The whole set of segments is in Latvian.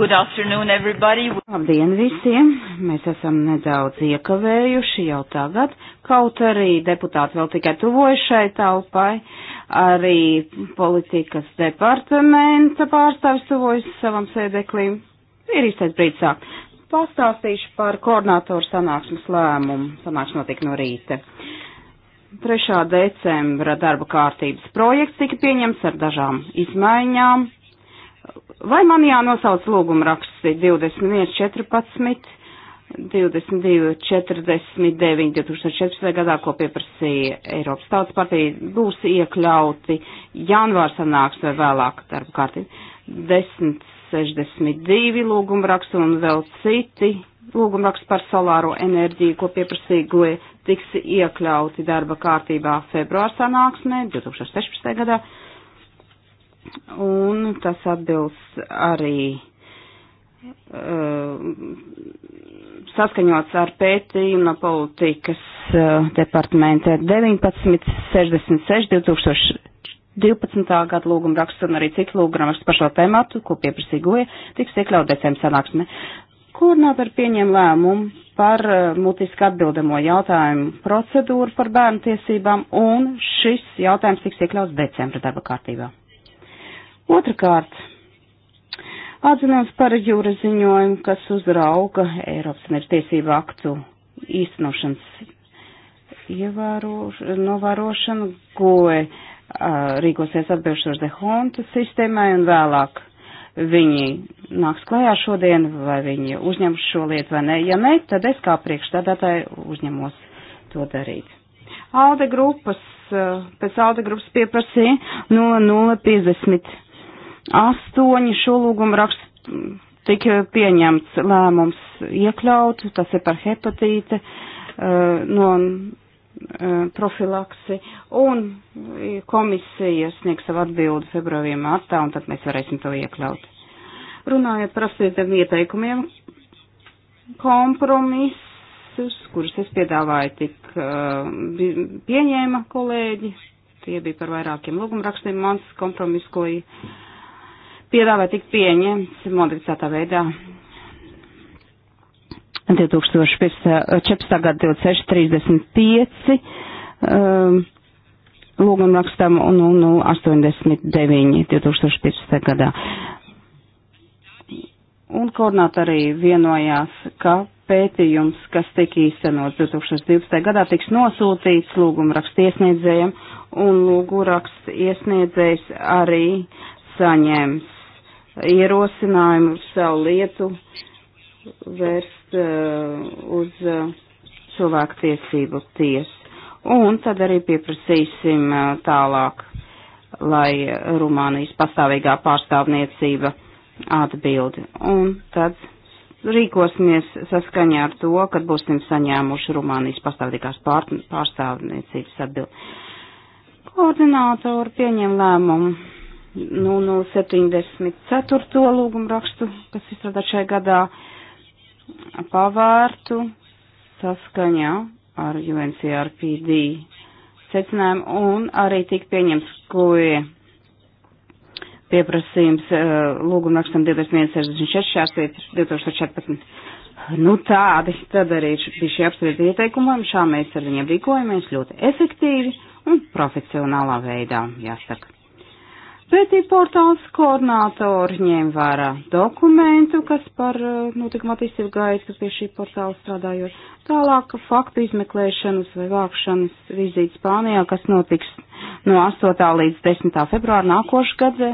Good afternoon, everybody. Labdien visiem! Mēs esam nedaudz iekavējuši jau tagad, kaut arī deputāti vēl tikai tuvojušai taupai, arī politikas departamenta pārstāvis tuvojas savam sēdeklim. Ir īstais brīdis sākt. Pastāstīšu par koordinātoru sanāksmes lēmumu. Sanāksme notika no rīta. 3. decembra darba kārtības projekts tika pieņemts ar dažām izmaiņām Vai man jānosauc lūgumraksti 21, 14, 22, 49, 2014. gadā, ko pieprasīja Eiropas Tautas partija, būs iekļauti janvāra sanāks vai vēlāk darba kārtī. 10, 62 lūgumraksti un vēl citi lūgumraksti par solāro enerģiju, ko pieprasīja Goja, e, tiks iekļauti darba kārtībā februāra sanāksmē 2016. gadā un tas atbilst arī uh, saskaņots ar pētījumu no politikas uh, departamenta 1966 2012. gada lūguma raksts un arī cits lūguma raksts par šo tēmatu, ko pieprasīja goja, tiks iekļaut decembra sanāksmē. Koordinātori pieņem lēmumu par uh, mutiski atbildamo jautājumu procedūru par bērnu tiesībām, un šis jautājums tiks iekļauts decembra darba kārtībā. Otrakārt, atzinās par jūras ziņojumu, kas uzrauga Eiropas mērķtiesību aktu īstenošanas ievērošanu, novērošanu, goe rīkosies atbilstoši dehonta sistēmai un vēlāk viņi nāks klajā šodien, vai viņi uzņems šo lietu vai nē. Ja nē, tad es kā priekšstādātāji uzņemos to darīt. Alde grupas, pēc Alde grupas pieprasīja no 0,50 astoņi šo lūgumu rakstu mm, tika eh, pieņemts lēmums iekļaut, tas ir par hepatīte eh, no eh, profilaksi, un komisija sniegs savu atbildi februārī martā, un tad mēs varēsim to iekļaut. Runājot par astoņiem ieteikumiem, kompromisus, kurus es piedāvāju, tik pieņēma kolēģi, tie bija par vairākiem lūgumrakstiem, mans kompromiss, ko piedāvā tik pieņemts modificētā veidā 2014. gada 2635 um, lūgumrakstam un, un, un 89 2015. gadā. Un koordinātori vienojās, ka pētījums, kas tika īstenots 2012. gadā, tiks nosūtīts lūgumrakstu iesniedzējiem, un lūgumraksts iesniedzējs arī saņems ierosinājumu savu lietu vērst uh, uz uh, cilvēku tiesību tiesu. Un tad arī pieprasīsim uh, tālāk, lai Rumānijas pastāvīgā pārstāvniecība atbildi. Un tad rīkosimies saskaņā ar to, kad būsim saņēmuši Rumānijas pastāvīgās pārstāvniecības atbildi. Koordinātori pieņem lēmumu nu, no 74. lūgumu rakstu, kas izstrādā šajā gadā, pavārtu saskaņā ar UNCRPD secinājumu un arī tika pieņems koje pieprasījums uh, lūguma rakstam 2166, 2014. Nu tādi tad arī bija šie apspriesti ieteikumiem, šā mēs ar viņiem rīkojamies ļoti efektīvi un profesionālā veidā, jāsaka. Pētī portāls koordinātori ņem vērā dokumentu, kas par notikuma eh, nu, attīstību gaidu, kas pie šī portāla strādājot. Tālāk faktu izmeklēšanas vai vākšanas vizītes Spānijā, kas notiks no 8. līdz 10. februāra nākošu gadu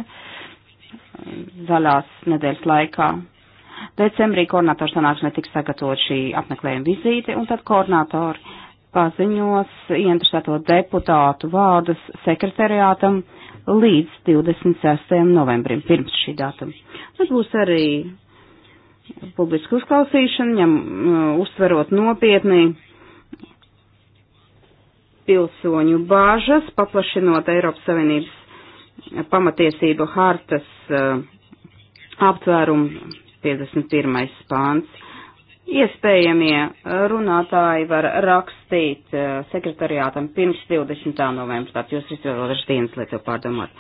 zaļās nedēļas laikā. Decembrī koordinātors sanāksmē tiks sagatavot šī apmeklējuma vizīte, un tad koordinātori paziņos ieinteresēto deputātu vārdus sekretariātam līdz 26. novembrim, pirms šī datuma. Tad būs arī publiska uzklausīšana, ņem, uh, uztverot nopietni pilsoņu bāžas, paplašinot Eiropas Savienības pamatiesību hartas uh, aptvērumu 51. pāns. Iespējamie runātāji var rakstīt eh, sekretariātam pirms 20. novembra, tātad jūs visi vēl dažas dienas, lai to pārdomāt.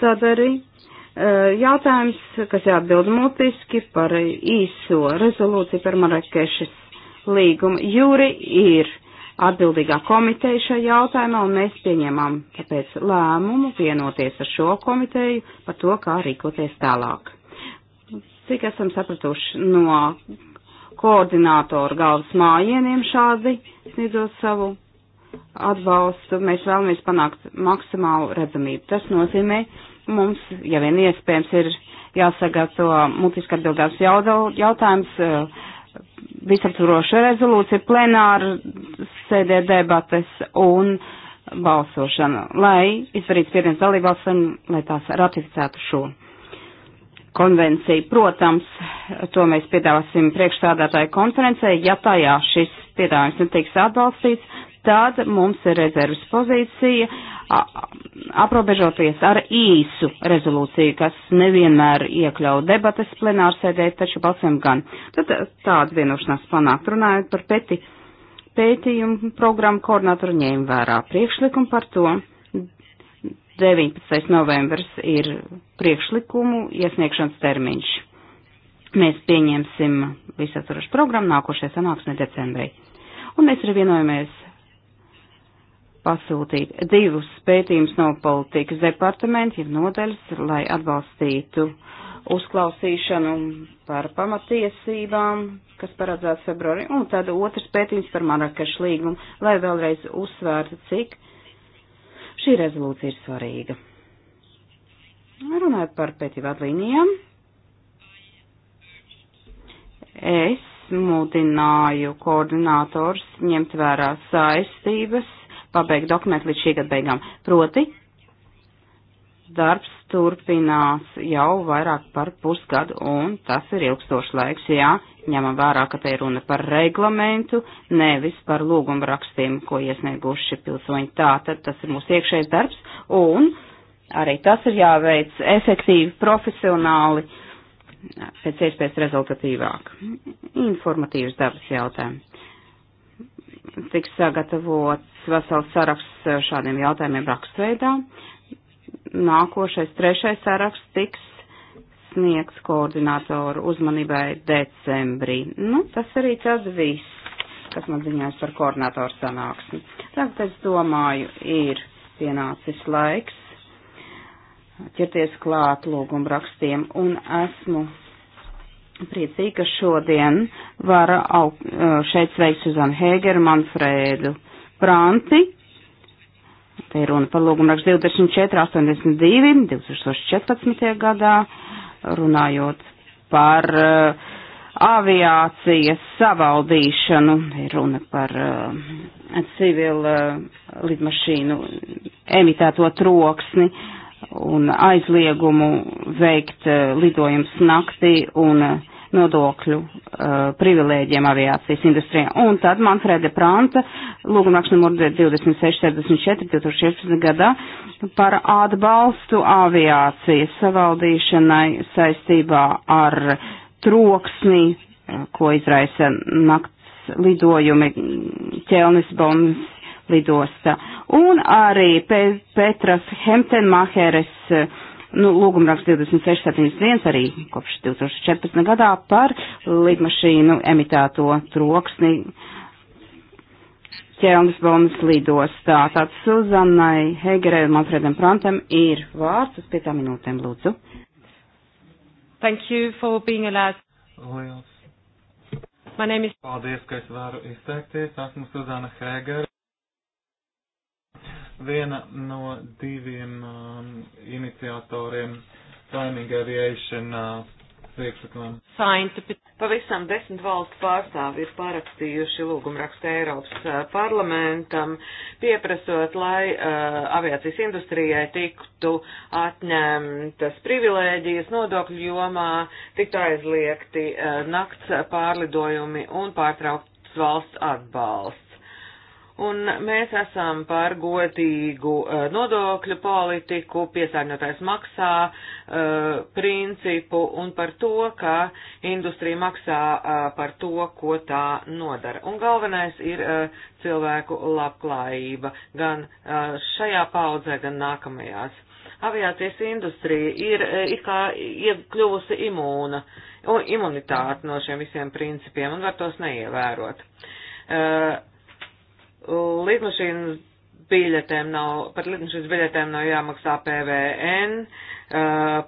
Tad arī eh, jautājums, kas jāatbild mutiski par īso rezolūciju par Marakešas līgumu. Jūri ir atbildīgā komiteja šajā jautājumā, un mēs pieņemam tāpēc lēmumu vienoties ar šo komiteju par to, kā rīkoties tālāk. Cik esam sapratuši no koordinātoru galvas mājieniem šādi sniedzot savu atbalstu. Mēs vēlamies panākt maksimālu redzamību. Tas nozīmē, mums, ja vien iespējams, ir jāsagatavo mutiski atbildās jautājums, eh, visaptvaroša rezolūcija, plenāra sēdē debates un balsošana, lai izdarītu spiediens dalībvalstīm, lai tās ratificētu šo konvenciju. Protams, to mēs piedāvāsim priekšstādātāju konferencē. Ja tajā šis piedāvājums netiks atbalstīts, tad mums ir rezerves pozīcija aprobežoties ar īsu rezolūciju, kas nevienmēr iekļauj debates plenārsēdē, taču balsēm gan. Tad tāda vienošanās panākt runājot par peti pētījumu programmu koordinatoru ņēma vērā priekšlikumu par to 19. novembris ir priekšlikumu iesniegšanas termiņš. Mēs pieņemsim visaturošu programmu nākošajā sanāksmē decembrī. Un mēs arī vienojamies pasūtīt divus pētījumus no politikas departamenta, jeb nodaļas, lai atbalstītu uzklausīšanu par pamatiesībām, kas paredzēts februārī, un tad otrs pētījums par Marakešu līgumu, lai vēlreiz uzsvērtu, cik uh, Šī rezolūcija ir svarīga. Runājot par pētīvāt līnijām, es mudināju koordinātors ņemt vērā saistības, pabeigt dokumentu līdz šī gada beigām. Proti, darbs turpinās jau vairāk par pusgadu, un tas ir ilgstošs laiks, jā, ņemam vērā, ka te ir runa par reglamentu, nevis par lūgumu rakstiem, ko iesnieguši pilsoņi. Tā tad tas ir mūsu iekšējais darbs, un arī tas ir jāveic efektīvi, profesionāli, pēc iespējas rezultatīvāk. Informatīvs darbs jautājums. Tiks sagatavots vesels saraksts šādiem jautājumiem rakstveidā. Nākošais, trešais saraksts tiks sniegs koordinātoru uzmanībai decembrī. Nu, tas arī tad viss, kas man ziņās par koordinātoru sanāksmi. Tagad, es domāju, ir pienācis laiks ķerties klāt lūgumu rakstiem un esmu priecīgi, ka šodien var šeit sveikt Suzanu Hēgeru, Manfrēdu Pranti. Te ir runa par lūgumu rakstu 24, 82, 2014. gadā runājot par uh, aviācijas savaldīšanu, runa par uh, eh, civilu uh, eh, lidmašīnu emitēto troksni un aizliegumu veikt uh, lidojums naktī un uh, nodokļu uh, privilēģiem aviācijas industrijā. Un tad Manfrede Pranta, lūgumraksts numur 2674 2016. gadā, uh, par atbalstu aviācijas savaldīšanai saistībā ar troksni, ko izraisa nakts lidojumi Ķelnisbonas lidosta. Un arī Pe Petras Hemtenmaheres, nu, lūgumraks 2671 arī kopš 2014. gadā par lidmašīnu emitēto troksni Ķelnisbonas lidostā. Tātad Suzannai Hegerei un Manfredam Prantam ir vārds uz piecām minūtēm, lūdzu. Thank you for being allowed. Liels. My name is... Paldies, ka es varu izteikties. Esmu Suzana Hegera viena no diviem um, iniciatoriem Timing Aviation uh, priekšlikumam. Pavisam desmit valstu pārstāvi ir parakstījuši lūgumrakstu Eiropas parlamentam, pieprasot, lai uh, aviācijas industrijai tiktu atņemtas privilēģijas nodokļu jomā, tiktu aizliegti uh, nakts pārlidojumi un pārtraukts valsts atbalsts un mēs esam par godīgu eh, nodokļu politiku, piesārņotājs maksā eh, principu un par to, ka industrija maksā eh, par to, ko tā nodara. Un galvenais ir cilvēku labklājība gan šajā paudzē, gan nākamajās. Aviācijas industrija ir it kā iekļuvusi imūna, imunitāte no šiem visiem principiem un var tos neievērot. Uh, lidmašīnas biļetēm nav, par lidmašīnas biļetēm nav jāmaksā PVN,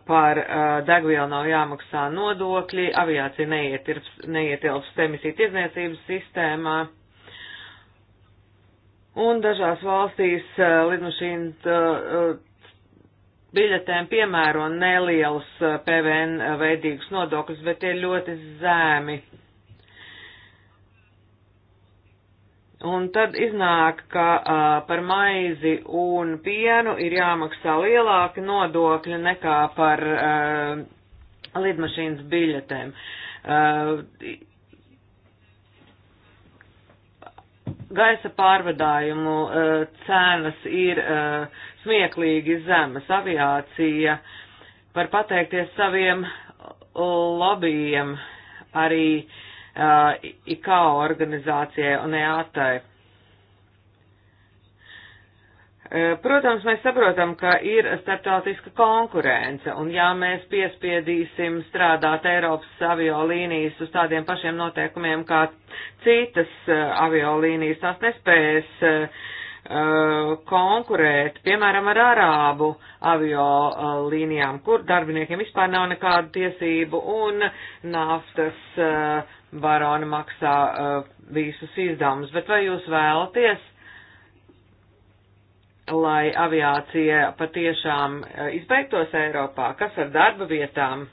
par degvielu nav jāmaksā nodokļi, aviācija neietilps, neietilps emisiju tirdzniecības sistēmā. Un dažās valstīs lidmašīnas biļetēm piemēro nelielus PVN veidīgus nodokļus, bet tie ļoti zēmi. Un tad iznāk, ka uh, par maizi un pienu ir jāmaksā lielāka nodokļa nekā par uh, lidmašīnas biļetēm. Uh, gaisa pārvadājumu uh, cenas ir uh, smieklīgi zemas. Aviācija var pateikties saviem lobbyiem arī uh, Uh, IKO organizācijai un EATai. Uh, protams, mēs saprotam, ka ir starptautiska konkurence, un ja mēs piespiedīsim strādāt Eiropas aviolīnijas uz tādiem pašiem noteikumiem kā citas uh, aviolīnijas, tās nespējas uh, konkurēt, piemēram, ar arābu aviolīnijām, kur darbiniekiem vispār nav nekādu tiesību un naftas uh, varoni maksā uh, visus izdevumus, bet vai jūs vēlaties, lai aviācija patiešām uh, izbeigtos Eiropā? Kas ar darba vietām?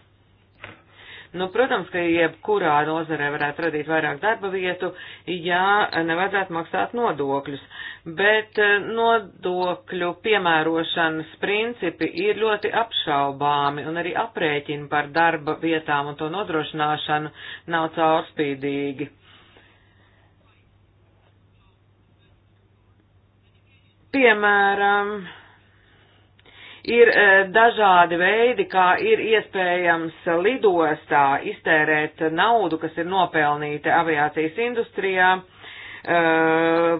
Nu, protams, ka jebkurā nozarē varētu radīt vairāk darba vietu, ja nevajadzētu maksāt nodokļus, bet eh, nodokļu piemērošanas principi ir ļoti apšaubāmi un arī aprēķini par darba vietām un to nodrošināšanu nav caurspīdīgi. Piemēram, Ir e, dažādi veidi, kā ir iespējams lidostā iztērēt naudu, kas ir nopelnīta aviācijas industrijā, e,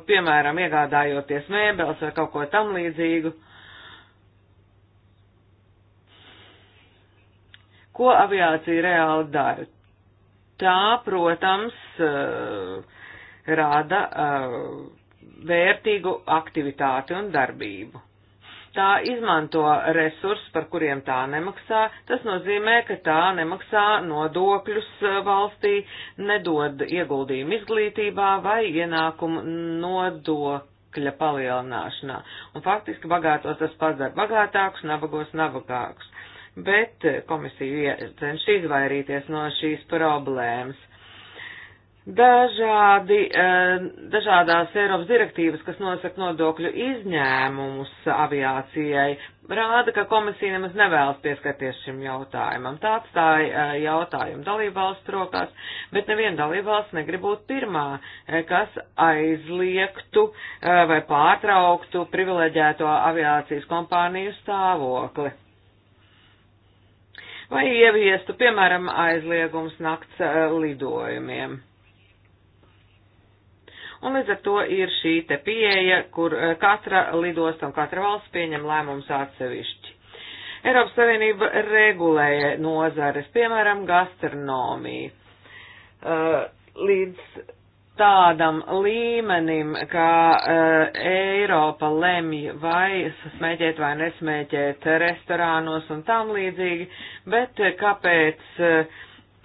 piemēram, iegādājoties mēbeles vai kaut ko tam līdzīgu. Ko aviācija reāli dara? Tā, protams, e, rāda vērtīgu aktivitāti un darbību tā izmanto resursus, par kuriem tā nemaksā. Tas nozīmē, ka tā nemaksā nodokļus e, valstī, nedod ieguldījumu izglītībā vai ienākumu nodokļa palielināšanā. Un faktiski bagātos tas padara bagātākus, nabagos nabagākus. Bet komisija cenšas izvairīties no šīs problēmas Dažādi, eh, dažādās Eiropas direktīvas, kas nosaka nodokļu izņēmumus aviācijai, rāda, ka komisija nemaz nevēlas pieskarties šim jautājumam. Tā atstāja eh, jautājumu dalībvalstu rokās, bet neviena dalībvalsts negrib būt pirmā, eh, kas aizliegtu vai pārtrauktu privileģēto aviācijas kompāniju stāvokli vai ieviestu, piemēram, aizliegums nakts lidojumiem. Un līdz ar to ir šī te pieeja, kur eh, katra lidosta un katra valsts pieņem lēmumus atsevišķi. Eiropas Savienība regulēja nozares, piemēram, gastronomiju, eh, līdz tādam līmenim, ka eh, Eiropa lemj vai smēķēt vai nesmēķēt restorānos un tam līdzīgi, bet kāpēc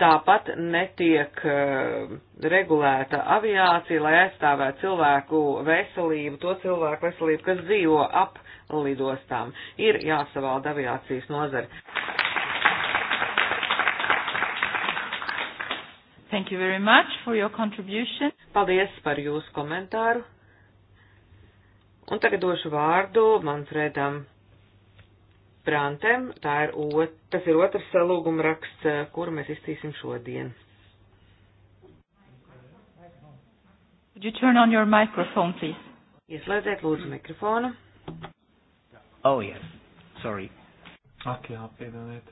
Tāpat netiek uh, regulēta aviācija, lai aizstāvētu cilvēku veselību, to cilvēku veselību, kas dzīvo ap lidostām. Ir jāsavalda aviācijas nozare. Thank you very much for your contribution. Paldies par jūsu komentāru. Un tagad došu vārdu Manfredam Prantem, tā ir ot, tas ir otrs lūguma raksts, eh, kuru mēs izcīsim šodien. Would you turn on your microphone, please? Ieslēdziet lūdzu mikrofonu. Oh, yes. Sorry. Ak, jā, piedodiet.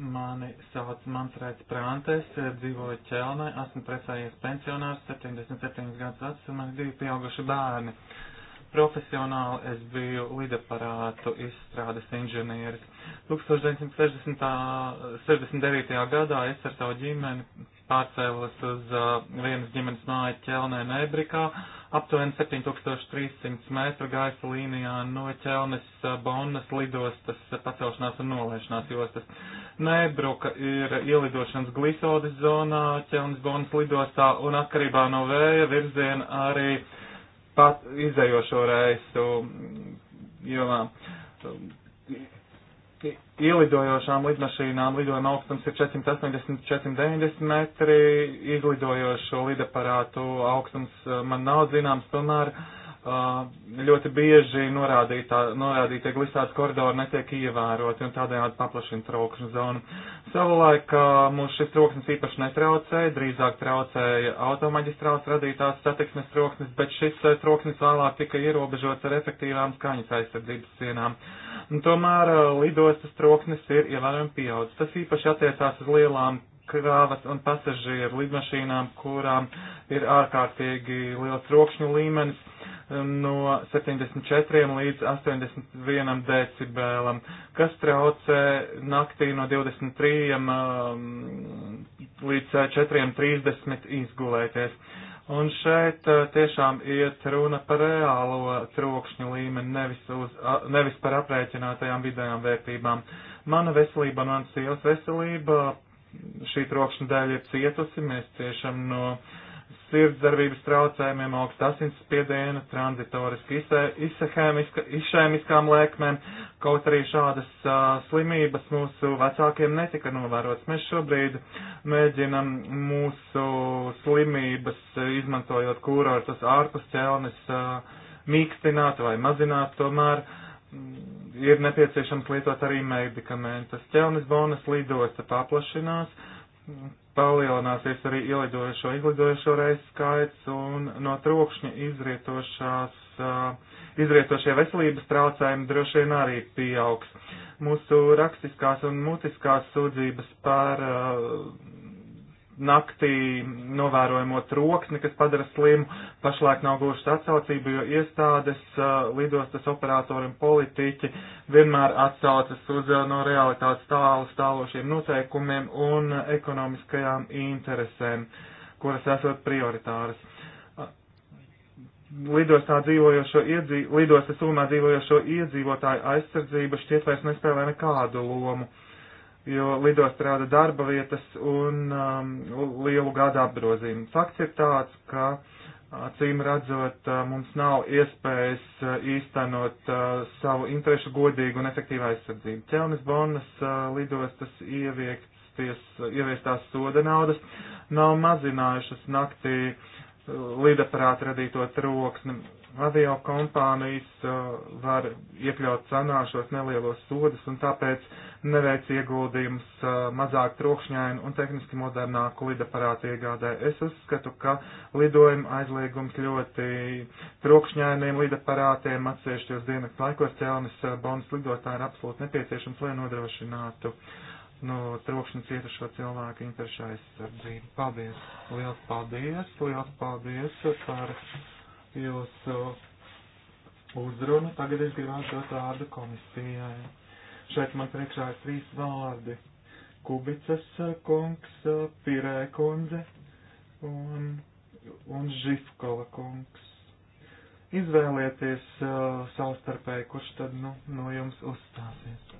Mani sauc Mansrēts Prāntes, dzīvoju Ķelnē, esmu precējies pensionārs, 77 gadus vecs, un man ir divi pieauguši bērni. Uh, Profesionāli es biju lidaparātu izstrādes inženieris. 1969. gadā es ar savu ģimeni pārcēlos uz uh, vienas ģimenes māju ķelnē Nebrikā, aptuveni 7300 metru gaisa līnijā no ķelnes uh, Bonnas lidostas pacelšanās un nolaišanās jostas. Nebruka ir ielidošanas glisodes zonā ķelnes Bonnas lidostā un atkarībā no vēja virziena arī uh, pat izējošo reisu jomā. Ielidojošām lidmašīnām lidojuma augstums ir 480-490 metri, izlidojošo lidaparātu augstums eh, man nav zināms, tomēr uh, ļoti bieži norādītā, norādītie glistās koridori netiek ievēroti un tādējādi paplašina trokšņu zonu. Savulaik mūs šis troksnis īpaši netraucēja, drīzāk traucēja automaģistrāls radītās satiksmes troksnis, bet šis troksnis vēlāk tika ierobežots ar efektīvām skaņas aizsardzības sienām. Un tomēr lidostas troksnis ir ievērojami pieaudzis. Tas īpaši attiecās uz lielām kravas un pasažieru lidmašīnām, kurām ir ārkārtīgi liels rokšņu līmenis um, no 74 līdz 81 decibēlam, kas traucē naktī no 23 um, līdz 4.30 uh, izgulēties. Un šeit uh, tiešām iet runa par reālo trokšņu līmeni, nevis, uz, nevis par aprēķinātajām vidējām vērtībām. Mana veselība, mans sievas veselība šī trokšņa dēļ ir cietusi, mēs ciešam no sirdsdarbības traucējumiem, augsta asinsspiediena, tranzitoriski izsehēmiskām lēkmēm, kaut arī šādas uh, slimības mūsu vecākiem netika novērots. Mēs šobrīd mēģinam mūsu slimības, izmantojot kūrortus ārpus ķelnes, uh, mīkstināt vai mazināt tomēr. Uh, Mm, ir nepieciešams lietot arī medikamentus. Ķelnis bonas lidosta paplašinās, palielināsies arī ielidojošo izlidojošo reisu skaits un no trokšņa izrietošās, izrietošie veselības traucējumi droši vien arī pieaugs. Mūsu rakstiskās un mutiskās sūdzības par uh, naktī novērojamo troksni, kas padara slimu, pašlaik nav gūšas atsaucību, jo iestādes, uh, lidostas operatori un politiķi vienmēr atsaucas uz uh, no realitātes tālu stāvošiem noteikumiem un ekonomiskajām interesēm, kuras esot prioritāras. Uh, lidostā dzīvojošo iedzīvotāju, lidostas umā dzīvojošo iedzīvotāju aizsardzība šķiet vairs nespēlē nekādu lomu jo lidost rāda darba vietas un um, lielu gada apgrozījumu. Fakts ir tāds, ka acīm uh, redzot, uh, mums nav iespējas uh, īstenot uh, savu interešu godīgu un efektīvu aizsardzību. Ķelnis Bonas uh, lidostas ieviesties, ieviestās soda naudas nav mazinājušas naktī uh, lidaprāta radīto troksni. Avio kompānijas var iekļaut cenā šos nelielos sodas un tāpēc uh, neveic ieguldījumus mazāk trokšņainu un tehniski modernāku lidaparātu iegādē. Es uzskatu, ka lidojuma aizliegums ļoti trokšņainiem lidaparātiem atsevišķos dienas laikos cēlonis bonus lidotāji ir absolūti nepieciešams, lai nodrošinātu no nu, trokšņa cietušo cilvēku interešu aizsardzību. Paldies! Liels paldies! Liels paldies par jūsu uzrunu. Tagad es gribētu dot vārdu komisijai. Šeit man priekšā ir trīs vārdi. Kubicas eh, kungs, eh, Pirē kundze un, un Žifkova kungs. Izvēlieties uh, savstarpēji, kurš tad nu, no jums uzstāsies.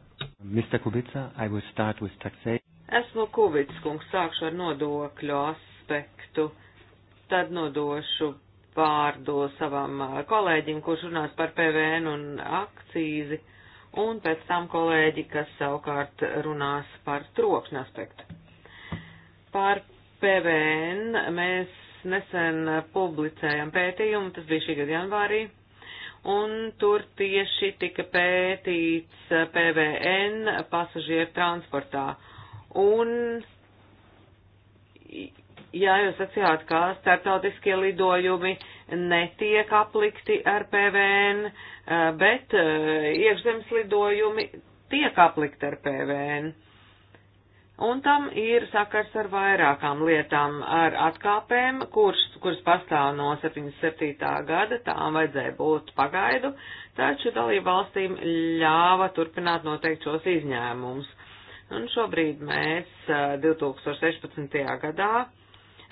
Mr. Kubica, I will start with taxation. Esmu Kubits kungs, sākšu ar nodokļu aspektu, tad nodošu vārdu savam kolēģim, kurš runās par PVN un akcīzi un pēc tam kolēģi, kas savukārt runās par trokšņa aspektu. Par PVN mēs nesen publicējam pētījumu, tas bija šī gada janvārī, un tur tieši tika pētīts PVN pasažieru transportā. Un Jā, jūs sacījāt, ka startautiskie lidojumi netiek aplikti ar PVN, eh, bet eh, iekšzemes lidojumi tiek aplikti ar PVN. Un tam ir sakars ar vairākām lietām, ar atkāpēm, kurš, kuras pastāv no 77. gada, tām vajadzēja būt pagaidu, taču dalību valstīm ļāva turpināt noteikt šos izņēmumus. Un šobrīd mēs 2016. Eh, gadā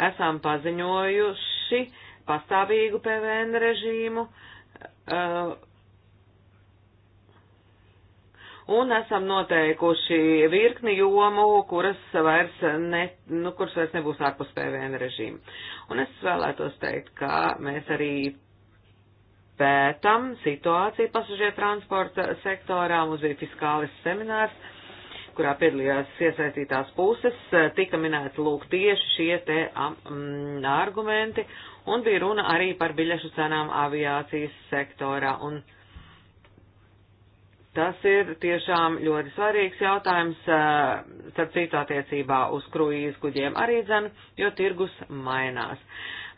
esam paziņojuši pastāvīgu PVN režīmu uh, un esam noteikuši virkni jomu, kuras vairs, ne, nu, kuras vairs nebūs ārpus PVN režīmu. Un es vēlētos teikt, ka mēs arī pētam situāciju pasažieru transporta sektorā. Mums bija fiskālis seminārs kurā piedalījās iesaistītās puses, eh, tika minēti lūk tieši šie te um, argumenti, un bija runa arī par biļešu cenām aviācijas sektorā. Un tas ir tiešām ļoti svarīgs jautājums, uh, starp citu attiecībā uz kruīz kuģiem arī dzen, jo tirgus mainās.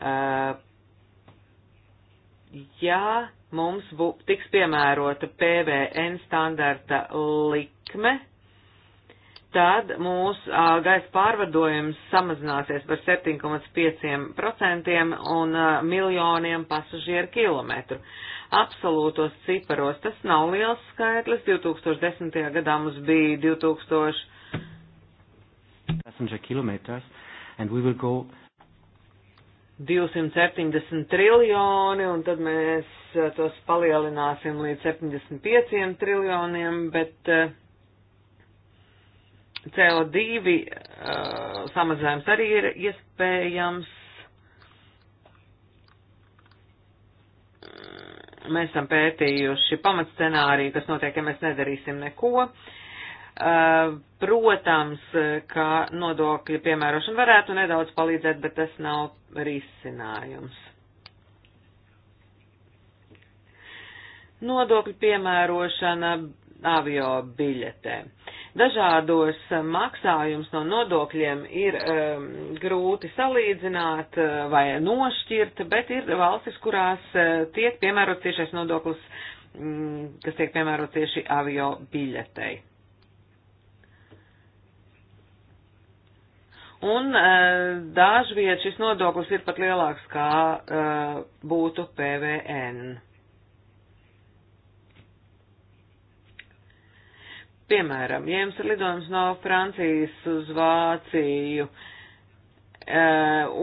Uh, ja mums bū, tiks piemērota PVN standarta likme, tad mūsu gaisa pārvadojums samazināsies par 7,5% un a, miljoniem pasažieru kilometru. Absolūtos ciparos tas nav liels skaitlis. 2010. gadā mums bija 2000. Passenger kilometers, and we will go 270 triljoni, un tad mēs tos palielināsim līdz 75 triljoniem, bet uh, CO2 uh, samazinājums arī ir iespējams. Mēs esam pētījuši pamatscenāriju, kas notiek, ja mēs nedarīsim neko. Uh, protams, ka nodokļu piemērošana varētu nedaudz palīdzēt, bet tas nav risinājums. Nodokļu piemērošana avio biļetēm. Dažādos eh, maksājums no nodokļiem ir um, grūti salīdzināt eh, vai nošķirt, bet ir valstis, kurās eh, tiek piemērots tiešais nodoklis, um, kas tiek piemērots tieši avio biļetei. Un uh, dažviet šis nodoklis ir pat lielāks, kā uh, būtu PVN. Piemēram, ja jums ir lidojums no Francijas uz Vāciju eh,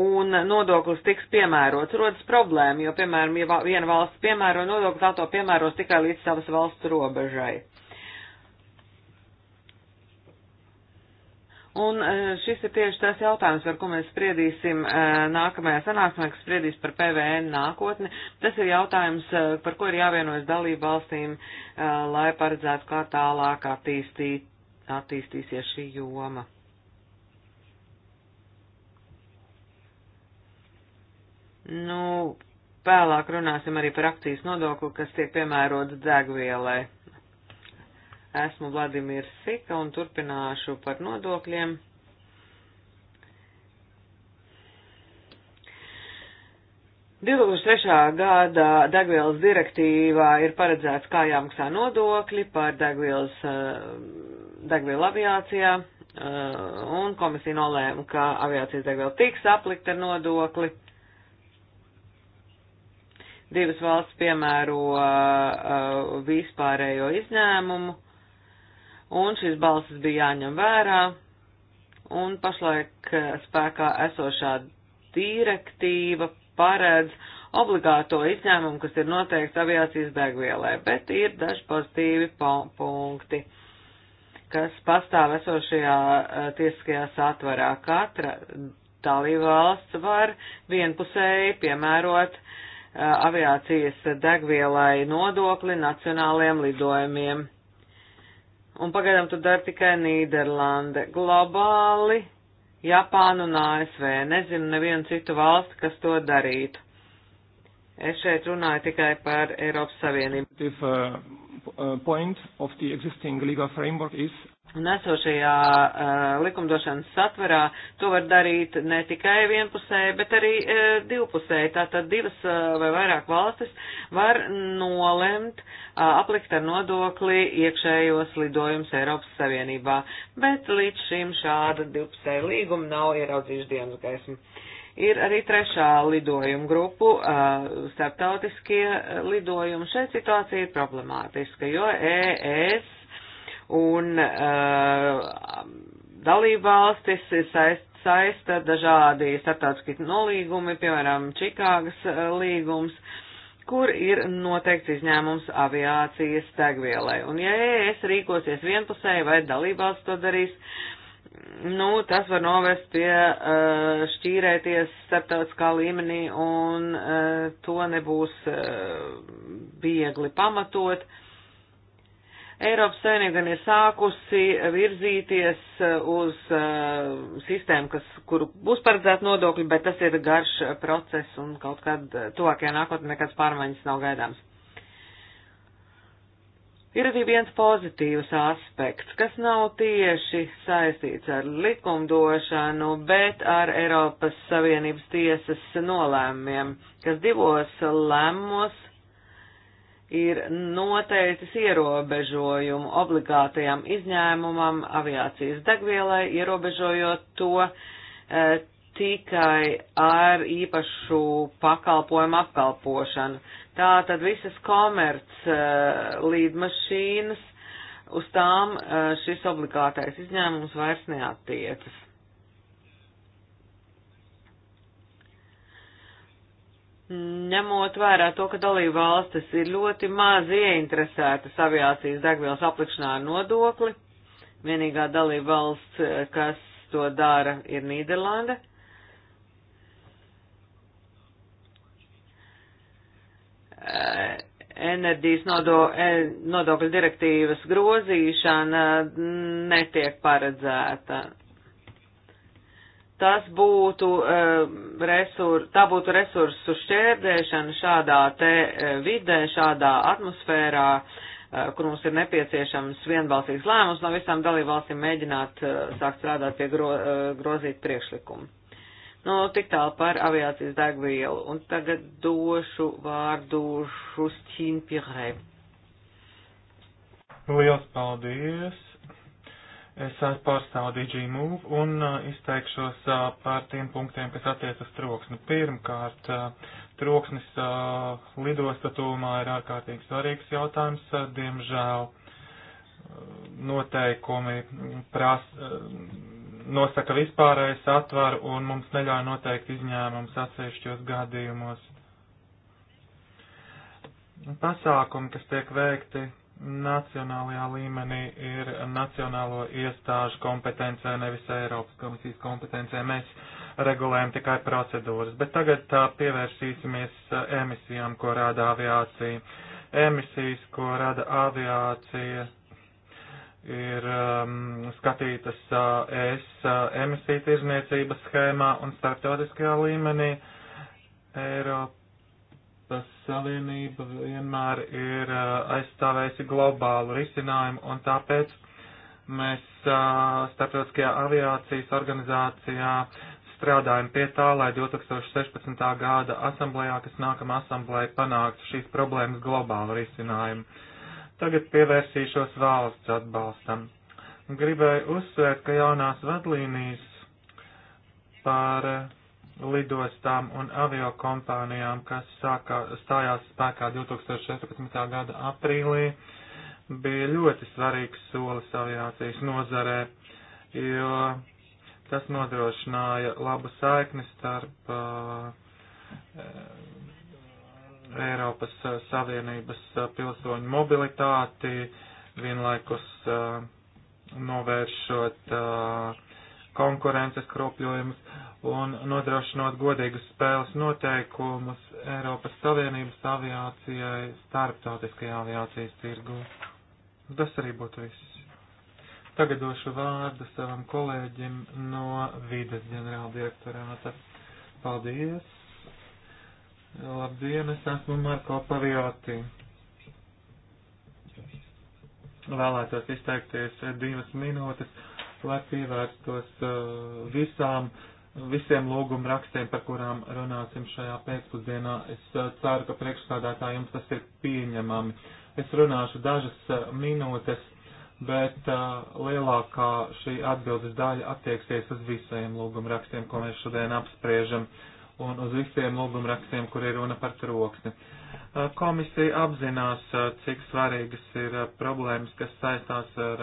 un nodoklis tiks piemērots, rodas problēma, jo, piemēram, ja viena valsts piemēro nodokli, tā to piemēros tikai līdz savas valsts robežai. Un e, šis ir tieši tas jautājums, par ko mēs spriedīsim e, nākamajā sanāksmē, kas spriedīs par PVN nākotni. Tas ir jautājums, e, par ko ir jāvienojas dalību valstīm, lai paredzētu, kā tālāk attīstī, attīstīsies šī joma. Nu, vēlāk runāsim arī par akcijas nodokli, kas tiek piemērots degvielai. Esmu Vladimirs Sika un turpināšu par nodokļiem. gada degvielas direktīvā ir paredzēts, kā jāmaksā nodokļi par degvielas, eh, degvielu aviācijā, eh, un komisija nolēma, ka aviācijas degviela tiks aplikta ar nodokli. Divas valsts piemēro eh, vispārējo izņēmumu un šīs balsis bija jāņem vērā, un pašlaik eh, spēkā esošā direktīva paredz obligāto izņēmumu, kas ir noteikts aviācijas degvielai, bet ir daži pozitīvi punkti, kas pastāv esošajā eh, tiesiskajā satvarā. Katra dalībvalsts var vienpusēji piemērot eh, aviācijas degvielai nodokli nacionāliem lidojumiem un pagaidām to dara tikai Nīderlande. Globāli Japānu un ASV. Nezinu nevienu citu valsti, kas to darītu. Es šeit runāju tikai par Eiropas Savienību. If, uh, uh point of the existing legal framework is Un esošajā uh, likumdošanas satverā to var darīt ne tikai vienpusēji, bet arī uh, eh, divpusēji. Tātad divas uh, vai vairāk valstis var nolemt uh, aplikt ar nodokli iekšējos lidojumus Eiropas Savienībā, bet līdz šim šāda divpusēja līguma nav ieraudzījuši dienas gaismu. Ir arī trešā lidojuma grupu, uh, starptautiskie lidojumi. Šeit situācija ir problemātiska, jo ES e un uh, dalībvalstis ir saist, saista dažādi starptautiski nolīgumi, piemēram, Čikāgas uh, līgums, kur ir noteikts izņēmums aviācijas degvielai. Un ja es rīkosies vienpusēji vai dalībvalsts to darīs, nu, tas var novest pie uh, šķīrēties starptautiskā līmenī un uh, to nebūs uh, viegli pamatot. Uh, Eiropas Savienība gan ir sākusi virzīties uz uh, sistēmu, kas, kuru būs paredzēta nodokļi, bet tas ir garš process un kaut kad tuvākajā nākotnē nekāds pārmaiņas nav gaidāms. Ir arī viens pozitīvs aspekts, kas nav tieši saistīts ar likumdošanu, bet ar Eiropas Savienības tiesas nolēmiem, kas divos lēmumos ir noteicis ierobežojumu obligātajam izņēmumam aviācijas degvielai, ierobežojot to e, tikai ar īpašu pakalpojumu apkalpošanu. Tātad visas komerc e, līdmašīnas, uz tām e, šis obligātais izņēmums vairs neattiecas. Ņemot vērā to, ka dalība valstis ir ļoti maz ieinteresētas aviācijas degvielas aplikšanā ar nodokli, vienīgā dalība valsts, eh, kas to dara, ir Nīderlanda. Eh, enerģijas nodo, eh, nodokļu direktīvas grozīšana mm, netiek paredzēta tas būtu, eh, resur, tā būtu resursu šķērdēšana šādā te eh, vidē, šādā atmosfērā, eh, kur mums ir nepieciešams vienbalsīgs lēmums no visām dalībvalstīm mēģināt sākt strādāt pie gro, grozīt priekšlikumu. Nu, tik tālu par aviācijas degvielu. Un tagad došu vārdu Šustīn Pirē. Liels paldies! Es pārstāvu DG Move un uh, izteikšos uh, par tiem punktiem, kas attiec uz troksni. Pirmkārt, uh, troksnis lidosta tūmā ir ārkārtīgi svarīgs jautājums. Diemžēl noteikumi prās, nosaka vispārējais atvaru un mums neļauj noteikt izņēmums atsevišķos gadījumos. Pasākumi, kas tiek veikti nacionālajā līmenī ir nacionālo iestāžu kompetencē, nevis Eiropas komisijas kompetencē. Mēs regulējam tikai procedūras, bet tagad tā, pievērsīsimies uh, emisijām, ko rada aviācija. Emisijas, ko rada aviācija, ir um, skatītas uh, ES uh, emisiju tirzniecības schēmā un starptautiskajā līmenī. Eiropa Eiropas Savienība vienmēr ir uh, aizstāvējusi globālu risinājumu, un tāpēc mēs uh, Starptautiskajā aviācijas organizācijā strādājam pie tā, lai 2016. gada asamblējā, kas nākamā asamblēja, panāktu šīs problēmas globālu risinājumu. Tagad pievērsīšos valsts atbalstam. Gribēju uzsvērt, ka jaunās vadlīnijas par lidostām un avio kompānijām, kas sākā, stājās spēkā 2014. gada aprīlī, bija ļoti svarīgs solis aviācijas nozarē, jo tas nodrošināja labu saikni starp uh, Eiropas Savienības pilsoņu mobilitāti, vienlaikus uh, novēršot uh, konkurences kropļojumus un nodrošinot godīgus spēles noteikumus Eiropas Savienības aviācijai starptautiskajā aviācijas tirgu. Tas arī būtu viss. Tagad došu vārdu savam kolēģim no vides ģenerāla direktorāta. Paldies! Labdien, es esmu Marko Pavioti. Vēlētos izteikties divas minūtes, lai pievērstos uh, visām uh, visiem lūguma rakstiem, par kurām runāsim šajā pēcpusdienā. Es uh, ceru, ka priekšstādātā jums tas ir pieņemami. Es runāšu dažas uh, minūtes, bet uh, lielākā šī atbildes daļa attieksies uz visiem lūguma rakstiem, ko mēs šodien apspriežam, un uz visiem lūguma rakstiem, kur ir runa par troksni. Komisija apzinās, cik svarīgas ir problēmas, kas saistās ar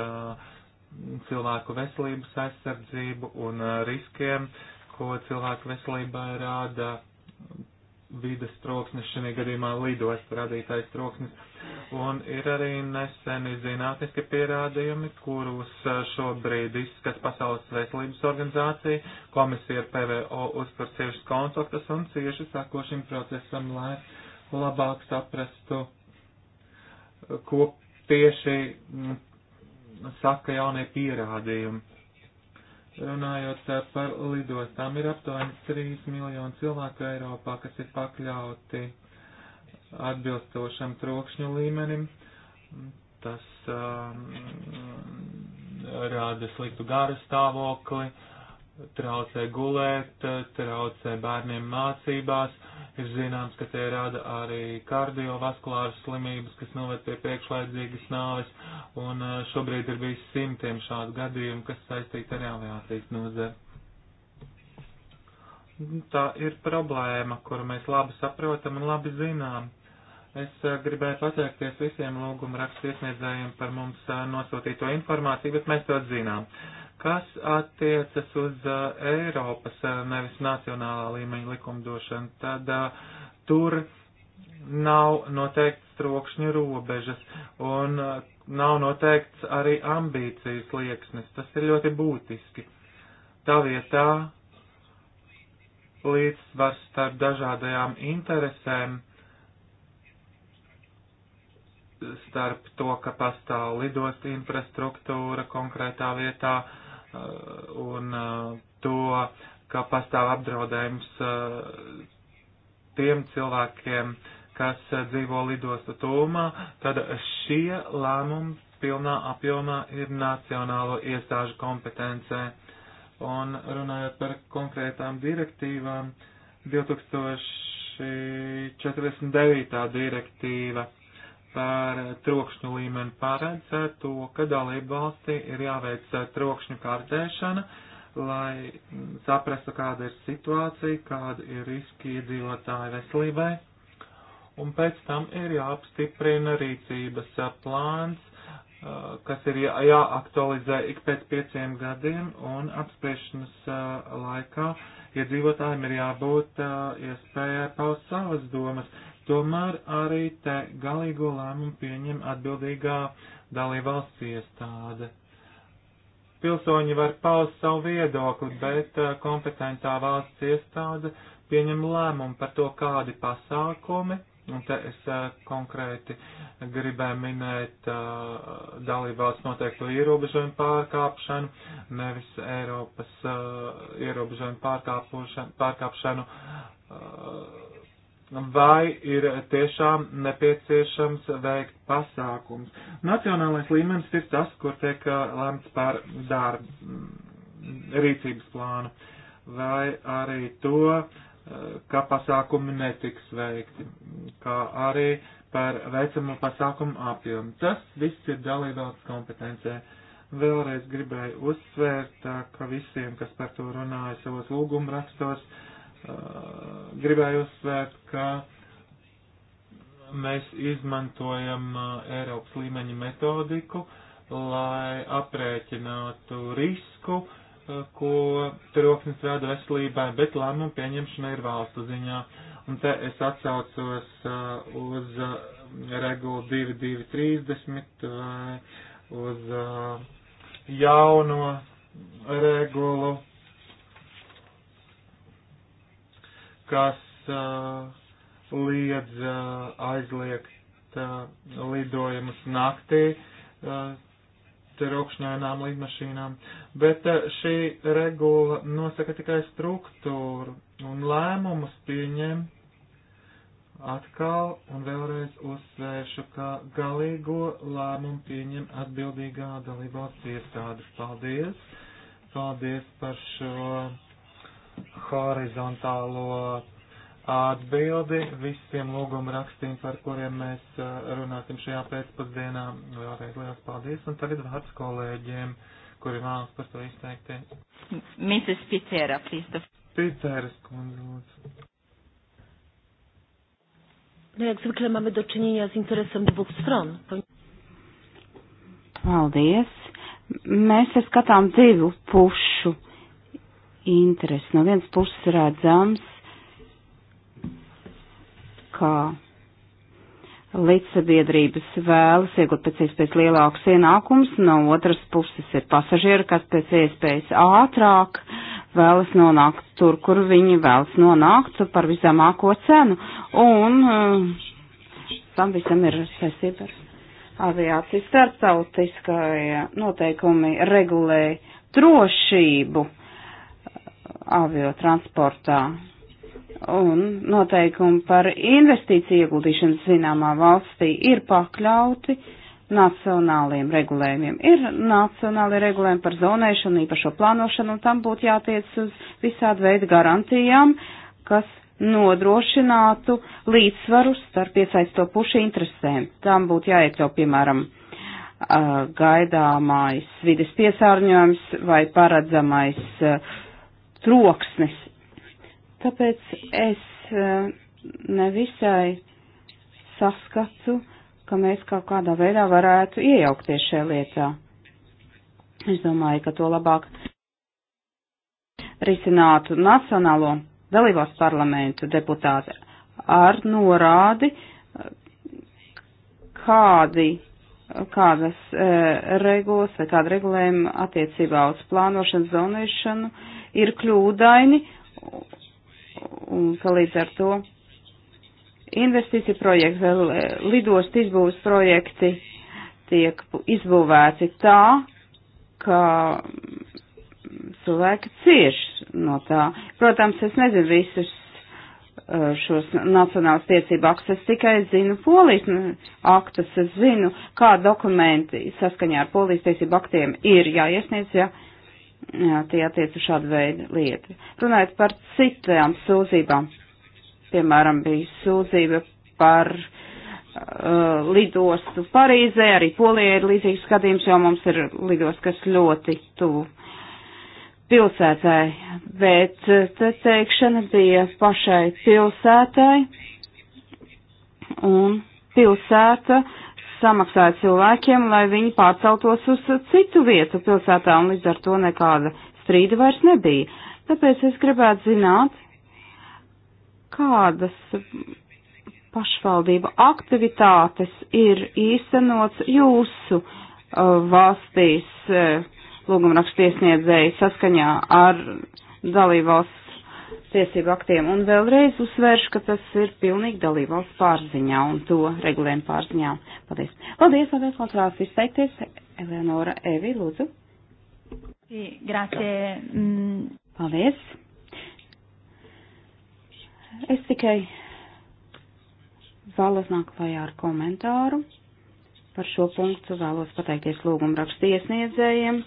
cilvēku veselības aizsardzību un riskiem, uh, ko cilvēku veselībai rāda vides troksnis, šajā gadījumā lidostu radītais troksnis. Un ir arī neseni zinātniski pierādījumi, kurus e, šobrīd izskata Pasaules veselības organizācija, komisija ar PVO uztver ciešas kontaktas un cieši sako šim procesam, lai labāk saprastu, e, ko tieši saka jaunie pierādījumi Runājot eh, par lidostām, ir aptuveni 3 miljoni cilvēku Eiropā, kas ir pakļauti atbilstošam trokšņu līmenim. Tas um, rāda sliktu garu stāvokli, traucē gulēt, traucē bērniem mācībās Ir zināms, ka tie rada arī kardiovaskulāras slimības, kas noved pie priekšlaidzīgas nāves, un šobrīd ir bijis simtiem šādu gadījumu, kas saistīti ar aviācijas nozari. Tā ir problēma, kuru mēs labi saprotam un labi zinām. Es gribēju pateikties visiem lūguma rakstu iesniedzējiem par mums nosūtīto informāciju, bet mēs to zinām. Uh, kas attiecas uz uh, Eiropas, uh, nevis nacionālā līmeņa likumdošanu, tad uh, tur nav noteikts trokšņa robežas un uh, nav noteikts arī ambīcijas lieksnis. Tas ir ļoti būtiski. Tā vietā līdzsvars starp dažādajām interesēm, starp to, ka pastāv lidost infrastruktūra konkrētā vietā, uh, Eh, un eh, to, ka pastāv apdraudējums eh, tiem cilvēkiem, kas dzīvo lidostu tūmā, tad šie lēmumi pilnā apjomā ir nacionālo iestāžu kompetencē. Un runājot par konkrētām direktīvām, 2049. direktīva par trokšņu līmeni paredz to, ka dalību valstī ir jāveic trokšņu kārtēšana, lai saprastu, kāda ir situācija, kāda ir riski iedzīvotāju veselībai. Un pēc tam ir jāapstiprina rīcības plāns, kas ir jāaktualizē ik pēc pieciem gadiem, un apspriešanas laikā iedzīvotājiem ir jābūt iespējai paust savas domas Tomēr arī te galīgo lēmumu pieņem atbildīgā dalībvalsts iestāde. Pilsoņi var paust savu viedokli, bet eh, kompetentā valsts iestāde pieņem lēmumu par to, kādi pasākumi, un te es eh, konkrēti gribēju minēt eh, dalībvalsts noteikto ierobežojumu pārkāpšanu, nevis Eiropas ierobežojumu pārkāpšanu vai ir tiešām nepieciešams veikt pasākums. Nacionālais līmenis ir tas, kur tiek uh, lemts par darbu, mm, rīcības plānu, vai arī to, uh, ka pasākumi netiks veikti, kā arī par veicamo pasākumu apjomu. Tas viss ir dalībvalsts kompetencē. Vēlreiz gribēju uzsvērt, uh, ka visiem, kas par to runāja savos lūgumrakstos, rakstos, gribēju uzsvērt, ka mēs izmantojam Eiropas līmeņa metodiku, lai aprēķinātu risku, ko troksnis rada veselībai, bet lēmumu pieņemšana ir valstu ziņā. Un te es atsaucos uz regulu 2230 vai uz jauno regulu kas uh, liedz uh, aizliegt uh, lidojumus naktī uh, rokšņainām lidmašīnām, bet uh, šī regula nosaka tikai struktūru un lēmumus pieņem atkal un vēlreiz uzsvēršu, ka galīgo lēmumu pieņem atbildīgā dalībvalsts iestādes. Paldies! Paldies par šo horizontālo atbildi visiem lūguma rakstiem, par kuriem mēs uh, runāsim šajā pēcpusdienā. Vēlreiz liels paldies un tagad vārds kolēģiem, kuri vēlas par to izteikties. Mrs. Pitēra, please. Pitēras kundze, lūdzu. No jak zwykle mamy do czynienia z interesem dwóch stron. Paldies! Mēs te skatām divu pušu interesi. No vienas puses redzams, ka līdzsabiedrības vēlas iegūt pēc iespējas lielākus ienākumus, no otras puses ir pasažieri, kas pēc iespējas ātrāk vēlas nonākt tur, kur viņi vēlas nonākt par viszemāko cenu. Un eh, tam visam ir saistība ar aviācijas starptautiskai noteikumi regulē drošību avio transportā un noteikumi par investīciju ieguldīšanu zināmā valstī ir pakļauti nacionāliem regulējumiem. Ir nacionāli regulējumi par zonēšanu, īpašo plānošanu, un tam būtu jātiec uz visādu veidu garantijām, kas nodrošinātu līdzsvaru starp iesaisto pušu interesēm. Tam būtu jāiekļau, piemēram, gaidāmais vides piesārņojums vai paredzamais uh, troksnis. Tāpēc es e, nevisai saskatu, ka mēs kaut kādā veidā varētu iejaukties šajā lietā. Es domāju, ka to labāk risinātu Nacionālo dalībās parlamentu deputāti ar norādi, kādi, kādas e, regulas vai kāda regulējuma attiecībā uz plānošanu, zonēšanu ir kļūdaini un ka līdz ar to investīcija projekti, lidost izbūves projekti tiek izbūvēti tā, ka cilvēki cieš no tā. Protams, es nezinu visus uh, šos nacionālas tiesību aktus, es tikai zinu polijas aktus, es zinu, kā dokumenti saskaņā ar polijas tiesību aktiem ir jāiesniedz, ja jā, tie attiec uz šādu veidu lietu. Runājot par citām sūdzībām, piemēram, bija sūdzība par uh, lidostu Parīzē, arī Polijai ir līdzīgs skatījums, jo mums ir lidosts, kas ļoti tuvu pilsētai, bet uh, te teikšana bija pašai pilsētai un pilsēta uh, samaksāja cilvēkiem, lai viņi pārceltos uz citu vietu pilsētā, un līdz ar to nekāda strīda vairs nebija. Tāpēc es gribētu zināt, kādas pašvaldība aktivitātes ir īstenots jūsu uh, valstīs uh, lūgumrakstiesniedzēji saskaņā ar dalībvalsts tiesību aktiem. Un vēlreiz uzsvēršu, ka tas ir pilnīgi dalībvalsts pārziņā un to regulējumu pārziņā. Paldies. Paldies, paldies, man vēlas izteikties. Eleonora Evi, lūdzu. Grācie. Mm. Paldies. Es tikai vēlos nākt klajā ar komentāru. Par šo punktu vēlos pateikties lūgumrakstu iesniedzējiem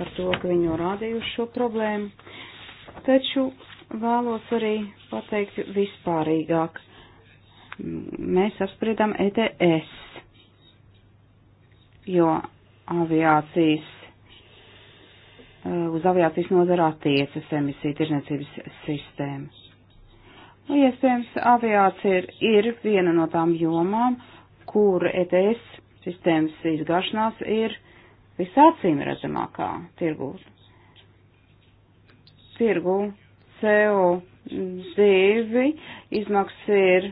par to, ka viņi norādījuši šo problēmu. Taču vēlos arī pateikt vispārīgāk. Mēs apspriedām ETS, jo aviācijas, uh, uz aviācijas nozara attiecas emisiju tirniecības sistēma. Nu, iespējams, aviācija ir, ir viena no tām jomām, kur ETS sistēmas izgašanās ir visācīm redzamākā tirgū. Tirgū CO2 izmaksas ir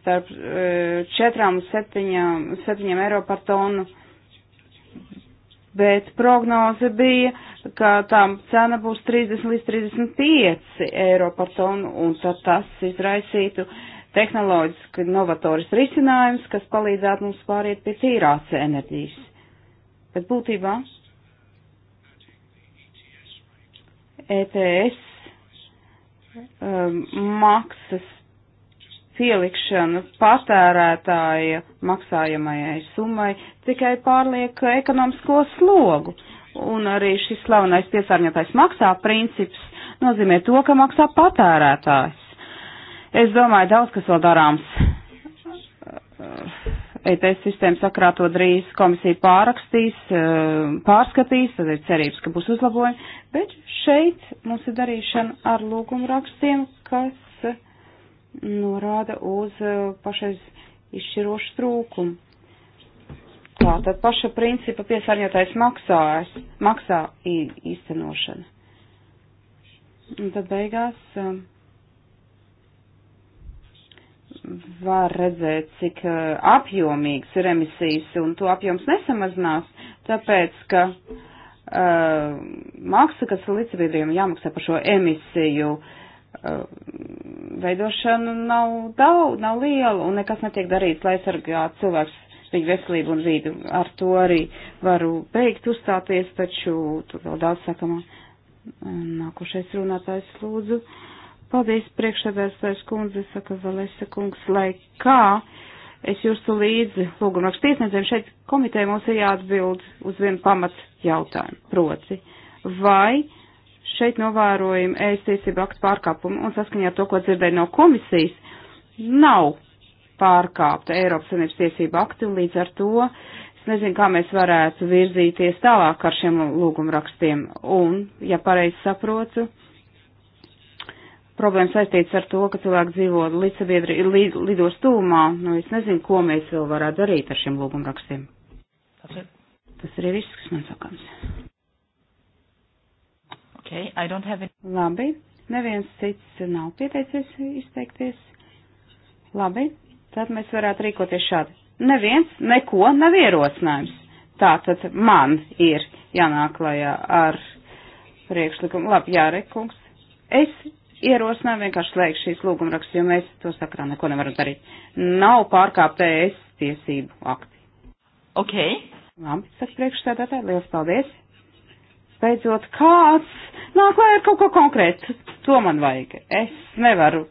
starp 4 e, un 7, 7 eiro par tonu. Bet prognoze bija, ka tām cena būs 30 līdz 35 eiro par tonu, un tad tas izraisītu tehnoloģiski novatoris risinājums, kas palīdzētu mums pāriet pie tīrās enerģijas. Bet būtībā ETS um, maksas pielikšanu patērētāja maksājamajai summai tikai pārliek ekonomisko slogu. Un arī šis slavenais piesārņotājs maksā princips nozīmē to, ka maksā patērētājs. Es domāju, daudz kas vēl darāms ETS sistēmu sakrā to drīz komisija pārakstīs, e, pārskatīs, tad ir cerības, ka būs uzlabojumi, bet šeit mums ir darīšana ar lūgumu rakstiem, kas e, norāda uz e, pašais izšķirošu trūkumu. Tātad paša principa piesārņotais maksājas, maksā īstenošana. Un tad beigās. Um, var redzēt, cik eh, apjomīgs ir emisijas, un to apjoms nesamazinās, tāpēc, ka uh, maksa, kas līdzsabiedriem jāmaksā par šo emisiju, uh, veidošana nav daudz, nav liela, un nekas netiek darīts, lai sargātu cilvēks viņu veselību un vīdu. Ar to arī varu beigt uzstāties, taču tur vēl daudz sakamā. Nākošais runātājs lūdzu. Uh, Paldies, priekšsēdētājs kundze, saka Valesa kungs, lai kā es jūs tu līdzi lūgumrakstu tiesnedzēm šeit komiteja mums ir jāatbild uz vienu pamat jautājumu, proti, vai šeit novērojam ēstiesību aktu pārkāpumu un saskaņā ar to, ko dzirdēju no komisijas, nav pārkāpta Eiropas Savienības tiesību akti un līdz ar to es nezinu, kā mēs varētu virzīties tālāk ar šiem lūgumrakstiem un, ja pareizi saprotu, problēmas saistīts ar to, ka cilvēki dzīvo līdzsabiedri līd, lidos tūmā. Nu, es nezinu, ko mēs vēl varētu darīt ar šiem lūgumrakstiem. Tas arī viss, kas man sakams. Okay, I don't have it. Labi, neviens cits nav pieteicies izteikties. Labi, tad mēs varētu rīkoties šādi. Neviens neko nav ierosinājums. Tātad man ir jānāk lajā ar priekšlikumu. Labi, Jārek kungs, es ierosinām vienkārši slēgt šīs lūgumrakstus, jo mēs to sakrā neko nevaram darīt. Nav pārkāptējas tiesību akti. Ok. Labi, saka priekšstādātāji, liels paldies. Beidzot, kāds nāk lai ar kaut ko konkrētu. To man vajag. Es nevaru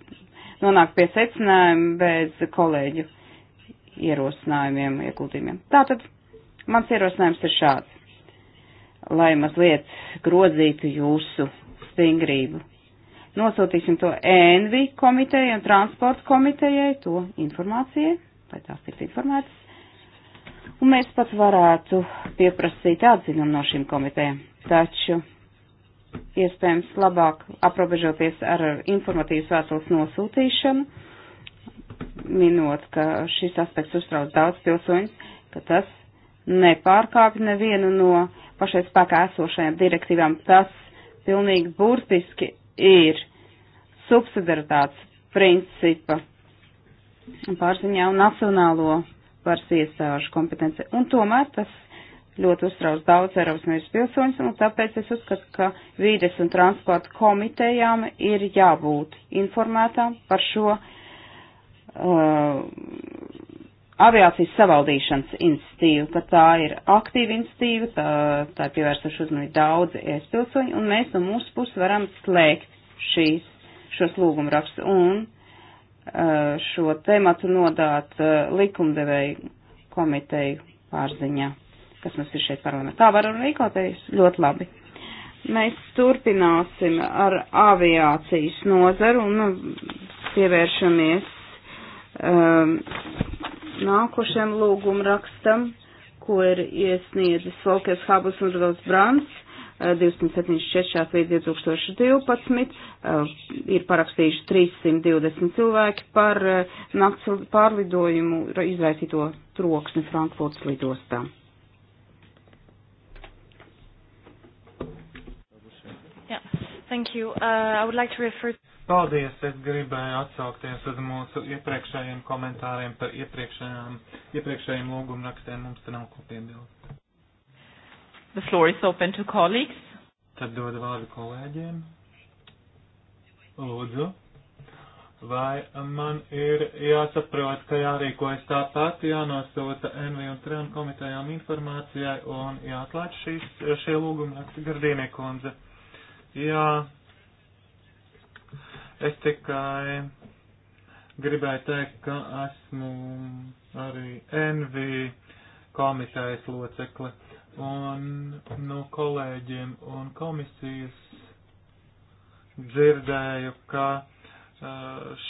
nonākt pie secinājuma bez kolēģu ierosinājumiem, ieguldījumiem. Tātad, mans ierosinājums ir šāds. Lai mazliet grozītu jūsu stingrību Nosūtīsim to ENVI komitejai un transporta komitejai, to informācijai, lai tās tiks informētas. Un mēs pat varētu pieprasīt atzinumu no šīm komitejām. Taču iespējams labāk aprobežoties ar informatīvas vēstules nosūtīšanu, minot, ka šis aspekts uztrauc daudz pilsoņus, ka tas nepārkāpj nevienu no pašai spēkā esošajām direktīvām. Tas pilnīgi burtiski ir subsidaritātes principa pārziņā un nacionālo varas iestāžu kompetenci. Un tomēr tas ļoti uztrauc daudz Eiropas Savienības pilsoņus, un tāpēc es uzskatu, ka vīdes un transporta komitejām ir jābūt informētām par šo uh, aviācijas savaldīšanas institīvu, ka tā ir aktīva institīva, tā, tā ir pievērstuši uzmanību daudzi es pilsoņi, un mēs no mūsu puses varam slēgt šīs šos lūgumrakstus un šo tematu nodāt likumdevēju komiteju pārziņā, kas mums ir šeit parlamentā. Tā varam rīkoties ļoti labi. Mēs turpināsim ar aviācijas nozaru un nu, pievēršamies um, nākošiem lūgumrakstam, ko ir iesniedzis Volkers Habus un Rudolfs Brants 276 līdz 2012 eh, ir parakstījuši 320 cilvēki par eh, nakts pārlidojumu izraisīto troksni Frankfurtas lidostā. Yeah. Thank you. Uh, I would like to refer Paldies! Es gribēju atsaukties uz mūsu iepriekšējiem komentāriem par iepriekšējiem lūgumrakstiem. Mums te nav ko piebilst. The floor is open to colleagues. Tad dodu vārdu kolēģiem. Lūdzu. Vai man ir jāsaprot, ka jārīkojas tāpat, jānosūta NV un TRN komitējām informācijai un jāatlaiž šīs, šie lūgumi raksta Gardīnie kundze? Jā, es tikai gribēju teikt, ka esmu arī NV komitejas locekle. Un no kolēģiem un komisijas dzirdēju, ka uh,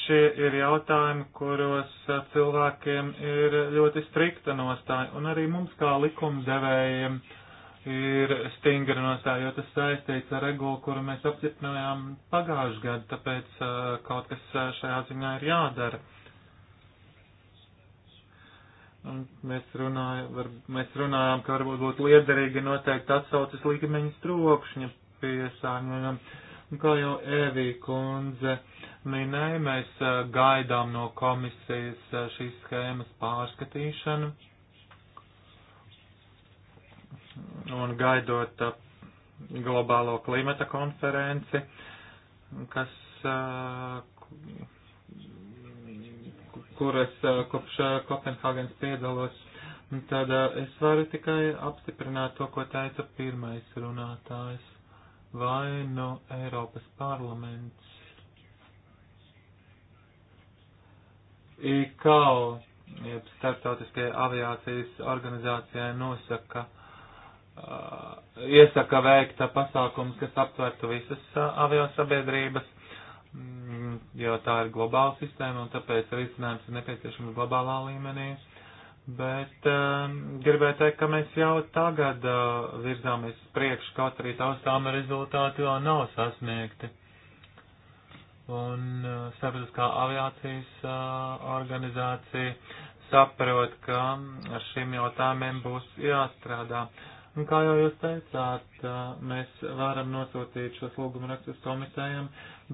šie ir jautājumi, kuros uh, cilvēkiem ir ļoti strikta nostāja, un arī mums kā likumdevējiem ir stingra nostāja, jo tas saistīts ar regulu, kuru mēs apstiprinājām pagājušajā gadā, tāpēc uh, kaut kas šajā ziņā ir jādara. Mēs, runāja, var, mēs runājām, ka varbūt būtu liederīgi noteikti atsaucas līmeņa strokšņa piesārņojumam. Kā jau Evī kundze minēja, mēs gaidām no komisijas šīs schēmas pārskatīšanu un gaidot globālo klimata konferenci, kas kuras kopš Kopenhāgenes piedalos, tad es varu tikai apstiprināt to, ko teica pirmais runātājs vai no nu Eiropas parlaments. ICAO, jeb starptautiskajai aviācijas organizācijai nosaka, uh, iesaka veikta pasākums, kas aptvertu visas uh, aviosabiedrības jo tā ir globāla sistēma un tāpēc risinājums ir nepieciešams globālā līmenī. Bet um, gribēju teikt, ka mēs jau tagad uh, virzāmies priekš, kaut arī taustāma rezultāti vēl nav sasniegti. Un uh, starptautiskā aviācijas uh, organizācija saprot, ka ar šiem jautājumiem būs jāstrādā. Uh, Un kā jau jūs teicāt, mēs varam nosūtīt šos lūgumu rakstus komisējiem,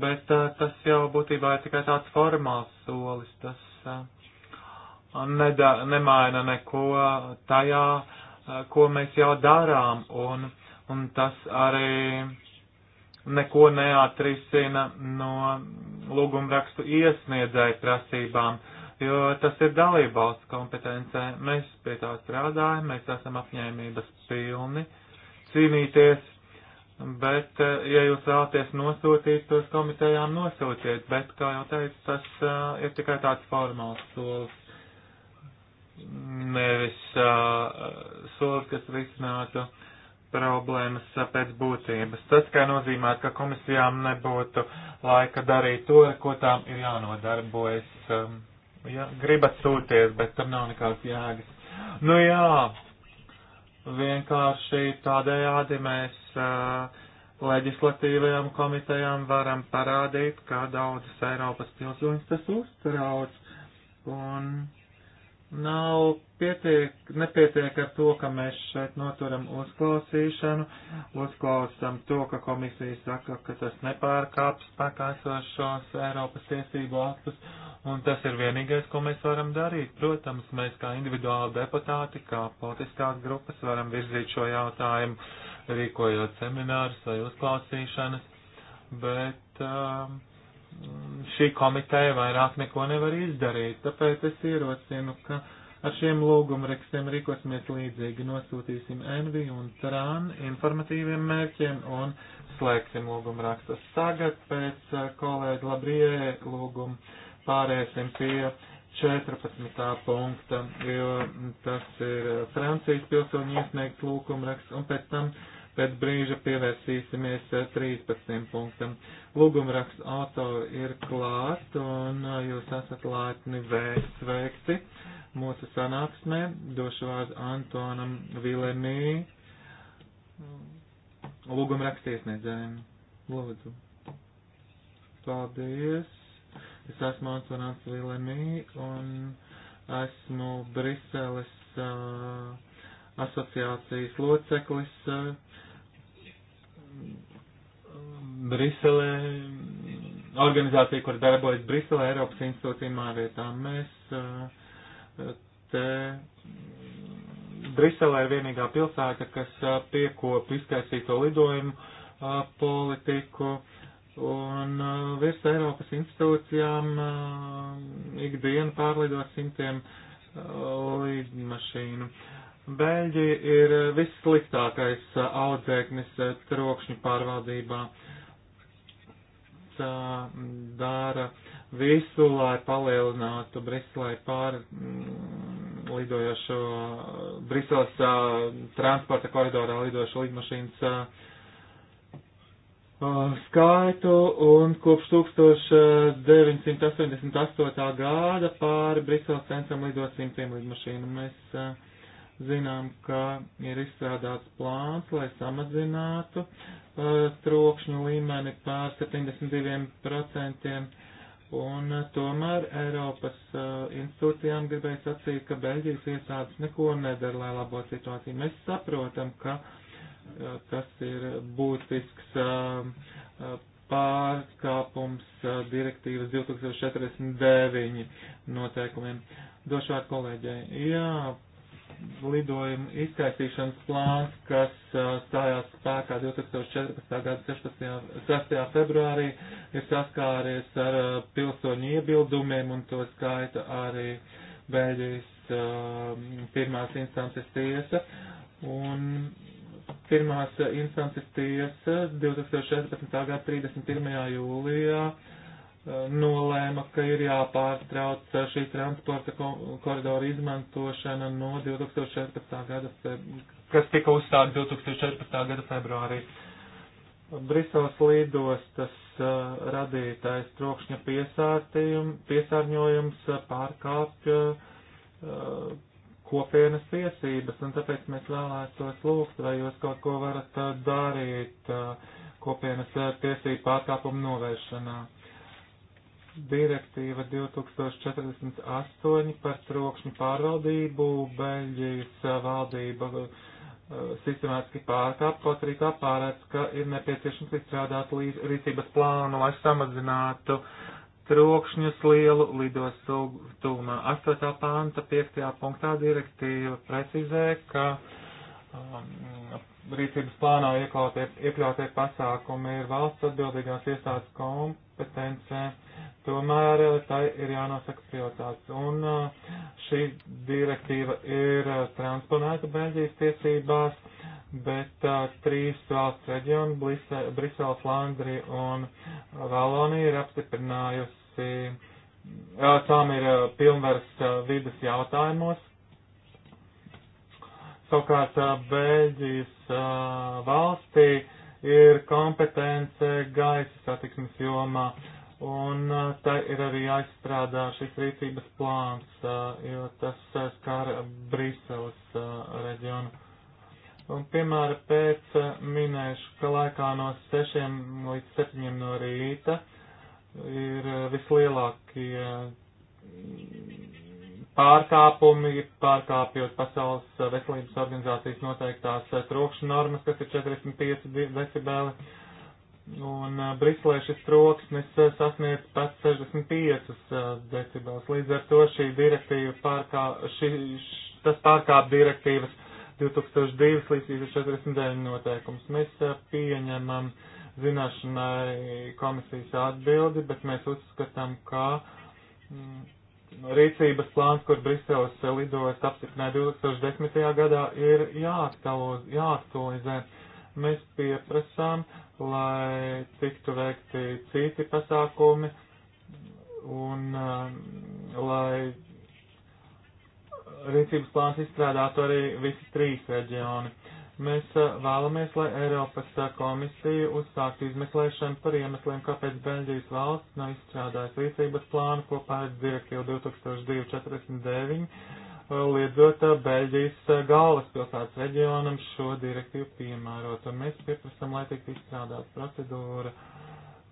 bet tas jau būtībā ir tikai tāds formāls solis, tas neda, nemaina neko tajā, ko mēs jau darām, un, un tas arī neko neatrisina no lūgumu rakstu iesniedzēju prasībām jo tas ir dalībvalsts kompetencē. Mēs pie tā strādājam, mēs esam apņēmības pilni cīnīties, bet, eh, ja jūs vēlaties nosūtīt tos komitejām, nosūtiet, bet, kā jau teicu, tas uh, ir tikai tāds formāls solis, nevis uh, solis, kas risinātu problēmas pēc būtības. Tas, kā nozīmē, ka komisijām nebūtu laika darīt to, ar ko tām ir jānodarbojas. Um, Ja, gribat sūties, bet tam nav nekādas jēgas. Nu jā, vienkārši tādējādi mēs uh, leģislatīvajām komitejām varam parādīt, kā daudzas Eiropas pilsoņas tas uztrauc. Un Nav pietiek, nepietiek ar to, ka mēs šeit noturam uzklausīšanu, uzklausam to, ka komisija saka, ka tas nepārkāps spēkā esošos Eiropas tiesību aktus, un tas ir vienīgais, ko mēs varam darīt. Protams, mēs kā individuāli deputāti, kā politiskās grupas varam virzīt šo jautājumu, rīkojot seminārus vai uzklausīšanas, bet. Uh, um, šī komiteja vairāk neko nevar izdarīt, tāpēc es ierosinu, ka ar šiem lūgumrakstiem rīkosimies līdzīgi, nosūtīsim Envi un Trān informatīviem mērķiem un slēgsim lūgumrakstus. Tagad pēc eh, kolēģa Labrie lūguma pārēsim pie 14. punkta, jo tas ir eh, Francijas pilsoņu iesniegts lūgumraksts un pēc tam Pēc brīža pievērsīsimies 13 eh, punktam. Lūgumraksts autori ir klāt un eh, jūs esat laipni sveikti mūsu sanāksmē. Došu vārdu Antonam Vilemī. Lūgumraksts iesniedzējiem. Lūdzu. Paldies. Es esmu Antonāts Vilemī un esmu Briseles uh, asociācijas loceklis. Uh, Briselē, organizācija, kur darbojas Briselē, Eiropas institūcijām ārvietā. Mēs eh, te Briselē ir vienīgā pilsēta, kas eh, piekop izkaisīto lidojumu eh, politiku. Un uh, virs Eiropas institūcijām uh, ikdienu pārlido simtiem uh, līdmašīnu. Uh, Beļģija ir vissliktākais uh, audzēknis uh, trokšņu pārvaldībā. Tā mm, dara visu, lai palielinātu Briselē pār mm, lidojošo, uh, Briseles transporta koridorā lidojošo lidmašīnas skaitu un kopš 1988. gada pāri Briseles centram lido simtiem lidmašīnu. Mēs uh, zinām, ka ir izstrādāts plāns, lai samazinātu uh, trokšņu līmeni pār 72%, un uh, tomēr Eiropas uh, institūcijām gribēja sacīt, ka Beļģijas iestādes neko nedara, lai labotu situāciju. Mēs saprotam, ka uh, tas ir būtisks. Uh, uh, pārkāpums direktīvas 2049 noteikumiem. Došu vārdu kolēģei. Jā, lidojuma izkaisīšanas plāns, kas uh, stājās spēkā 2014. gada 16. 6. februārī, ir saskāries ar uh, pilsoņu iebildumiem un to skaita arī Beļģijas uh, pirmās instances tiesa. Un pirmās instances tiesa 2014. gada 31. jūlijā nolēma, ka ir jāpārtrauc šī transporta koridora izmantošana no 2014. gada, kas tika uzstāta 2014. gada februārī. Briseles lidostas uh, radītais trokšņa piesārņojums uh, pārkāpj uh, kopienas tiesības, un tāpēc mēs vēlētos lūgt, vai jūs kaut ko varat darīt kopienas tiesību pārkāpumu novēršanā direktīva 2048 par trokšņu pārvaldību Beļģijas uh, valdība uh, sistemātiski pārkāp, kaut arī tā pārēc, ka ir nepieciešams izstrādāt rīcības plānu, lai samazinātu trokšņus lielu lidostu tūmā. 8. panta 5. punktā direktīva precizē, ka um, rīcības plānā iekļautie, iekļautie pasākumi ir valsts atbildīgās iestādes kompetence Tomēr eh, tai ir jānosaka prioritātes. Un eh, šī direktīva ir eh, transponēta Beļģijas tiesībās, bet trīs valsts reģioni, Brisele, Flandrija un Valonija ir apstiprinājusi, tām ir pilnvars vidas jautājumos. Savukārt Beļģijas valstī ir kompetence gaisa satiksmes jomā un uh, tai ir arī jāizstrādā šis rīcības plāns, uh, jo tas uh, skar Briseles reģionu. Un, piemēram, pēc minēšu, ka laikā no 6 līdz 7 no rīta ir vislielākie mm, pārkāpumi, pārkāpjot Pasaules veselības organizācijas noteiktās trokšņa normas, kas ir 45 decibeli Un uh, Briselē šis troksnis uh, sasniedz pat 65 uh, decibels. Līdz ar to šī direktīva pārkā, šī, š, tas pārkāp direktīvas 2002 līdz 49 noteikums. Mēs uh, pieņemam zināšanai komisijas atbildi, bet mēs uzskatām, ka mm, rīcības plāns, kur Briseles lidojas apstiprināja 2010. gadā, ir jāaktualizē. Mēs pieprasām, uh, lai tiktu veikti citi pasākumi un um, lai rīcības plāns izstrādātu arī visi trīs reģioni. Mēs uh, vēlamies, lai Eiropas uh, komisija uzsāktu izmeklēšanu par iemesliem, kāpēc Beļģijas valsts nav izstrādājusi rīcības plānu kopā ar direktīvu 2049 liedzot Beļģijas eh, galvaspilsētas reģionam šo direktīvu piemērot. Un mēs pieprasam, lai tiktu izstrādāta procedūra,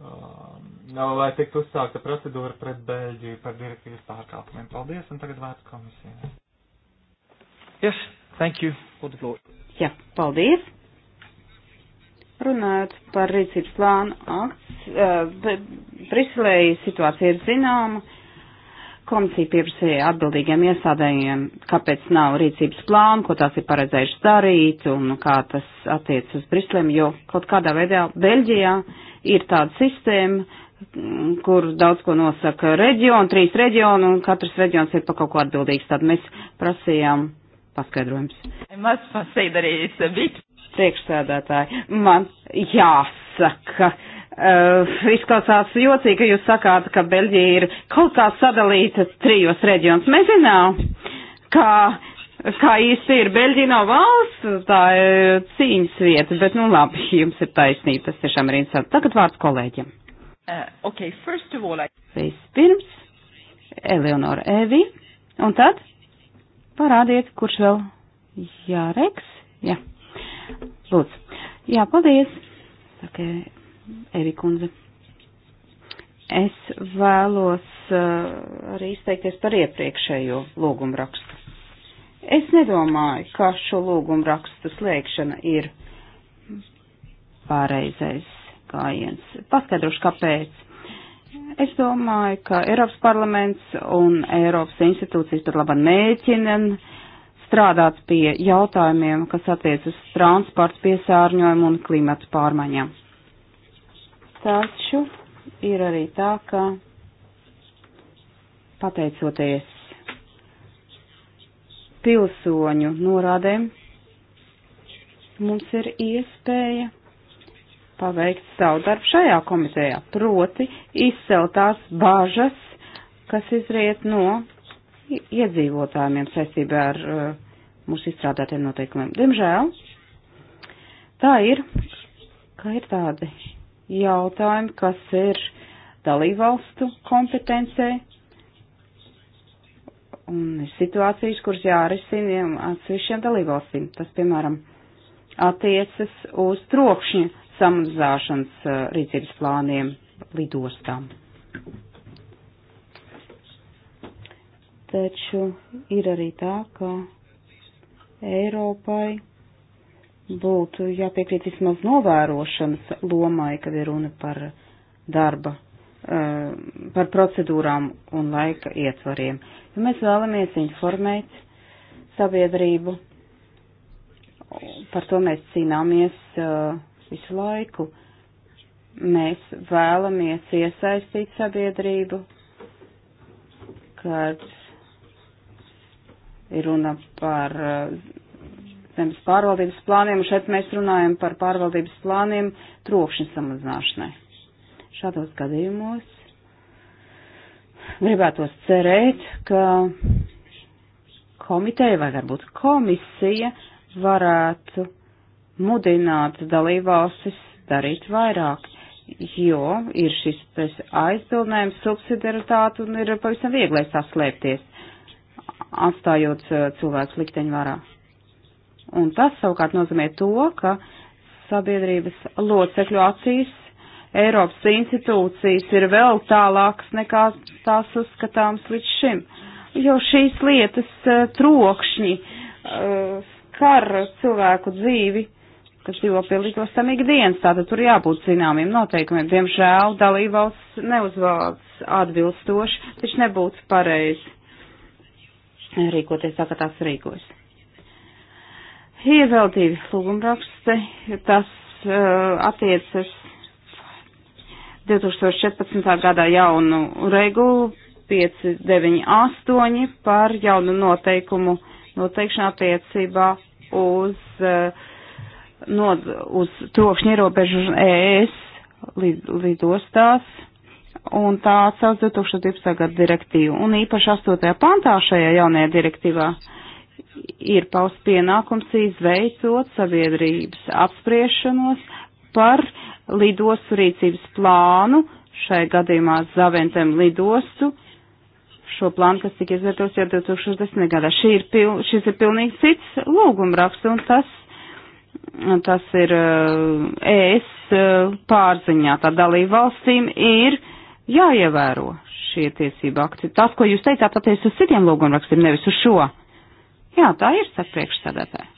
um, lai tiktu uzsākta procedūra pret Beļģiju par direktīvas pārkāpumiem. Paldies, un tagad vārds komisijai. Yes, thank you for the floor. Jā, paldies. Runājot par rīcības plānu akts, uh, Briselē situācija ir zināma Komisija pieprasīja atbildīgiem iestādējiem, kāpēc nav rīcības plāna, ko tās ir paredzējušas darīt un kā tas attiec uz Brislēm, jo kaut kādā veidā Beļģijā ir tāda sistēma, mm, kur daudz ko nosaka reģionu, trīs reģionu, un katrs reģions ir pa kaut ko atbildīgs. Tad mēs prasījām paskaidrojums. Priekšsēdētāji, man jāsaka Uh, izklausās jocīgi, ka jūs sakāt, ka Beļģija ir kaut kā sadalīta trijos reģionos. Mēs zinām, ka, kā īsti ir Beļģija nav valsts, tā ir cīņas vieta, bet nu labi, jums ir taisnība, tas tiešām ir interesanti. Tagad vārds kolēģiem. Uh, ok, first of all, I... Vispirms, Eleonora Evi, un tad parādiet, kurš vēl jāreks. Jā, lūdzu. Jā, paldies. Okay. Erikundze. Es vēlos uh, arī izteikties par iepriekšējo lūgumrakstu. Es nedomāju, ka šo lūgumrakstu slēgšana ir pārreizais gājiens. Paskaidrošu, kāpēc. Es domāju, ka Eiropas parlaments un Eiropas institūcijas pat labāk mēģina strādāt pie jautājumiem, kas attiec uz transportu piesārņojumu un klimatu pārmaiņām. Taču ir arī tā, ka pateicoties pilsoņu norādēm, mums ir iespēja paveikt savu darbu šajā komitejā, proti izcelt tās bāžas, kas izriet no iedzīvotājiem saistībā ar uh, mūsu izstrādātiem noteikumiem. Diemžēl tā ir, ka ir tādi jautājumi, kas ir dalībvalstu kompetencē un situācijas, kuras jārisina atsevišķiem dalībvalstīm. Tas, piemēram, attiecas uz trokšņa samazāšanas eh, rīcības plāniem lidostām. Taču ir arī tā, ka Eiropai būtu jāpiekrīt vismaz novērošanas lomai, kad ir runa par darba, eh, par procedūrām un laika ietvariem. Jo mēs vēlamies informēt sabiedrību, par to mēs cīnāmies eh, visu laiku. Mēs vēlamies iesaistīt sabiedrību, kad ir runa par uh, zemes pārvaldības plāniem, un šeit mēs runājam par pārvaldības plāniem trokšņa samazināšanai. Šādos gadījumos gribētos cerēt, ka komiteja vai varbūt komisija varētu mudināt dalībvalstis darīt vairāk, jo ir šis aizbildinājums subsidiaritāte un ir pavisam viegli saslēpties, atstājot eh, cilvēku likteņu varā. Un tas savukārt nozīmē to, ka sabiedrības locekļu acīs Eiropas institūcijas ir vēl tālākas nekā tās uzskatāms līdz šim. Jo šīs lietas eh, trokšņi skar eh, cilvēku dzīvi, kas dzīvo pie lidostam ikdienas, tātad tur jābūt zināmiem noteikumiem. Diemžēl dalībvalsts neuzvalds atbilstoši, taču nebūtu pareizi rīkoties tā, kā tās rīkojas. Ir vēl divi lūgumraksti, tas uh, attiecas 2014. gadā jaunu regulu 598 par jaunu noteikumu noteikšanu attiecībā uz, uh, no, uz trokšņu ierobežu ES lid, lidostās. Un tā atsauc 2012. gada direktīvu. Un īpaši 8. pantā šajā jaunajā direktīvā uh, ir paust pienākums izveicot sabiedrības apspriešanos par lidostu rīcības plānu, šai gadījumā Zaventem lidostu, šo plānu, kas tika izvērtos jau 2010. gadā. Šī ir pil, šis ir pilnīgi cits lūgumraksts, un tas, tas ir uh, ES uh, pārziņā. Tā dalība valstīm ir jāievēro šie tiesību akti. Tas, ko jūs teicāt, attiecas uz citiem lūgumrakstiem, nevis uz šo. Jā, tā ir, saka priekšsēdētāji.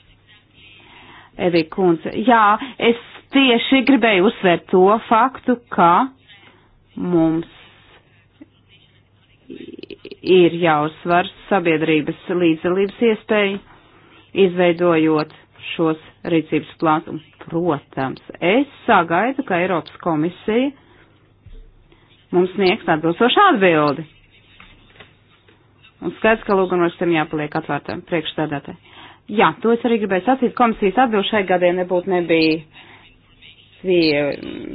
Evī kundze, jā, es tieši gribēju uzsvērt to faktu, ka mums ir jāuzsver sabiedrības līdzdalības iespēja, izveidojot šos rīcības plānus. Protams, es sagaidu, ka Eiropas komisija mums sniegs atbilstošu atbildi. Un skaidrs, ka lūgumrakstam jāpaliek atvērtam priekšstādātē. Jā, to es arī gribēju sacīt. Komisijas atbildu šai gadiem nebūtu nebija pie,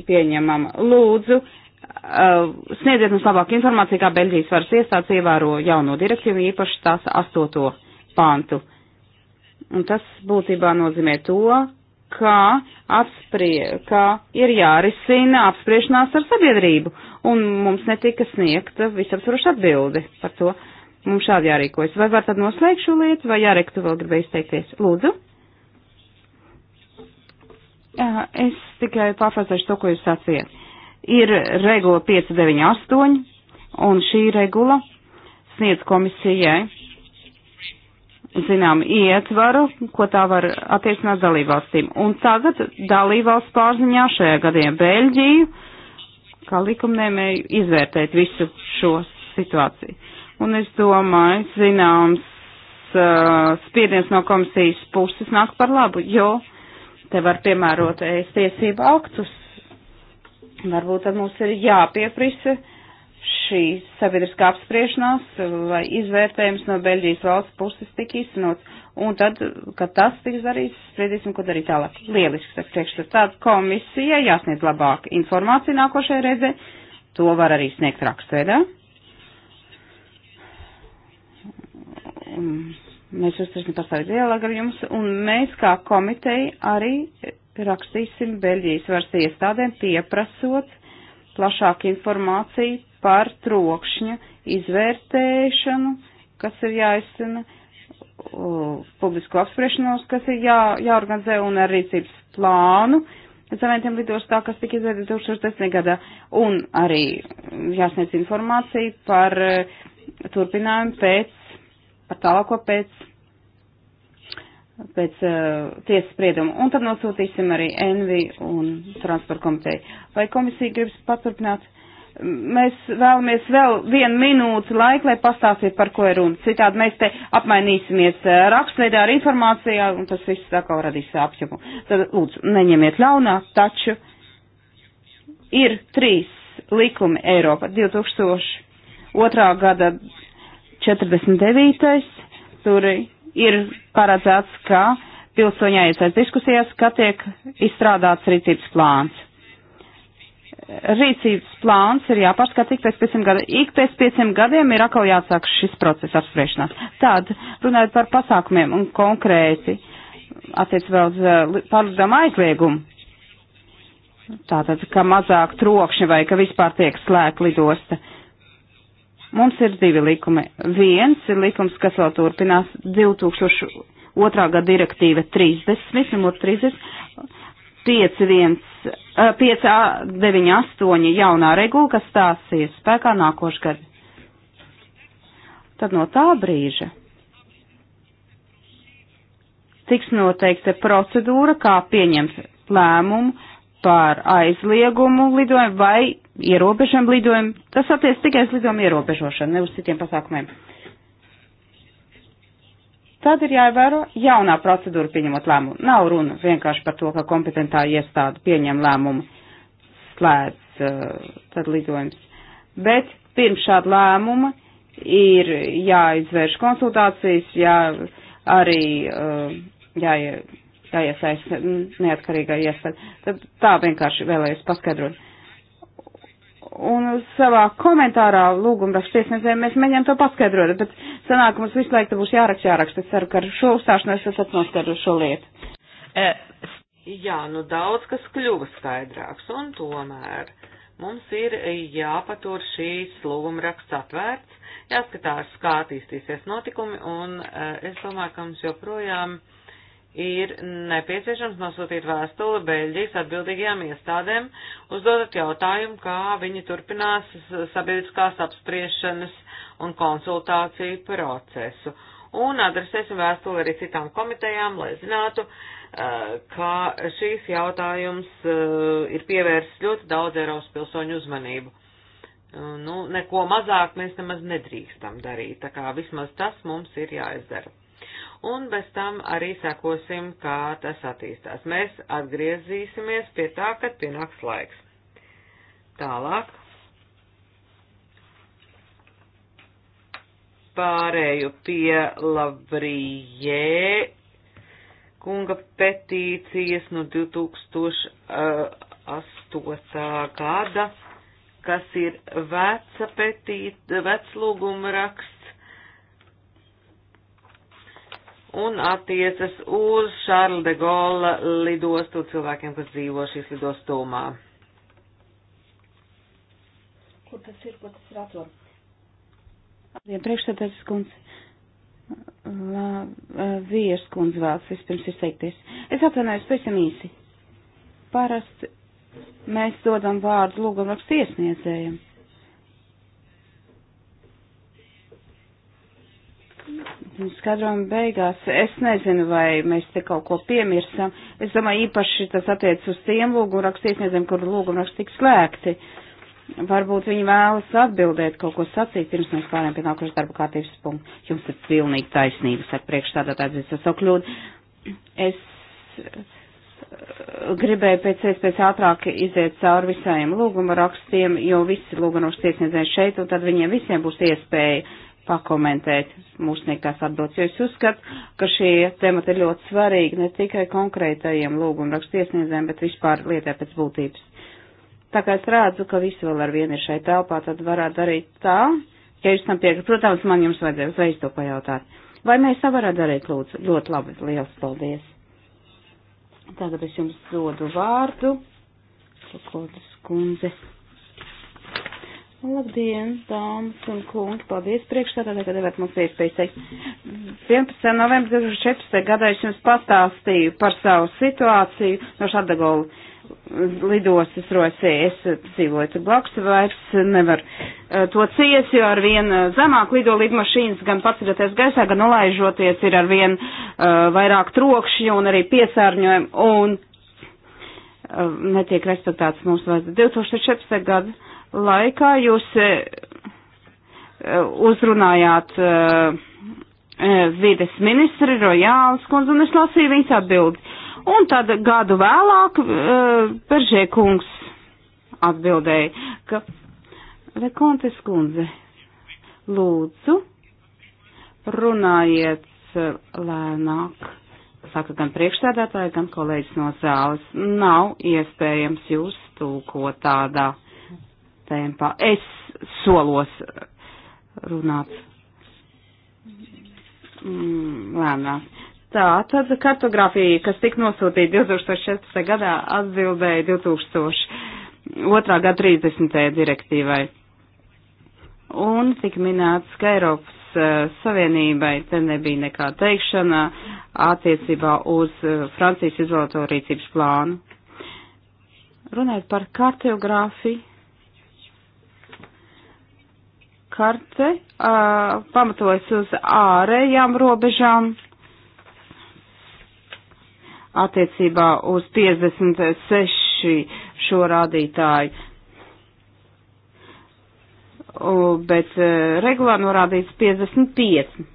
pieņemama. Lūdzu, uh, sniedziet mums labāku informāciju, kā Beļģijas varas iestādes ievēro jauno direktīvu, īpaši tās astoto pāntu. Un tas būtībā nozīmē to, ka, apsprie, ka ir jārisina apspriešanās ar sabiedrību, un mums netika sniegta visapsvaroša atbildi par to. Uh, Mums šādi jārīkojas. Vai var tad noslēgt šo lietu, vai Jārek, tu vēl gribēji izteikties? Lūdzu. Jā, es tikai pārfrāzēšu to, ko jūs sacījāt. Ir regula 598, un šī regula sniedz komisijai zinām ietvaru, ko tā var attiecināt dalībvalstīm. Un tagad dalībvalsts pārziņā šajā gadījumā Beļģiju, kā likumnēmēju, izvērtēt visu šo situāciju. Un es domāju, zināms, uh, spiediens no komisijas puses nāk par labu, jo te var piemērot ēst tiesību aktus. Varbūt tad mums ir jāpieprisa šī sabiedriskā apspriešanās, lai izvērtējums no Beļģijas valsts puses tik īstenots. Un tad, kad tas tiks darīts, spriedīsim, ko darīt tālāk. Lieliski, saka priekšstats. Tāda komisija jāsniedz labāk informāciju nākošajai reizē. To var arī sniegt rakstveidā. Ja? Mēs uztaisam par savu dialogu ar jums, un mēs kā komiteja arī rakstīsim Beļģijas varas iestādēm pieprasot plašāku informāciju par trokšņa izvērtēšanu, kas ir jāizsina, publisko apspriešanos, kas ir jā, jāorganizē un ar rīcības plānu zemētiem lidostā, kas tika izveidota 2010. gadā, un arī jāsniedz informācija par eh, turpinājumu pēc par tālāko pēc, pēc uh, tiesas spriedumu. Un tad nosūtīsim arī Envi un transporta komiteju. Vai komisija gribas paturpināt? Mēs vēlamies vēl vienu minūti laiku, lai pastāstītu, par ko ir runa. Citādi mēs te apmainīsimies eh, rakstveidā ar informācijā, un tas viss atkal radīs apjumu. Tad, lūdzu, neņemiet ļaunā, taču ir trīs likumi Eiropa 2002. gada 49. tur ir paredzēts, ka pilsoņi aizies diskusijās, ka tiek izstrādāts rīcības plāns. Rīcības plāns ir jāpārskata ik pēc pieciem gadiem. Ik pēc pieciem gadiem ir atkal jāsāk šis process apspriešanās. Tad, runājot par pasākumiem un konkrēti attiecībā uz eh, pārlidām aizliegumu, tātad, ka mazāk trokšņi vai ka vispār tiek slēgta lidosta. Uh, Mums ir divi likumi. Viens ir likums, kas vēl turpinās 2002. gada direktīva 30, numur 30, 51, 598 jaunā regula, kas stāsies spēkā nākošgad. Tad no tā brīža tiks noteikta procedūra, kā pieņemt lēmumu par aizliegumu lidojumu vai ierobežam lidojumu, tas attiec tikai uz lidojumu ierobežošanu, ne uz citiem pasākumiem. Tad ir jāievēro jaunā procedūra pieņemot lēmumu. Nav runa vienkārši par to, ka kompetentā iestāde pieņem lēmumu, slēdz uh, tad lidojums. Bet pirms šāda lēmuma ir jāizvērš konsultācijas, jā, arī uh, jā, jāiesaist neatkarīgā iestāde. Tad tā vienkārši vēlējos paskaidrot. Un savā komentārā lūgumrakstiesniedzēm mēs mēģinām to paskaidrot, bet sanāk mums visu laiku būs jāraksta, jāraksta. Es ceru, ka ar šo uzstāšanos esat noskaidrojuši šo lietu. E, jā, nu daudz kas kļuva skaidrāks, un tomēr mums ir jāpatur šīs lūgumraksts atvērts, jāskatās, kā attīstīsies notikumi, un e, es domāju, ka mums joprojām. E, ir nepieciešams nosūtīt vēstuli Beļģijas atbildīgajām iestādēm, uzdodot jautājumu, kā viņi turpinās sabiedriskās apspriešanas un konsultāciju procesu. Un adresēsim vēstuli arī citām komitejām, lai zinātu, ka šīs jautājums ir pievērsts ļoti daudz Eiropas pilsoņu uzmanību. Nu, neko mazāk mēs nemaz nedrīkstam darīt, tā kā vismaz tas mums ir jāizdara un bez tam arī sekosim, kā tas attīstās. Mēs atgriezīsimies pie tā, kad pienāks laiks. Tālāk. Pārēju pie Lavrijē kunga petīcijas no 2008. Uh, gada, kas ir veca petīt, veca lūguma raksts un attiecas uz Šarla de Gola lidostu cilvēkiem, kas dzīvo šīs lidostumā. Kur tas ir, kur tas ir atrodas? Ja priekšstādājas kundze, vīrs kundze vēlas vispirms izteikties. Es atvainojos pavisam īsi. Parasti mēs dodam vārdu lūgumrakstu iesniedzējiem. Skatrām beigās es nezinu, vai mēs te kaut ko piemirsam. Es domāju, īpaši tas attiec uz tiem lūgumrakstiem, nezinu, kur lūgumraksti tiks slēgti. Varbūt viņi vēlas atbildēt kaut ko sacīt, pirms mēs pārējām pie nākošas darba kārtības punktu. Jums ir pilnīgi taisnība, saka priekšstādātājs, es esmu eh, kļūda. Es gribēju pēc iespējas ātrāk iziet cauri visiem lūguma rakstiem, jo visi lūguma rakstiesniedzēji šeit, un tad viņiem visiem būs iespēja pakomentēt mūsu sniegtās atbildes, jo es uzskatu, ka šie temati ir ļoti svarīgi ne tikai konkrētajiem lūgumrakstu iesniedzējiem, bet vispār lietai pēc būtības. Tā kā es redzu, ka visi vēl ar vienu ir šai telpā, tad varētu darīt tā, ja jūs tam piekrītat. Protams, man jums vajadzēja uzreiz to pajautāt. Vai mēs tā varētu darīt, lūdzu? Ļoti labi, liels paldies. Tagad es jums dodu vārdu. Kodas kundze. Labdien, dāmas un kungi, paldies priekšstādātāji, ka devāt mums iespēju teikt. 11. novembris 2014. gadā es jums pastāstīju par savu situāciju no Šadagola lidostas rosē. Es dzīvoju tur blakus, vairs nevar eh, to ciesi, jo ar vien eh, zemāk lido lidmašīnas, gan paceļoties gaisā, gan nolaižoties ir ar vien uh, vairāk trokšņu un arī piesārņojumu un uh, netiek respektēts mūsu vajadzības 2014. gadu laikā jūs e, e, uzrunājāt e, vides ministri Rojāls kundze, un es lasīju viņas atbildi. Un tad gadu vēlāk Peržē kungs atbildēja, ka Rekontes kundze, lūdzu, runājiet lēnāk. Saka gan priekšstādātāji, gan kolēģis no zāles. Nav iespējams jūs tūkot tādā tempā. Es solos runāt mm, lēnāk. Tā, tad kartogrāfija, kas tika nosūtīta 2016. gadā, atbildēja 2002. gada 30. direktīvai. Un tika minēts, ka Eiropas uh, Savienībai te nebija nekā teikšana attiecībā uz uh, Francijas izvēlēto rīcības plānu. Runājot par kartogrāfiju, karte uh, pamatojas uz ārējām robežām attiecībā uz 56 šo rādītāju. Uh, bet uh, regulāri norādīts 55.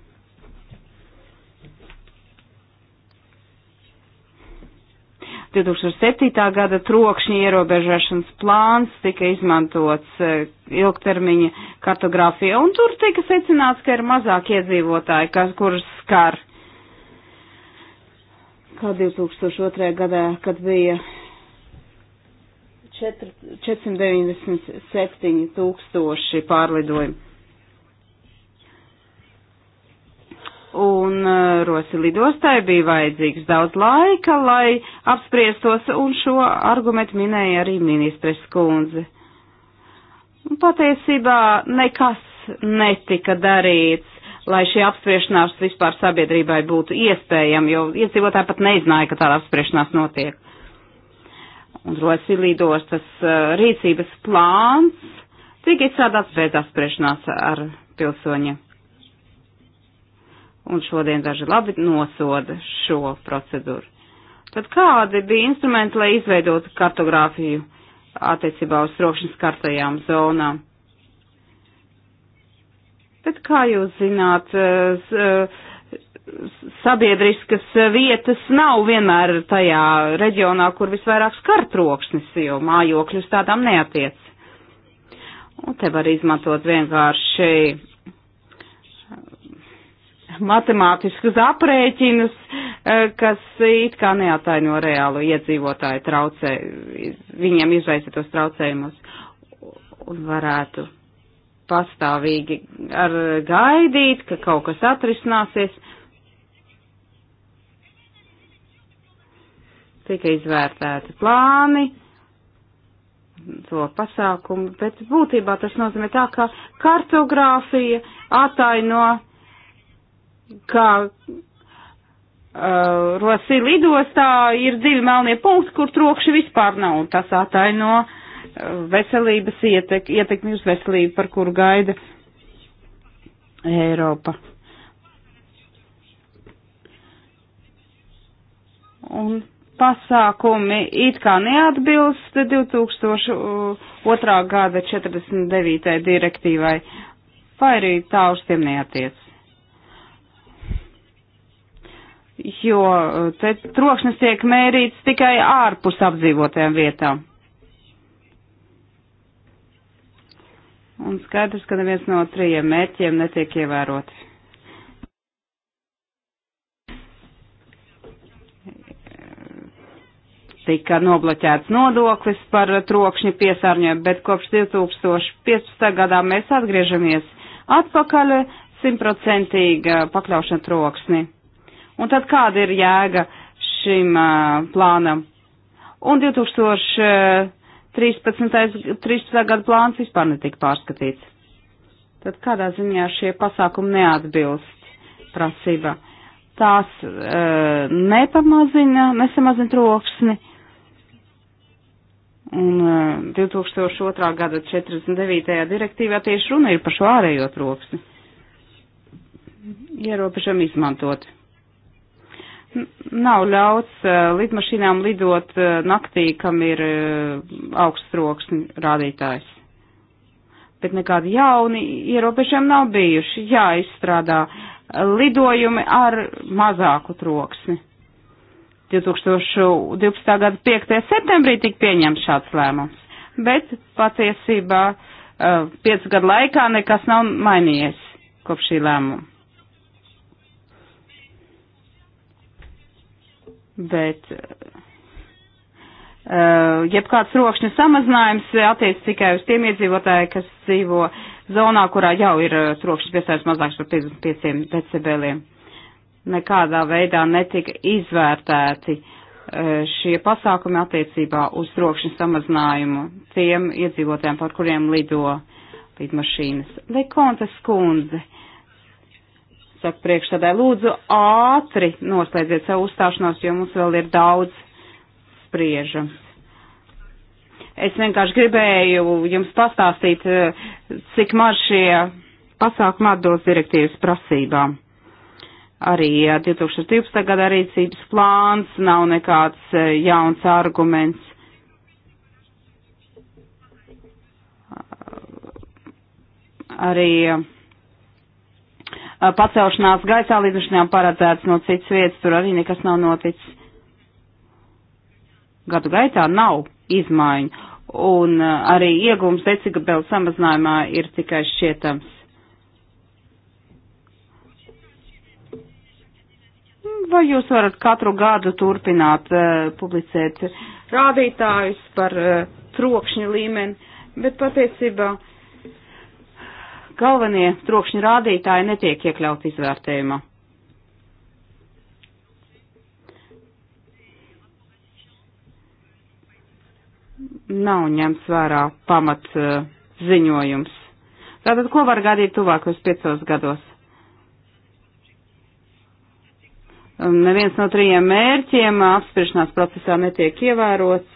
2007. gada trokšņa ierobežošanas plāns tika izmantots e, ilgtermiņa kartogrāfija, un tur tika secināts, ka ir mazāk iedzīvotāji, kas, kurus skar. Kā 2002. gadā, kad bija 4, 497 tūkstoši pārlidojumi. un uh, Rosi lidostai bija vajadzīgs daudz laika, lai apspriestos, un šo argumentu minēja arī ministres kundze. Un patiesībā nekas netika darīts, lai šī apspriešanās vispār sabiedrībai būtu iespējama, jo iedzīvotāji pat nezināja, ka tāda apspriešanās notiek. Un Rosi lidostas uh, rīcības plāns tika izstrādāts pēc apspriešanās ar pilsoņiem un šodien daži labi nosoda šo procedūru. Tad kādi bija instrumenti, lai izveidotu kartogrāfiju attiecībā uz trokšņas kartajām zonām? Bet kā jūs zināt, sabiedriskas vietas nav vienmēr tajā reģionā, kur visvairāk skar troksnis, jo mājokļus tādām neatiec. Un te var izmantot vienkārši matemātiskus aprēķinus, e, kas it kā neataino reālu iedzīvotāju traucē, viņiem izraisītos traucējumus un varētu pastāvīgi ar gaidīt, ka kaut kas atrisināsies. Tika izvērtēti plāni, to pasākumu, bet būtībā tas nozīmē tā, ka kartogrāfija ataino kā uh, Rosī lidostā ir divi melnie punkti, kur trokši vispār nav, un tas ataino uh, veselības ietek, ietekmi uz veselību, par kuru gaida Eiropa. Un pasākumi it kā neatbilst 2002. gada 49. direktīvai, vai arī tā uz tiem neatiec. jo eh, trokšņas tiek mērīts tikai ārpus apdzīvotēm vietām. Un skaidrs, ka neviens no trījiem mērķiem netiek ievēroti. Tika nobloķēts nodoklis par trokšņu piesārņojumu, bet kopš 2015. gadā mēs atgriežamies atpakaļ simtprocentīga pakļaušana troksni Un tad kāda ir jēga šim uh, plānam? Un 2013. 13. gada plāns vispār netika pārskatīts. Tad kādā ziņā šie pasākumi neatbilst prasība? Tās e, uh, nepamazina, nesamazina troksni. Un e, uh, 2002. gada 49. direktīvā tieši runa ir par šo ārējo troksni. Ierobežam izmantot nav ļauts eh, lidmašīnām lidot eh, naktī, kam ir eh, augststroksni rādītājs. Bet nekādi jauni ierobežojumi nav bijuši. Jā, izstrādā lidojumi ar mazāku troksni. 2012. gada 5. septembrī tika pieņemts šāds lēmums, bet patiesībā piecu gadu laikā nekas nav mainījies kopš šī lēmuma. bet uh, jebkāds rokšņa samazinājums attiec tikai uz tiem iedzīvotāji, kas dzīvo zonā, kurā jau ir trokšņa eh, piesājums mazāks par 55 decibeliem. Nekādā veidā netika izvērtēti uh, šie pasākumi attiecībā uz trokšņa samazinājumu tiem iedzīvotājiem, par kuriem lido lidmašīnas. Lekonta skundze saka priekšstādē, lūdzu ātri noslēdziet savu uzstāšanos, jo mums vēl ir daudz spriežams. Es vienkārši gribēju jums pastāstīt, cik maz šie pasākumi atbilst direktīvas prasībām. Arī 2012. gada rīcības plāns nav nekāds eh, jauns arguments. Arī Eh, pacelšanās gaisā lidmašīnām paredzēts no citas vietas, tur arī nekas nav noticis. Gadu gaitā nav izmaiņu, un eh, arī iegums decibelu samazinājumā ir tikai šķietams. Vai jūs varat katru gadu turpināt uh, publicēt rādītājus par uh, trokšņa līmeni, bet patiesībā uh, galvenie trokšņa rādītāji netiek iekļauti izvērtējumā. Nav ņemts vērā pamat uh, ziņojums. Tātad, ko var gadīt tuvākos piecos gados? Um, neviens no trījiem mērķiem apspriešanās procesā netiek ievērots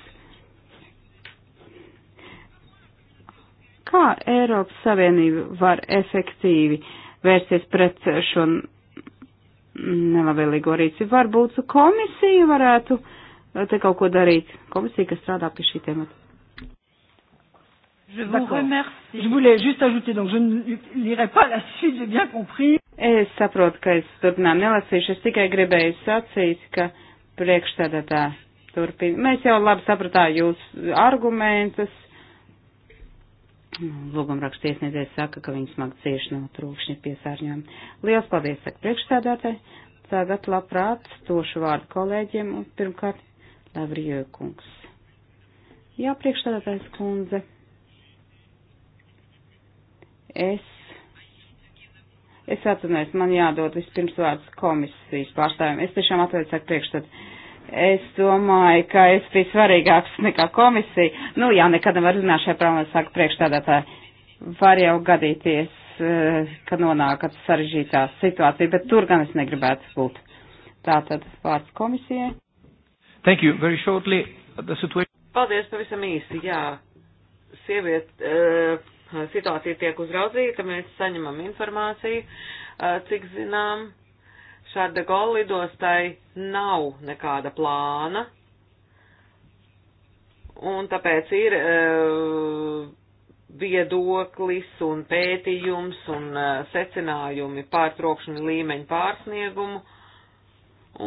Kā Eiropas Savienība var efektīvi vērsties pret šo nelabvēlīgo rīcību? Varbūt komisija varētu eh, te kaut ko darīt. Komisija, kas strādā pie šī temata. Je vous remercie. Je voulais juste ajouter, donc je ne lirai pas la suite, j'ai bien compris. Es saprotu, ka es turpinām nelasīšu, es tikai gribēju sacīt, ka priekšstādātā turpina. Mēs jau labi sapratām jūsu argumentus, Lūgumraksta iesniedzējs saka, ka viņi smagi cieši no trūkšņa piesārņojuma. Lielas paldies, saka priekšstādātāji. Tagad labprāt došu vārdu kolēģiem un pirmkārt Lavrijo kungs. Jā, priekšstādātājs kundze. Es. Es atzinājos, man jādod vispirms vārds komisijas pārstāvjiem. Es tiešām atvainojos, saka priekšstādātājs Es domāju, ka es biju svarīgāks nekā komisija. Nu, jā, nekad nevar zināt šajā problēmā, saka priekšstādātāji. Var jau gadīties, eh, ka nonākat sarežģītā situācija, bet tur gan es negribētu būt. Tātad vārds komisijai. Thank you. Very shortly, uh, the situation. Paldies pavisam īsi, jā. Sieviet, uh, situācija tiek uzraudzīta, mēs saņemam informāciju, uh, cik zinām Šāda gola lidostai nav nekāda plāna, un tāpēc ir uh, viedoklis un pētījums un uh, secinājumi pār trokšņa līmeņa pārsniegumu,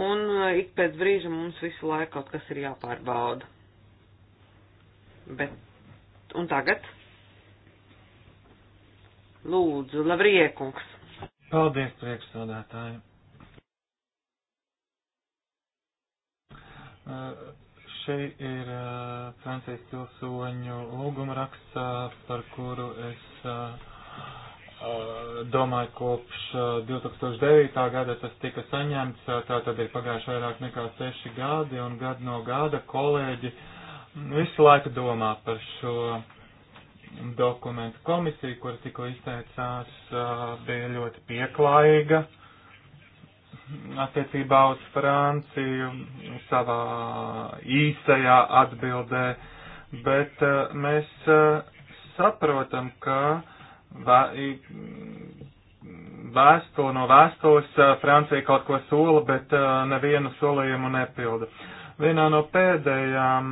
un uh, ik pēc brīža mums visu laiku kaut kas ir jāpārbauda. Bet, un tagad? Lūdzu, labriekungs. Paldies, priekšstādātāji. Šeit ir Francijas pilsoņu lūguma raksts, par kuru es domāju, kopš 2009. gada tas tika saņemts, tā tad ir pagājuši vairāk nekā seši gadi, un gadu no gada kolēģi visu laiku domā par šo dokumentu komisiju, kur tikko izteicās, bija ļoti pieklājīga attiecībā uz Franciju savā īsajā atbildē, bet eh, mēs eh, saprotam, ka vēstule no vēstules eh, Francija kaut ko sola, bet nevienu solījumu nepilda. Vienā no pēdējām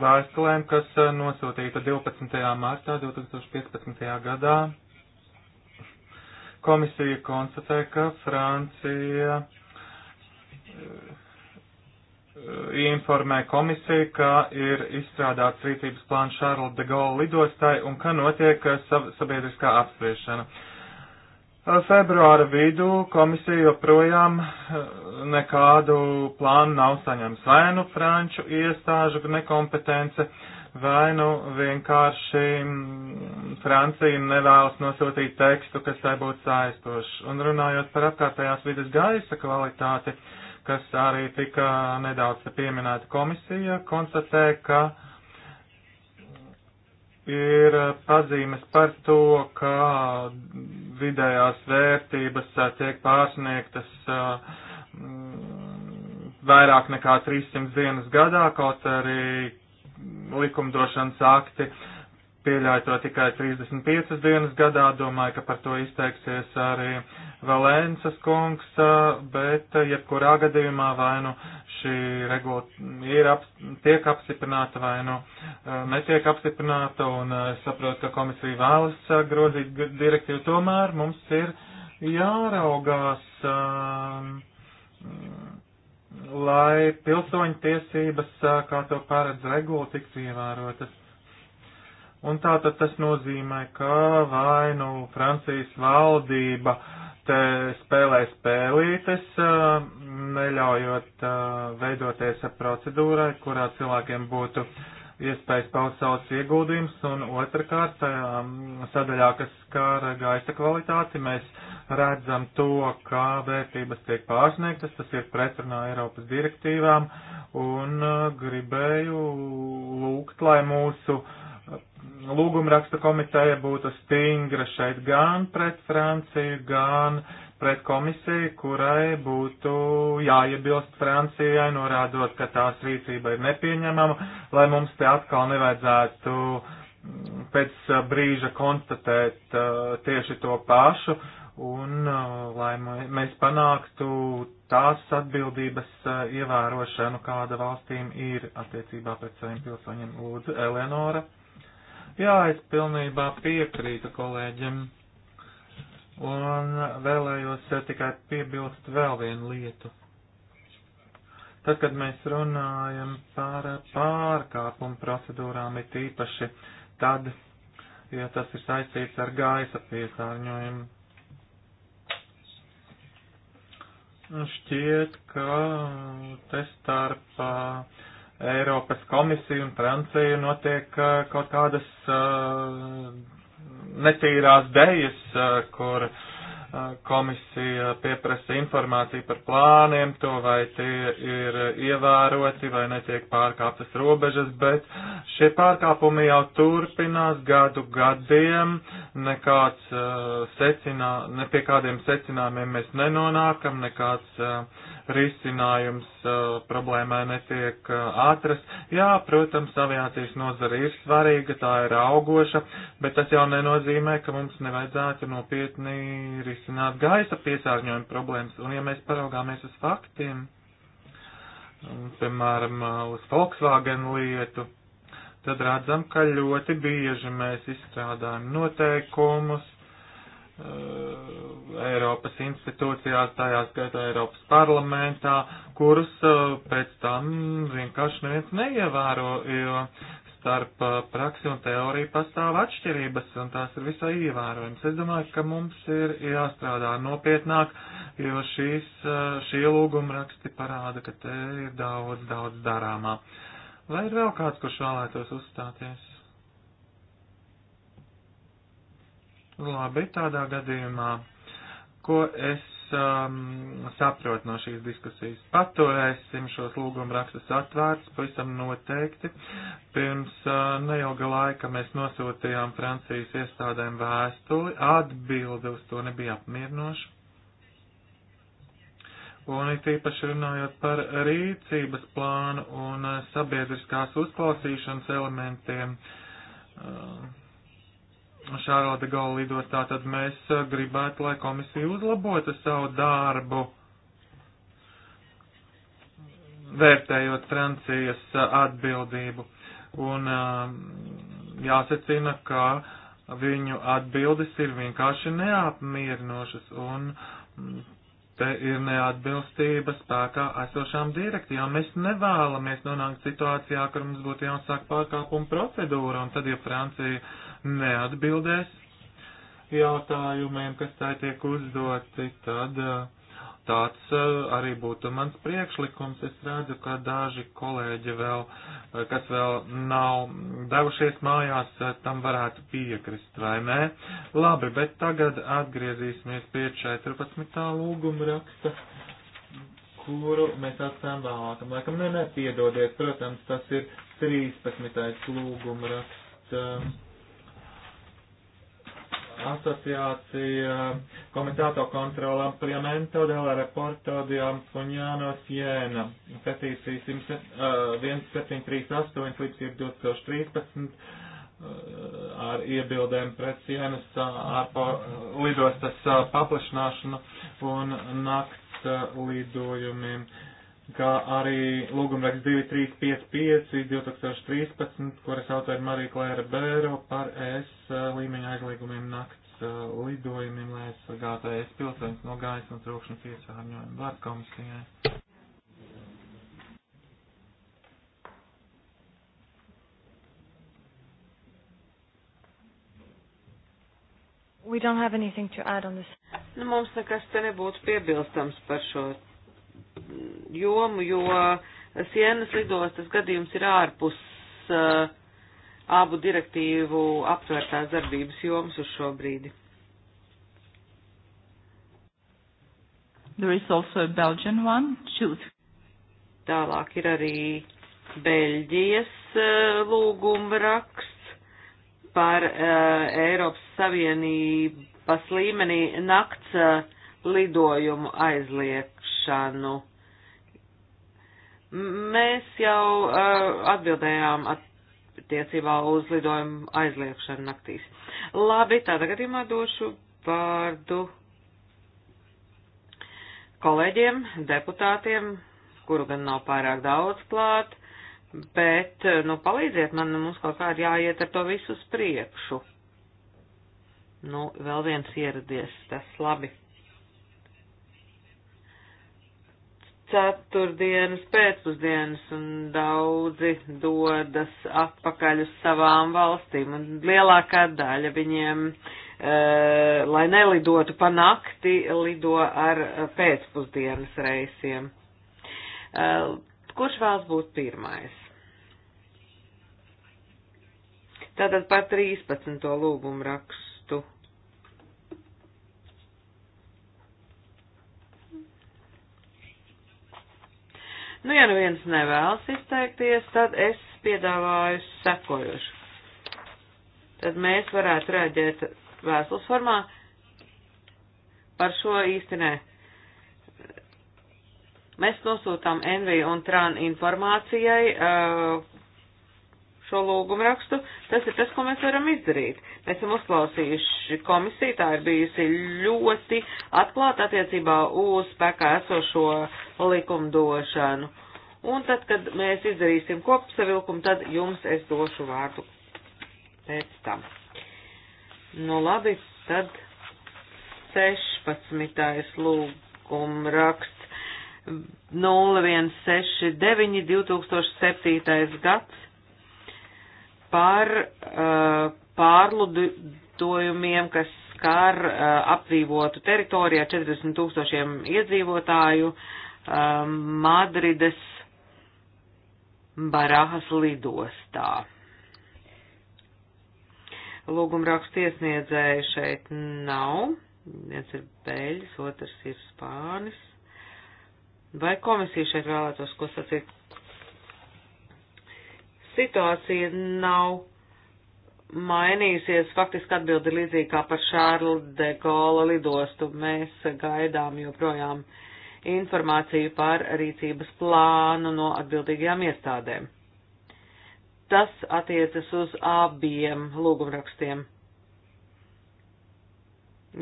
vēstulēm, kas nosūtīta 12. martā 2015. gadā, Komisija konstatē, ka Francija eh, informē komisiju, ka ir izstrādāts rīcības plāns Šārla de Gaulle lidostai un ka notiek eh, sabiedriskā apspriešana. Eh, februāra vidū komisija joprojām nekādu plānu nav saņemts. Vai nu franču iestāžu nekompetence, uh, vai nu vienkārši mm, Francija nevēlas nosūtīt tekstu, kas tai būtu saistošs. Un runājot par apkārtējās vidas gaisa kvalitāti, kas arī tika nedaudz pieminēta komisija, konstatē, ka ir pazīmes par to, ka vidējās vērtības uh, tiek pārsniegtas uh, mm, vairāk nekā 300 dienas gadā, kaut arī likumdošanas akti pieļāja to tikai 35 dienas gadā, domāju, ka par to izteiksies arī Valensas kungs, bet jebkurā gadījumā vai nu šī regula ir ap, tiek apstiprināta vai nu netiek apstiprināta, un es saprotu, ka komisija vēlas grozīt direktīvu, tomēr mums ir jāraugās. Um, lai pilsoņu tiesības, kā to paredz regula, tiktu ievērotas. Un tātad tas nozīmē, ka vai nu Francijas valdība te spēlē spēlītes, neļaujot veidoties ar procedūrai, kurā cilvēkiem būtu uh, iespējas paust savus ieguldījumus, un otrkārt, sadaļā, kas skar gaisa kvalitāti, mēs redzam to, kā vērtības tiek pārsniegtas, tas ir pretrunā Eiropas direktīvām, un gribēju lūgt, lai mūsu lūgumraksta komiteja būtu stingra šeit gan pret Franciju, gan uh, pret komisiju, kurai būtu jāiebilst Francijai, norādot, ka tās rīcība ir nepieņemama, lai mums te atkal nevajadzētu mm, pēc brīža konstatēt uh, tieši to pašu un uh, lai mēs panāktu tās atbildības uh, ievērošanu, kāda valstīm ir attiecībā pret saviem pilsoņiem. Lūdzu, Eleonora. Jā, es pilnībā piekrītu kolēģiem. Un vēlējos tikai piebilst vēl vienu lietu. Tad, kad mēs runājam par pārkāpumu procedūrām, ir īpaši tad, ja tas ir saistīts ar gaisa piesārņojumu. Šķiet, ka te starp uh, Eiropas komisiju un Franciju notiek uh, kaut kādas uh, netīrās dejas, kur komisija pieprasa informāciju par plāniem, to vai tie ir ievēroti vai netiek pārkāptas robežas, bet šie pārkāpumi jau turpinās gadu gadiem, nekāds secinā, ne pie kādiem secinājumiem mēs nenonākam, nekāds risinājums uh, problēmai netiek uh, eh, atras. Jā, protams, aviācijas nozara ir svarīga, tā ir augoša, bet tas jau nenozīmē, ka mums nevajadzētu nopietni risināt gaisa piesārņojuma problēmas. Un ja mēs paraugāmies uz faktiem, un, piemēram, eh, uz Volkswagen lietu, tad redzam, ka ļoti bieži mēs izstrādājam noteikumus, Uh, Eiropas institūcijās, tajā skaitā Eiropas parlamentā, kurus uh, pēc tam vienkārši neviens neievēro, jo starp uh, praksi un teoriju pastāv atšķirības, un tās ir visai ievērojams. Es domāju, ka mums ir jāstrādā nopietnāk, jo šīs, šie lūguma raksti parāda, ka te ir daudz, daudz darāmā. Vai ir vēl kāds, kurš vēlētos uzstāties? Labi, tādā gadījumā, ko es um, saprotu no šīs diskusijas, paturēsim šos lūguma rakstus atvērts, pavisam noteikti. Pirms uh, neilga laika mēs nosūtījām Francijas iestādēm vēstuli, atbilde uz to nebija apmierinoša. Un it īpaši runājot par rīcības plānu un uh, sabiedriskās uzklausīšanas elementiem. Uh, Šāroda gala lidostā, tad mēs eh, gribētu, lai komisija uzlabotu savu darbu, vērtējot Francijas eh, atbildību. Un eh, jāsacina, ka viņu atbildes ir vienkārši neapmierinošas, un mm, te ir neatbilstība spēkā esošām direktīvām. Mēs nevēlamies nonākt situācijā, kur mums būtu jāsāk pārkāpuma procedūra, un tad, ja Francija neatbildēs jautājumiem, kas tā tiek uzdoti, tad uh, tāds uh, arī būtu mans priekšlikums. Es redzu, ka daži kolēģi vēl, uh, kas vēl nav devušies mājās, tam varētu piekrist, vai nē? Labi, bet tagad atgriezīsimies pie 14. lūguma raksta kuru mēs atstājam vēlākam laikam. Nē, nepiedodiet, protams, tas ir 13. lūguma raksts. Um, Asociācija Komitato Kontrola Ampliamento della Reporto di Ampugnano Siena, petīcija 1738 līdz 2013 ar iebildēm pret sienas eh, ārpo eh, lidostas eh, paplašināšanu un nakts lidojumiem. Uh, kā arī lūgumraksts 2355 2013, kuras autori Marija Klēra Bēro par ES eh, līmeņa aizliegumiem nakts eh, lidojumiem, lai aizsargātu ES pilsēņus no gaisa un trokšņa piesārņojuma vārdu komisijai. We don't have anything to add on this. Nu, mums nekas te nebūtu piebilstams par šo jomu, jo sienas lidostas gadījums ir ārpus uh, abu direktīvu aptvērtās darbības jomas uz šo brīdi. There is also a Belgian one. Shoot. Tālāk ir arī Beļģijas uh, lūguma raksts par uh, Eiropas Savienības līmenī nakts uh, lidojumu aizliekšanu. Mēs jau uh, atbildējām attiecībā uz lidojumu aizliekšanu naktīs. Labi, tādā gadījumā došu vārdu kolēģiem, deputātiem, kuru gan nav pārāk daudz klāt, bet, eh, nu, palīdziet man, mums kaut kā ir jāiet ar to visu uz priekšu. Nu, vēl viens ieradies, tas labi. ceturtdienas pēcpusdienas un daudzi dodas atpakaļ uz savām valstīm. Un lielākā daļa viņiem, e, lai nelidotu pa nakti, lido ar pēcpusdienas reisiem. E, kurš vēlas būt pirmais? Tātad par 13. lūgumu rakstu. Nu, ja nu viens nevēlas izteikties, tad es piedāvāju sekojuši. Tad mēs varētu rēģēt vēstules formā par šo īstenē. Mēs nosūtām NV un TRAN informācijai, uh, šo lūgumu rakstu, tas ir tas, ko mēs varam izdarīt. Mēs esam uzklausījuši komisiju, tā ir bijusi ļoti atklāta attiecībā uz spēkā esošo likumdošanu. Un tad, kad mēs izdarīsim kopsavilkumu, tad jums es došu vārdu pēc tam. Nu labi, tad 16. lūguma raksts 0169 2007. gads par uh, pārludojumiem, kas skar uh, apdzīvotu teritoriju ar 40 tūkstošiem iedzīvotāju uh, Madrides Barahas lidostā. Lūgumrakstu iesniedzēju šeit nav. Viens ir beļģis, otrs ir spānis. Vai komisija šeit vēlētos ko sacīt? situācija nav mainījusies. Faktiski atbildi līdzīgi kā par Šārlu de Gola lidostu. Mēs gaidām joprojām informāciju par rīcības plānu no atbildīgajām iestādēm. Tas attiecas uz abiem lūgumrakstiem,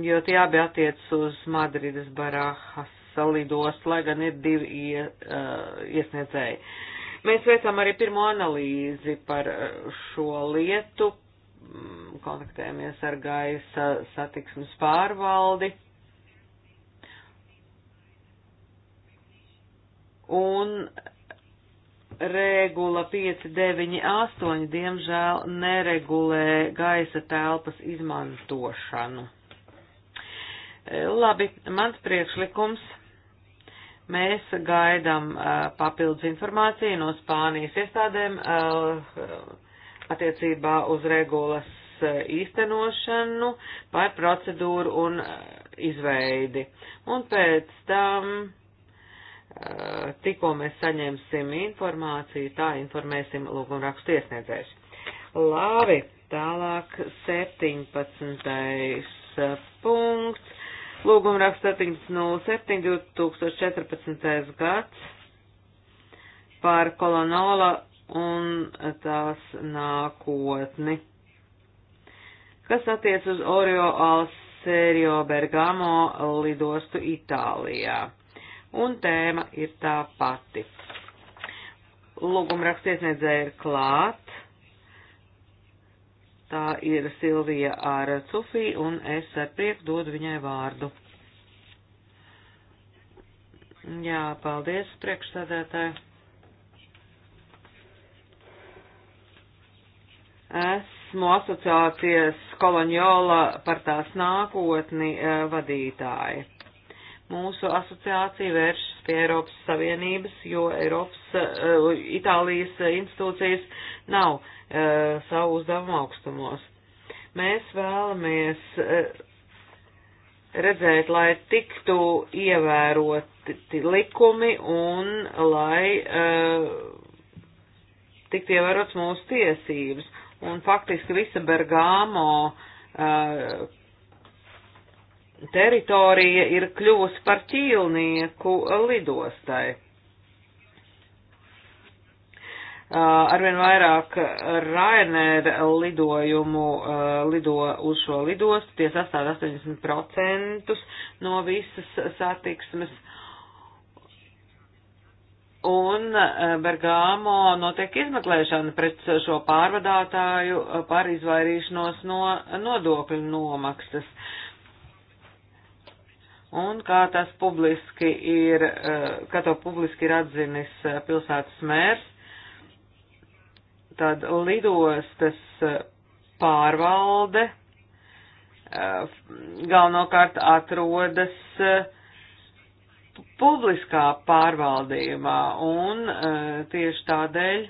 jo tie abi attiecas uz Madrides Barahas lidostu, lai gan ir divi ie, uh, iesniedzēji. Uh, Mēs veicam arī pirmo analīzi par eh, šo lietu, mm, kontaktējamies ar gaisa satiksmes pārvaldi. Un regula 598 diemžēl neregulē gaisa telpas izmantošanu. Eh, labi, mans priekšlikums Mēs gaidām uh, papildus informāciju no Spānijas iestādēm uh, attiecībā uz regulas uh, īstenošanu par procedūru un izveidi. Un pēc tam, tikko mēs saņemsim informāciju, tā informēsim lūgumrakstu iesniedzējuši. Labi, tālāk 17. Lūguma raksts 1707 2014. gads par kolonola un tās nākotni. Kas attiec uz Oreo Alserio Bergamo lidostu Itālijā. Un tēma ir tā pati. Lūguma raksts iesniedzēja ir klāt. Tā ir Silvija Āracufī, un es ar prieku dodu viņai vārdu. Jā, paldies, priekšsēdētāji. Esmu asociācijas koloniola par tās nākotni eh, vadītāji. Mūsu asociācija vēršas pie Eiropas Savienības, jo Eiropas, eh, Itālijas institūcijas nav eh, savu uzdevumu augstumos. Mēs vēlamies redzēt, lai tiktu ievēroti likumi un lai uh, tiktu ievērots mūsu tiesības. Un faktiski visa Bergamo uh, teritorija ir kļuvusi par ķīlnieku lidostai. Uh, arvien vairāk Ryanair lidojumu uh, lido uz šo lidostu, tie sastāv 80% no visas satiksmes. Un uh, Bergamo notiek izmeklēšana pret šo pārvadātāju par izvairīšanos no nodokļu nomaksas. Un kā tas publiski ir, kā to publiski ir atzinis pilsētas mērs, Tad lidostas eh, pārvalde eh, galvenokārt atrodas eh, publiskā pārvaldījumā, un tieši tādēļ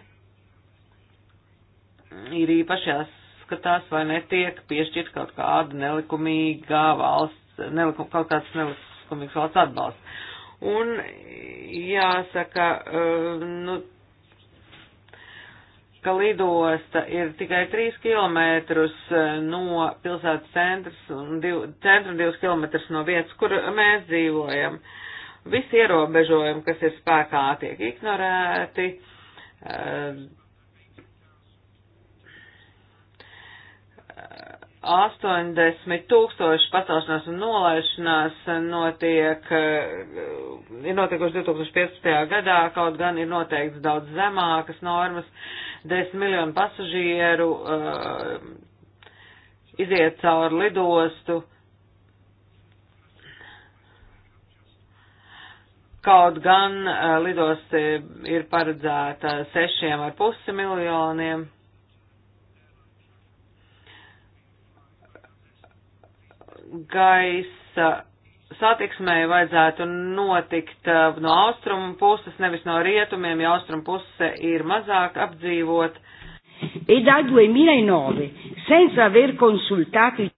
ir īpaši jāskatās, vai netiek piešķirt kaut kāda nelikumīgā valsts, nelikum, kaut kāds nelikumīgs valsts atbalsts. Un jāsaka, nu, ka lidosta ir tikai 3 km eh, no pilsētas centrs un 2, centru un 2 km no vietas, kur mēs dzīvojam. Visi ierobežojumi, kas ir spēkā, tiek ignorēti. Uh, eh, 80 tūkstoši pacelšanās un nolaišanās notiek, eh, ir notiekuši 2015. gadā, kaut gan ir noteikts daudz zemākas normas. Uh, 10 miljonu pasažieru uh, iziet cauri lidostu. Kaut gan uh, lidosti ir paredzēta 6,5 miljoniem. Gaisa satiksmei vajadzētu notikt uh, no austrumu puses, nevis no rietumiem, jo austrumu puse ir mazāk apdzīvot. E da 2009, senza aver consultato.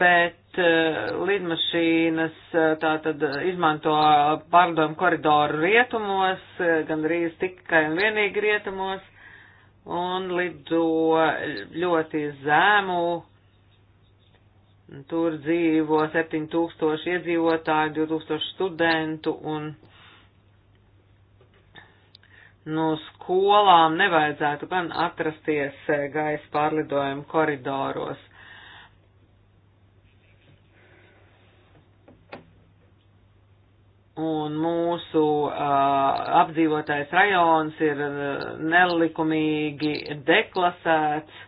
Bet uh, lidmašīnas uh, tātad izmanto pārdomu koridoru rietumos, gandrīz tikai un vienīgi rietumos, un lido ļoti zēmu Tur dzīvo 7000 iedzīvotāji, 2000 studentu un no skolām nevajadzētu gan atrasties e, gaisa pārlidojumu koridoros. Un mūsu uh, e, apdzīvotais rajons ir e, nelikumīgi deklasēts,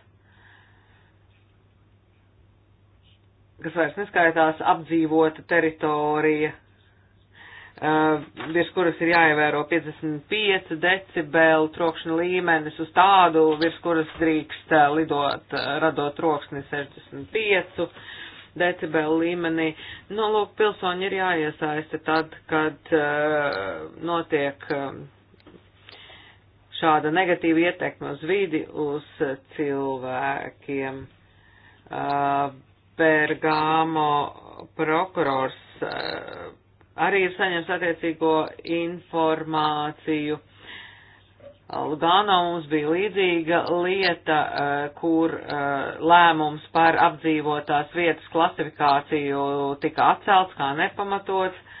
kas vairs neskaitās apdzīvota teritorija, uh, virs kuras ir jāievēro 55 decibeli trokšņa līmenis, uz tādu, virs kuras drīkst uh, lidot, uh, radot troksni 65 decibeli līmenī. Nu, lūk, pilsoņi ir jāiesaista tad, kad uh, notiek uh, šāda negatīva ietekme uz vidi, uz cilvēkiem. Uh, Bergamo prokurors eh, arī ir saņems attiecīgo informāciju. Lugano mums bija līdzīga lieta, eh, kur eh, lēmums par apdzīvotās vietas klasifikāciju tika atcelts kā nepamatots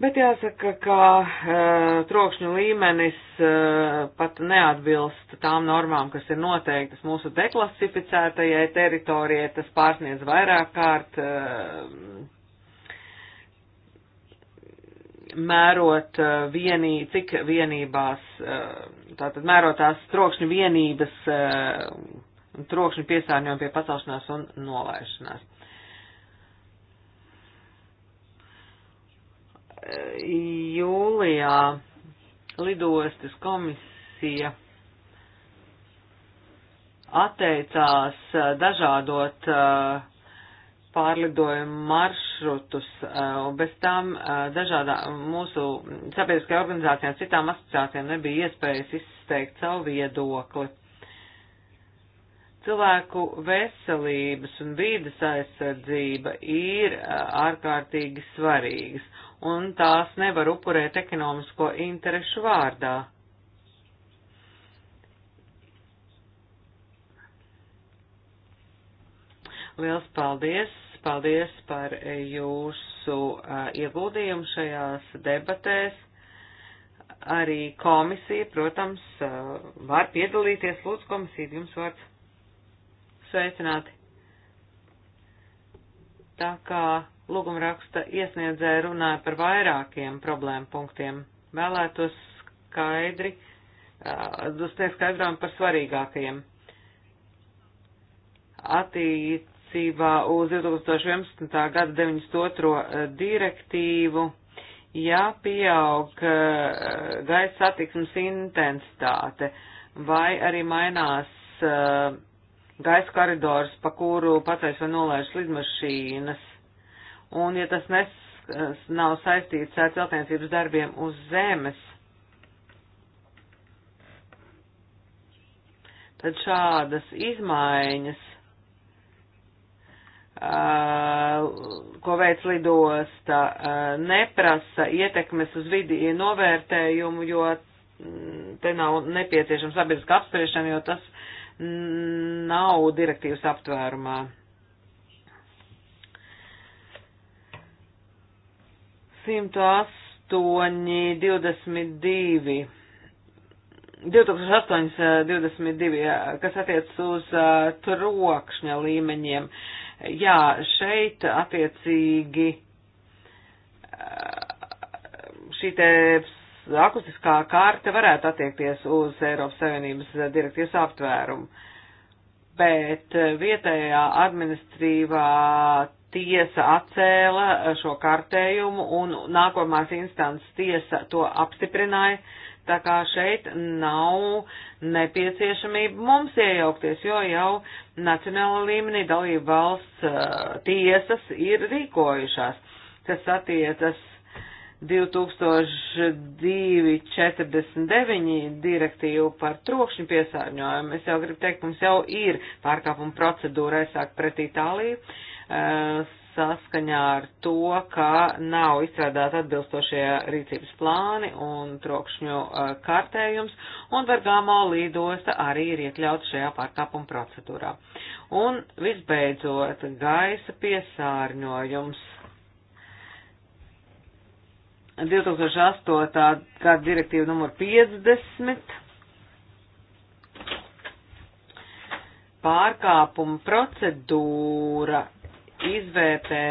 Bet jāsaka, ka e, trokšņa līmenis e, pat neatbilst tām normām, kas ir noteiktas mūsu deklasificētajai teritorijai, tas pārsniedz vairāk kārt e, mērot e, vienī, cik vienībās, e, tātad mērotās trokšņa vienības e, un trokšņa piesārņojumu pie pacelšanās un nolaišanās. jūlijā lidostas komisija atteicās eh, dažādot eh, pārlidojumu maršrutus, eh, un bez tām dažādā mūsu sabiedriskajā organizācijā, citām asociācijām nebija iespējas izteikt savu viedokli. Cilvēku veselības un vīdes aizsardzība ir ārkārtīgi svarīgas un tās nevar upurēt ekonomisko interešu vārdā. Liels paldies! Paldies par jūsu uh, ieguldījumu šajās debatēs. Arī komisija, protams, uh, var piedalīties. Lūdzu, komisija, jums vārds. Sveicināti! tā kā lūgumraksta iesniedzēja runāja par vairākiem problēmu punktiem. Vēlētos skaidri, uh, sniegt skaidrojumu par svarīgākajiem. Attiecībā uz 2011. gada 92. direktīvu, ja pieaug uh, gaisa satiksmes intensitāte vai arī mainās uh, gaisa koridors, pa kuru pacēs vai nolaiž lidmašīnas. Un, ja tas nes, nav saistīts ar celtniecības darbiem uz zemes, tad šādas izmaiņas, ko veids lidosta, neprasa ietekmes uz vidi novērtējumu, jo mm, te nav nepieciešams sabiedriska apspriešana, jo tas nav direktīvas aptvērumā. 108, 22. 2008-22, kas attiec uz uh, trokšņa līmeņiem. Jā, šeit attiecīgi uh, šī te akustiskā kārta varētu attiekties uz Eiropas Savienības direktīvas aptvērumu, bet eh, vietējā administrīvā tiesa atcēla eh, šo kārtējumu un nākamās instances tiesa to apstiprināja, tā kā šeit nav nepieciešamība mums iejaukties, jo jau nacionāla līmenī dalība valsts eh, tiesas ir rīkojušās kas attiecas 2002-49 direktīvu par trokšņu piesārņojumu. Es jau gribu teikt, mums jau ir pārkāpuma procedūra aizsākt pret Itāliju eh, saskaņā ar to, ka nav izstrādāti atbilstošie rīcības plāni un trokšņu eh, kārtējums, un Bergamo līdosta arī ir iekļauts šajā pārkāpuma procedūrā. Un visbeidzot, gaisa piesārņojums 2008. gada direktīva numur 50 pārkāpuma procedūra izvērtē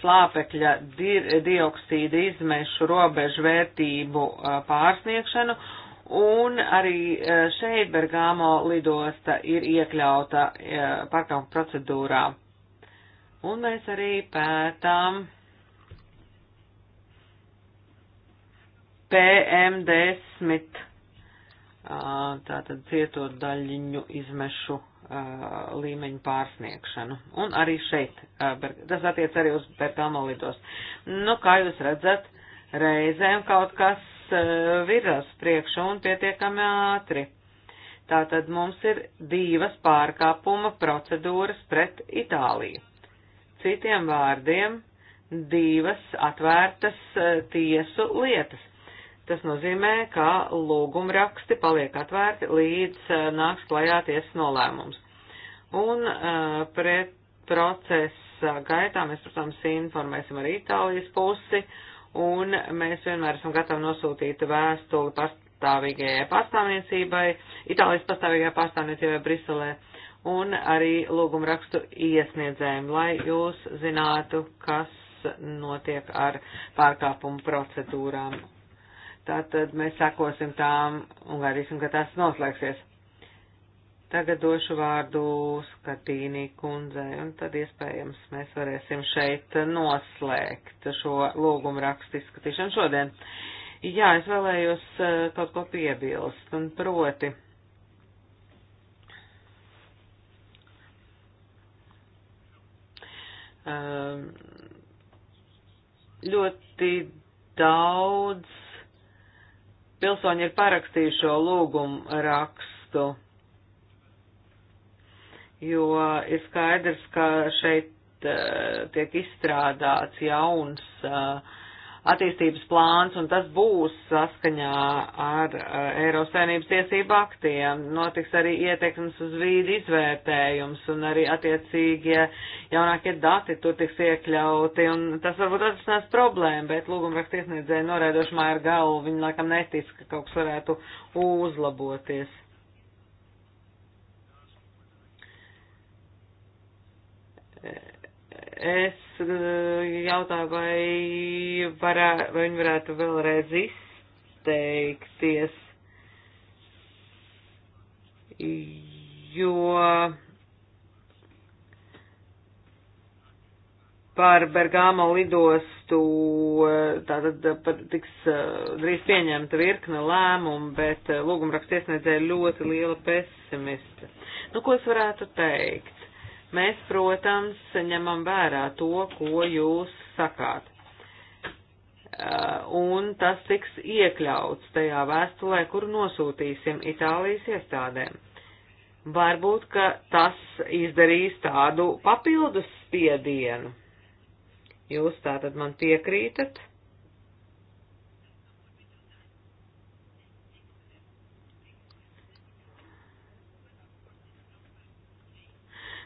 slāpekļa di dioksīda izmešu robežu vērtību pārsniegšanu, un arī šeit Bergamo lidosta ir iekļauta pārkāpuma procedūrā. Un mēs arī pētām. PM10, tātad cieto daļiņu izmešu līmeņu pārsniegšanu. Un arī šeit, tas attiec arī uz Bergamo lidos. Nu, kā jūs redzat, reizēm kaut kas virzās priekšu un pietiekami ātri. Tātad mums ir divas pārkāpuma procedūras pret Itāliju. Citiem vārdiem, divas atvērtas tiesu lietas Tas nozīmē, ka lūgumraksti paliek atvērti līdz eh, nāks klajā tiesas nolēmums. Un eh, pret procesa gaitā mēs, protams, informēsim arī Itālijas pusi, un mēs vienmēr esam gatavi nosūtīt vēstuli pastāvīgajai pastāvniecībai, Itālijas pastāvīgajai pastāvniecībai Briselē, un arī lūgumu rakstu iesniedzējiem, lai jūs zinātu, kas notiek ar pārkāpumu procedūrām Tātad mēs sekosim tām un gaidīsim, ka tas noslēgsies. Tagad došu vārdu Skatīnī kundzei, un tad iespējams mēs varēsim šeit noslēgt šo lūgumu rakstu izskatīšanu šodien. Jā, es vēlējos eh, kaut ko piebilst, un proti. Um, ļoti daudz pilsoņi ir parakstījuši šo lūgumu rakstu, jo ir skaidrs, ka šeit eh, tiek izstrādāts jauns uh, attīstības plāns, un tas būs saskaņā ar eh, Eiropas saimnības tiesību aktiem. Notiks arī ietekmes uz vīdi izvērtējums, un arī attiecīgie jaunākie dati tur tiks iekļauti, un tas varbūt atrisinās problēmu, bet lūgumraksta iesniedzēja noraidošumā ar galvu, viņi laikam netic, ka kaut kas varētu uzlaboties. Es jautāju, vai, varē, vai viņi varētu vēlreiz izteikties, jo par Bergamo lidostu tātad tiks uh, drīz pieņemta virkne lēmumu, bet uh, lūgumraksts iesniedzēja ļoti liela pesimista. Nu, ko es varētu teikt? Mēs, protams, ņemam vērā to, ko jūs sakāt. Uh, un tas tiks iekļauts tajā vēstulē, kur nosūtīsim Itālijas iestādēm. Varbūt, ka tas izdarīs tādu papildus spiedienu. Jūs tātad man piekrītat?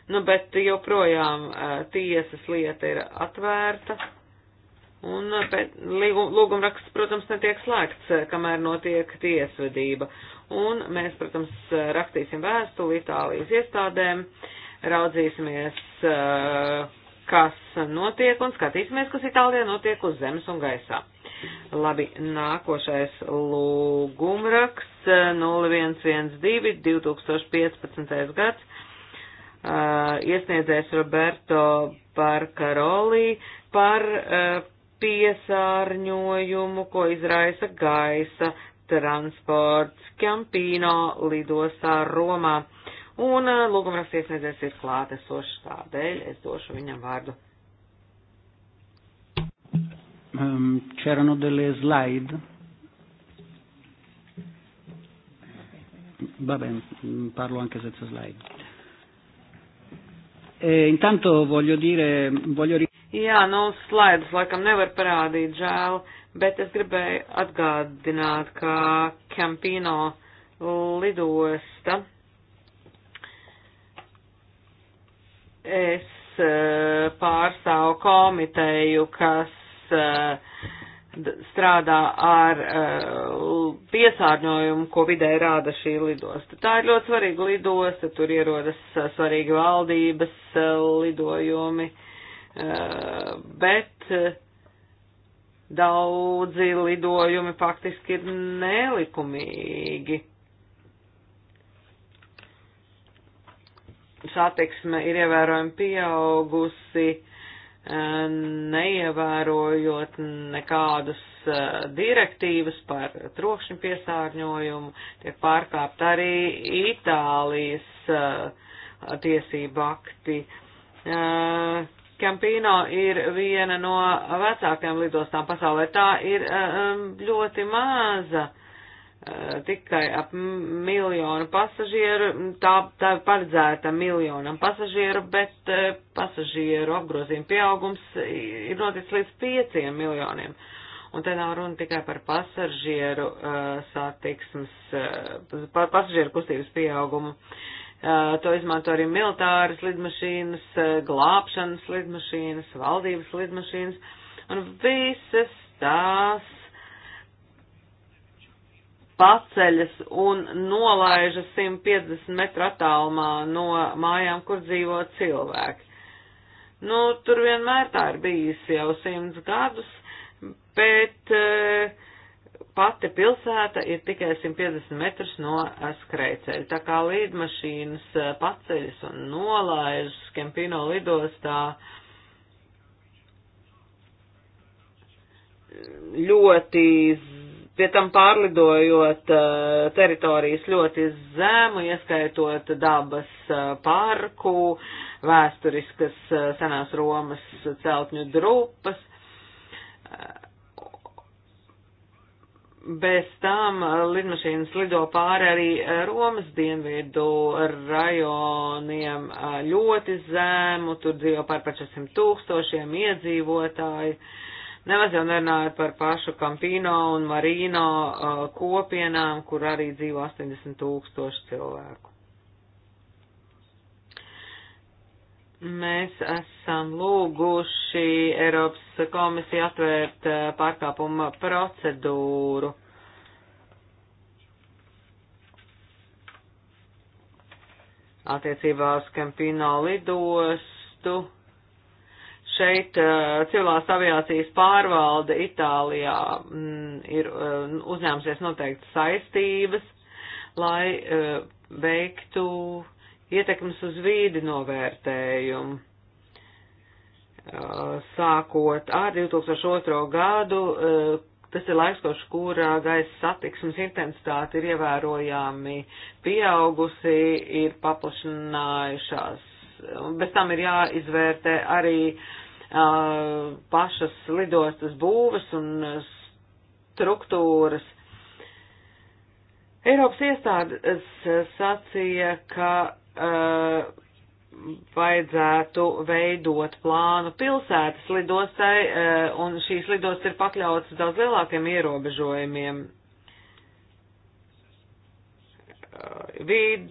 Nu, bet joprojām eh, tiesas lieta ir atvērta. Un eh, lūgumraksts, protams, netiek slēgts, eh, kamēr notiek tiesvedība. Un mēs, protams, rakstīsim vēstuli Itālijas iestādēm, raudzīsimies, kas notiek un skatīsimies, kas Itālijā notiek uz zemes un gaisā. Labi, nākošais lūgumraksts 0112 2015. gads Eh, iesniedzējs Roberto Barkaroli par eh, piesārņojumu, ko izraisa gaisa transports Kjampino lidostā Romā. Un eh, lūgumraksts iesniedzējs ir klātesošs, tādēļ es došu viņam vārdu. Um, C'erano delle slide. Va bene, parlo anche senza slide. E, intanto voglio dire, voglio... Jā, nu, slaidus laikam nevar parādīt, žēl, bet es gribēju atgādināt, ka Campino lidosta es e, pārstāvu komiteju, kas e, strādā ar uh, piesārņojumu, ko vidē rāda šī lidosta. Tā ir ļoti svarīga lidosta, tur ierodas uh, svarīgi valdības uh, lidojumi, uh, bet uh, daudzi lidojumi faktiski ir nelikumīgi. Satiksme ir ievērojami pieaugusi. Uh, neievērojot nekādus eh, direktīvas par trokšņu piesārņojumu, tiek pārkāpt arī Itālijas eh, tiesība akti. Eh, Campino ir viena no vecākajām lidostām pasaulē. Tā ir ļoti maza uh, Eh, tikai ap miljonu pasažieru, tā, tā paredzēta miljonam pasažieru, bet eh, pasažieru apgrozījuma pieaugums ir noticis līdz pieciem miljoniem. Un te nav runa tikai par pasažieru uh, satiksmes, uh, par pasažieru kustības pieaugumu. Uh, to izmanto arī militāras lidmašīnas, uh, glābšanas lidmašīnas, valdības lidmašīnas un visas tās paceļas un nolaižas 150 metru attālumā no mājām, kur dzīvo cilvēki. Nu, tur vienmēr tā ir bijis jau simts gadus, bet e, pati pilsēta ir tikai 150 metrus no skrējceļa. Tā kā līdmašīnas eh, paceļas un nolaižas Kempino lidostā eh, ļoti pie tam pārlidojot eh, teritorijas ļoti zemu, ieskaitot dabas eh, parku, vēsturiskas eh, senās Romas celtņu drupas. Bez tam lidmašīnas lido pāri arī Romas dienvidu rajoniem ļoti zēmu, tur dzīvo pār par 400 tūkstošiem iedzīvotāju. Uh, Nemaz jau nerunājot par pašu Kampino un Marino uh, kopienām, kur arī dzīvo 80 tūkstoši cilvēku. Mēs esam lūguši Eiropas komisiju atvērt uh, pārkāpuma procedūru. Attiecībā uz Kampino lidostu šeit uh, civilās aviācijas pārvalde Itālijā m, mm, ir uh, uzņēmusies noteikti saistības, lai uh, veiktu ietekmes uz vīdi novērtējumu. Sākot ar 2002. gadu, tas ir laiks, kopš kura gaisa satiksmes intensitāte ir ievērojami pieaugusi, ir paplašinājušās. Bez tam ir jāizvērtē arī uh, pašas lidostas būvas un struktūras. Eiropas iestādes sacīja, ka uh, vajadzētu veidot plānu pilsētas lidostai, uh, un šīs lidostas ir pakļautas daudz lielākiem ierobežojumiem. Uh, vid,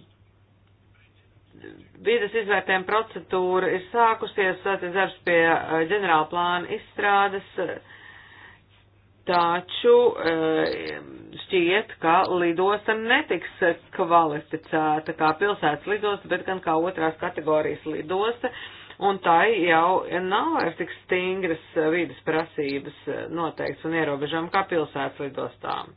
Vides izvērtējuma procedūra ir sākusies, tātad darbs pie eh, ģenerāla plāna izstrādes, taču eh, šķiet, ka lidosta netiks kvalificēta kā pilsētas lidosta, bet gan kā otrās kategorijas lidosta, un tai jau nav vairs tik stingras eh, vides prasības noteikts un ierobežojumi kā pilsētas lidostām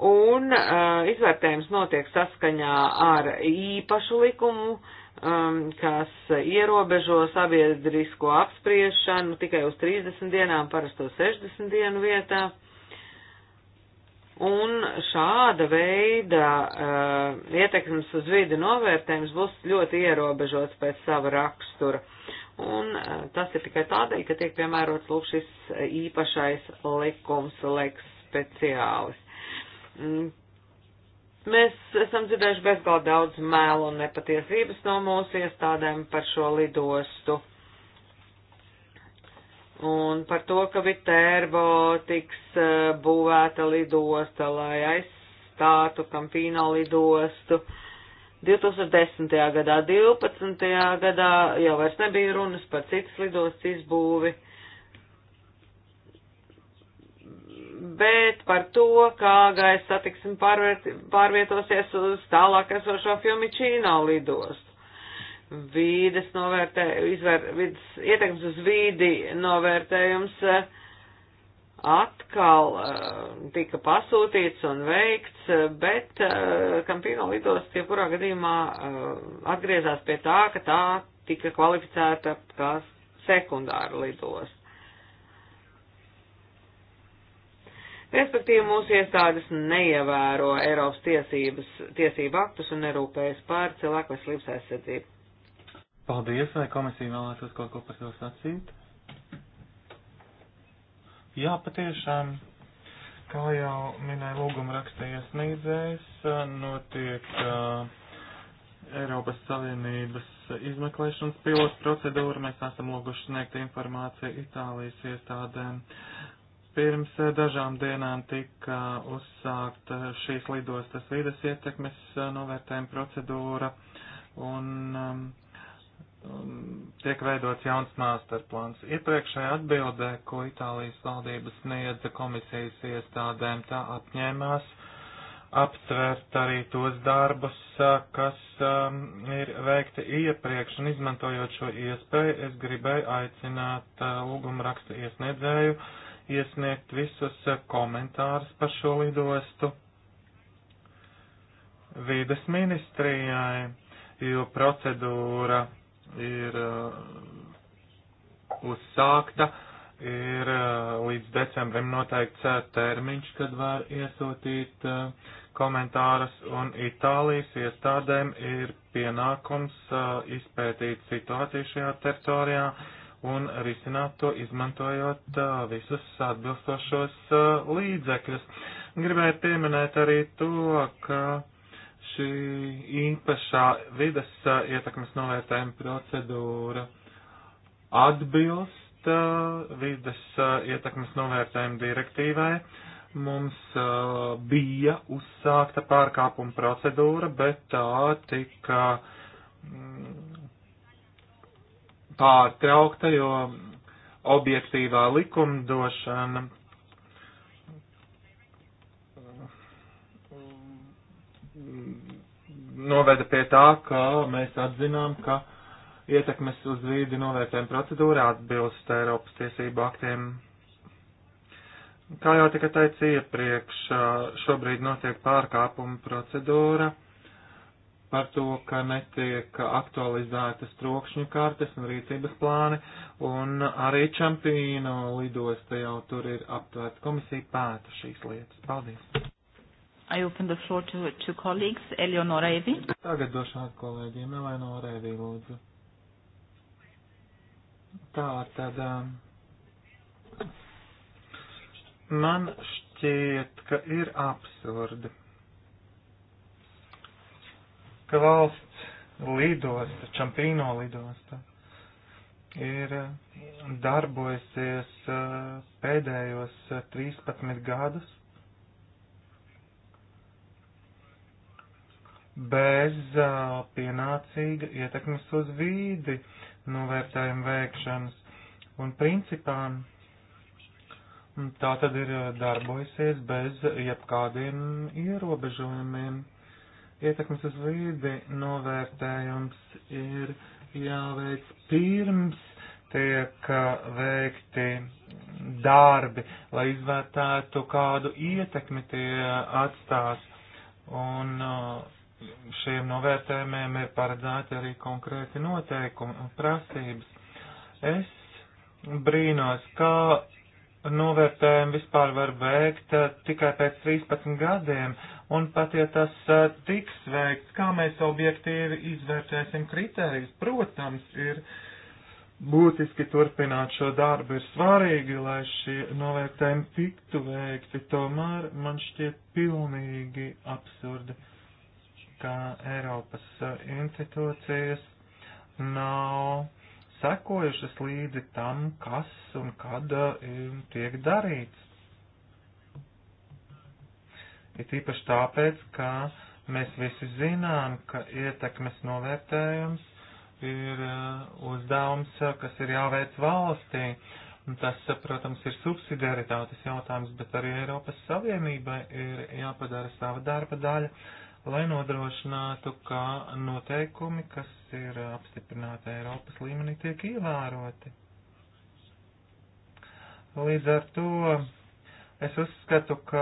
un uh, izvērtējums notiek saskaņā ar īpašu likumu, um, kas ierobežo sabiedrisko apspriešanu tikai uz 30 dienām, parasto 60 dienu vietā. Un šāda veida uh, ietekmes uz vidi novērtējums būs ļoti ierobežots pēc sava rakstura. Un uh, tas ir tikai tādēļ, ka tiek piemērots lūk šis īpašais likums, leks speciālis. Mm. Mēs esam dzirdējuši bezgalīgi daudz mēlu un nepatiesības no mūsu iestādēm par šo lidostu. Un par to, ka Viterbo tiks e, būvēta lidosta, lai aizstātu Kampīno lidostu. 2010. gadā, 12. gadā jau vairs nebija runas par citas lidostas izbūvi bet par to, kā gaisa satiksme pārvietosies uz tālāk esošo Fjumičīno lidostu. Vīdes novērtē, izvēr, vides, ietekmes uz vīdi novērtējums eh, atkal eh, tika pasūtīts un veikts, eh, bet Kampino lidosts jebkurā gadījumā atgriezās pie tā, ka tā tika kvalificēta kā sekundāra lidosta. Respektīvi mūsu iestādes neievēro Eiropas tiesības, tiesību aktus un nerūpējas par cilvēku veselības aizsardzību. Paldies, vai komisija vēlētos kaut ko par to sacīt? Jā, patiešām, kā jau minēja lūguma rakstījies nīdzējs, notiek uh, Eiropas Savienības izmeklēšanas pilots procedūra. Mēs esam lūguši sniegt informāciju Itālijas iestādēm Pirms eh, dažām dienām tika uzsākta šīs lidostas vides ietekmes eh, novērtējuma procedūra un um, um tiek veidots jauns masterplāns. Iepriekšējā atbildē, ko Itālijas valdības sniedza komisijas iestādēm, tā apņēmās aptvert arī tos darbus, eh, kas um, ir veikti iepriekš, un izmantojot šo iespēju, es gribēju aicināt uh, lūgumraksta iesniedzēju uh, iesniegt visus eh, komentārus par šo lidostu vīdes ministrijai, jo procedūra ir eh, uzsākta, ir eh, līdz decembrim noteikts termiņš, kad var iesūtīt komentārus, un Itālijas iestādēm ir pienākums izpētīt situāciju šajā teritorijā un risināt to izmantojot visus atbilstošos līdzekļus. Gribēju pieminēt arī to, ka šī īpašā vidas ietekmes novērtējuma procedūra atbilst vidas ietekmes novērtējuma direktīvai. Mums bija uzsākta pārkāpuma procedūra, bet tā tika pārtraukta, jo objektīvā likumdošana mm, noveda pie tā, ka mēs atzinām, ka ietekmes uz vīdi novērtējuma procedūra atbilst Eiropas tiesību aktiem. Kā jau tika teicis iepriekš, šobrīd notiek pārkāpuma procedūra par to, ka netiek aktualizētas trokšņu kartes un rīcības plāni, un arī Čampīno lidosta jau tur ir aptvērta komisija pēta šīs lietas. Paldies! I open the floor to, to colleagues, Eleonora Evi. Tagad došu vārdu kolēģiem, Eleonora Evi, lūdzu. Tā, tad um, man šķiet, ka ir absurdi ka valsts lidosta, Čampīno lidosta, ir eh, darbojusies eh, pēdējos 13 eh, gadus bez pienācīga ietekmes uz vīdi novērtējuma veikšanas. Un principā mm, tā tad ir darbojusies bez jebkādiem ierobežojumiem ietekmes uz vidi novērtējums ir jāveic pirms tiek uh, veikti darbi, lai izvērtētu, kādu ietekmi tie atstās. Un uh, šiem novērtējumiem ir paredzēti arī konkrēti noteikumi un prasības. Es brīnos, kā novērtējumi vispār var veikt uh, tikai pēc 13 gadiem, Un pat ja tas eh, tiks veikts, kā mēs objektīvi izvērtēsim kritērijus, protams, ir būtiski turpināt šo darbu, ir svarīgi, lai šie novērtējumi tiktu veikti. Tomēr man šķiet pilnīgi absurdi, ka Eiropas eh, institūcijas nav sekojušas līdzi tam, kas un kad eh, tiek darīts It īpaši tāpēc, ka mēs visi zinām, ka ietekmes novērtējums ir uh, uzdevums, uh, kas ir jāveic valstī. Un tas, uh, protams, ir subsidiaritātes jautājums, bet arī Eiropas Savienībai ir jāpadara sava darba daļa, lai nodrošinātu, ka noteikumi, kas ir apstiprināti Eiropas līmenī, tiek ievēroti. Līdz ar to Es uzskatu, ka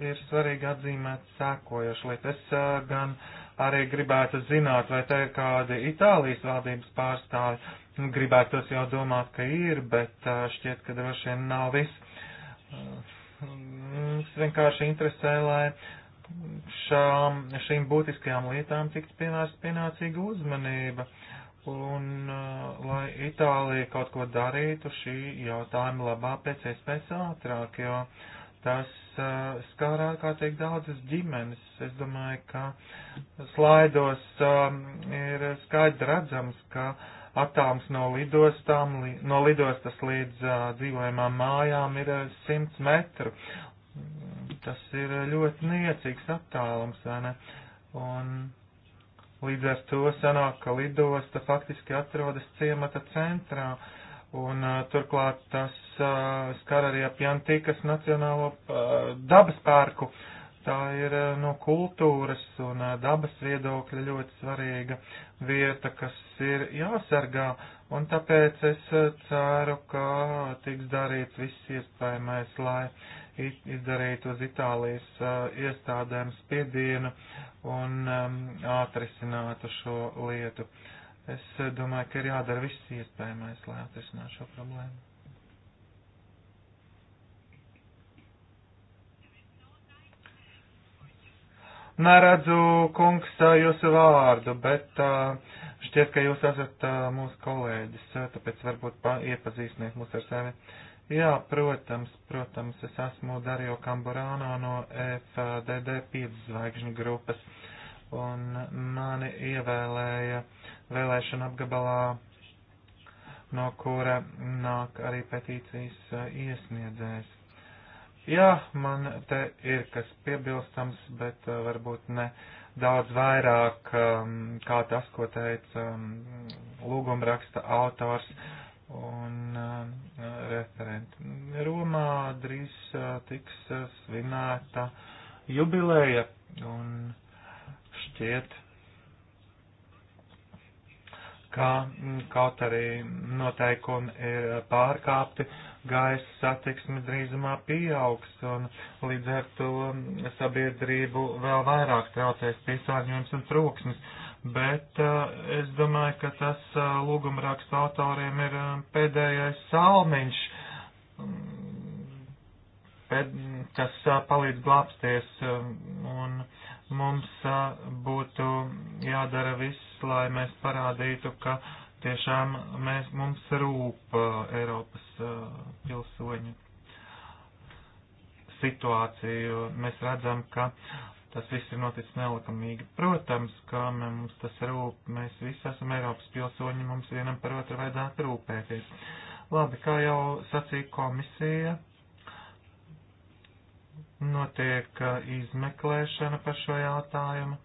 ir svarīgi atzīmēt sēkojošliet. Es eh, gan arī gribētu zināt, vai te ir kādi Itālijas valdības pārstāvi. Gribētos jau domāt, ka ir, bet eh, šķiet, ka droši vien nav viss. Mums vienkārši interesē, lai šām, šīm būtiskajām lietām tiks pievērsta pienācīga uzmanība. Uh, un uh, lai Itālija kaut ko darītu šī jautājuma labā pēc iespējas ātrāk, jo tas uh, skār ārkārtīgi daudzas ģimenes. Es domāju, ka slaidos um, ir skaidri redzams, ka attālums no lidostām, li, no lidostas līdz uh, dzīvojamām mājām ir 100 uh, metru. Tas ir ļoti niecīgs attālums, vai ne? Un Līdz ar to sanāk, ka lidosta faktiski atrodas ciemata centrā, un uh, turklāt tas uh, skar arī apjantīkas nacionālo uh, dabas pērku. Tā ir uh, no kultūras un uh, dabas viedokļa ļoti svarīga vieta, kas ir jāsargā, un tāpēc es uh, ceru, ka tiks darīts viss iespējamais, lai uh, izdarīt uz Itālijas uh, iestādēm spiedienu un um, atrisinātu šo lietu. Es uh, domāju, ka ir jādara viss iespējamais, lai atrisinātu šo problēmu. Neredzu, kungs, uh, jūsu vārdu, bet uh, šķiet, ka jūs esat uh, mūsu kolēģis, uh, tāpēc varbūt iepazīstiniet mūs ar sevi. Uh, Jā, protams, protams, es esmu Dario Kamburāno no FDD 5 zvaigžņu grupas, un mani ievēlēja vēlēšana apgabalā, no kura nāk arī petīcijas uh, iesniedzējs. Jā, man te ir kas piebilstams, bet uh, varbūt ne daudz vairāk, um, kā tas, ko teica um, lūgumraksta autors un uh, referenti. Romā drīz uh, tiks uh, svinēta jubileja un šķiet, ka mm, kaut arī noteikumi ir uh, pārkāpti, gaisa satiksme drīzumā pieaugs un līdz ar to sabiedrību vēl vairāk traucēs piesārņojums un trūksnis bet uh, es domāju, ka tas uh, lūguma raksta autoriem ir um, pēdējais salmiņš, um, pēd, kas uh, palīdz glābsties, um, un mums būtu jādara viss, lai mēs parādītu, ka tiešām mēs, mums rūp Eiropas pilsoņu situāciju. Mēs redzam, ka Tas viss ir noticis nelikumīgi. Protams, kā mums tas rūp, mēs visi esam Eiropas pilsoņi, mums vienam par otru vajadzētu rūpēties. Labi, kā jau sacīja komisija, notiek uh, izmeklēšana par šo jautājumu,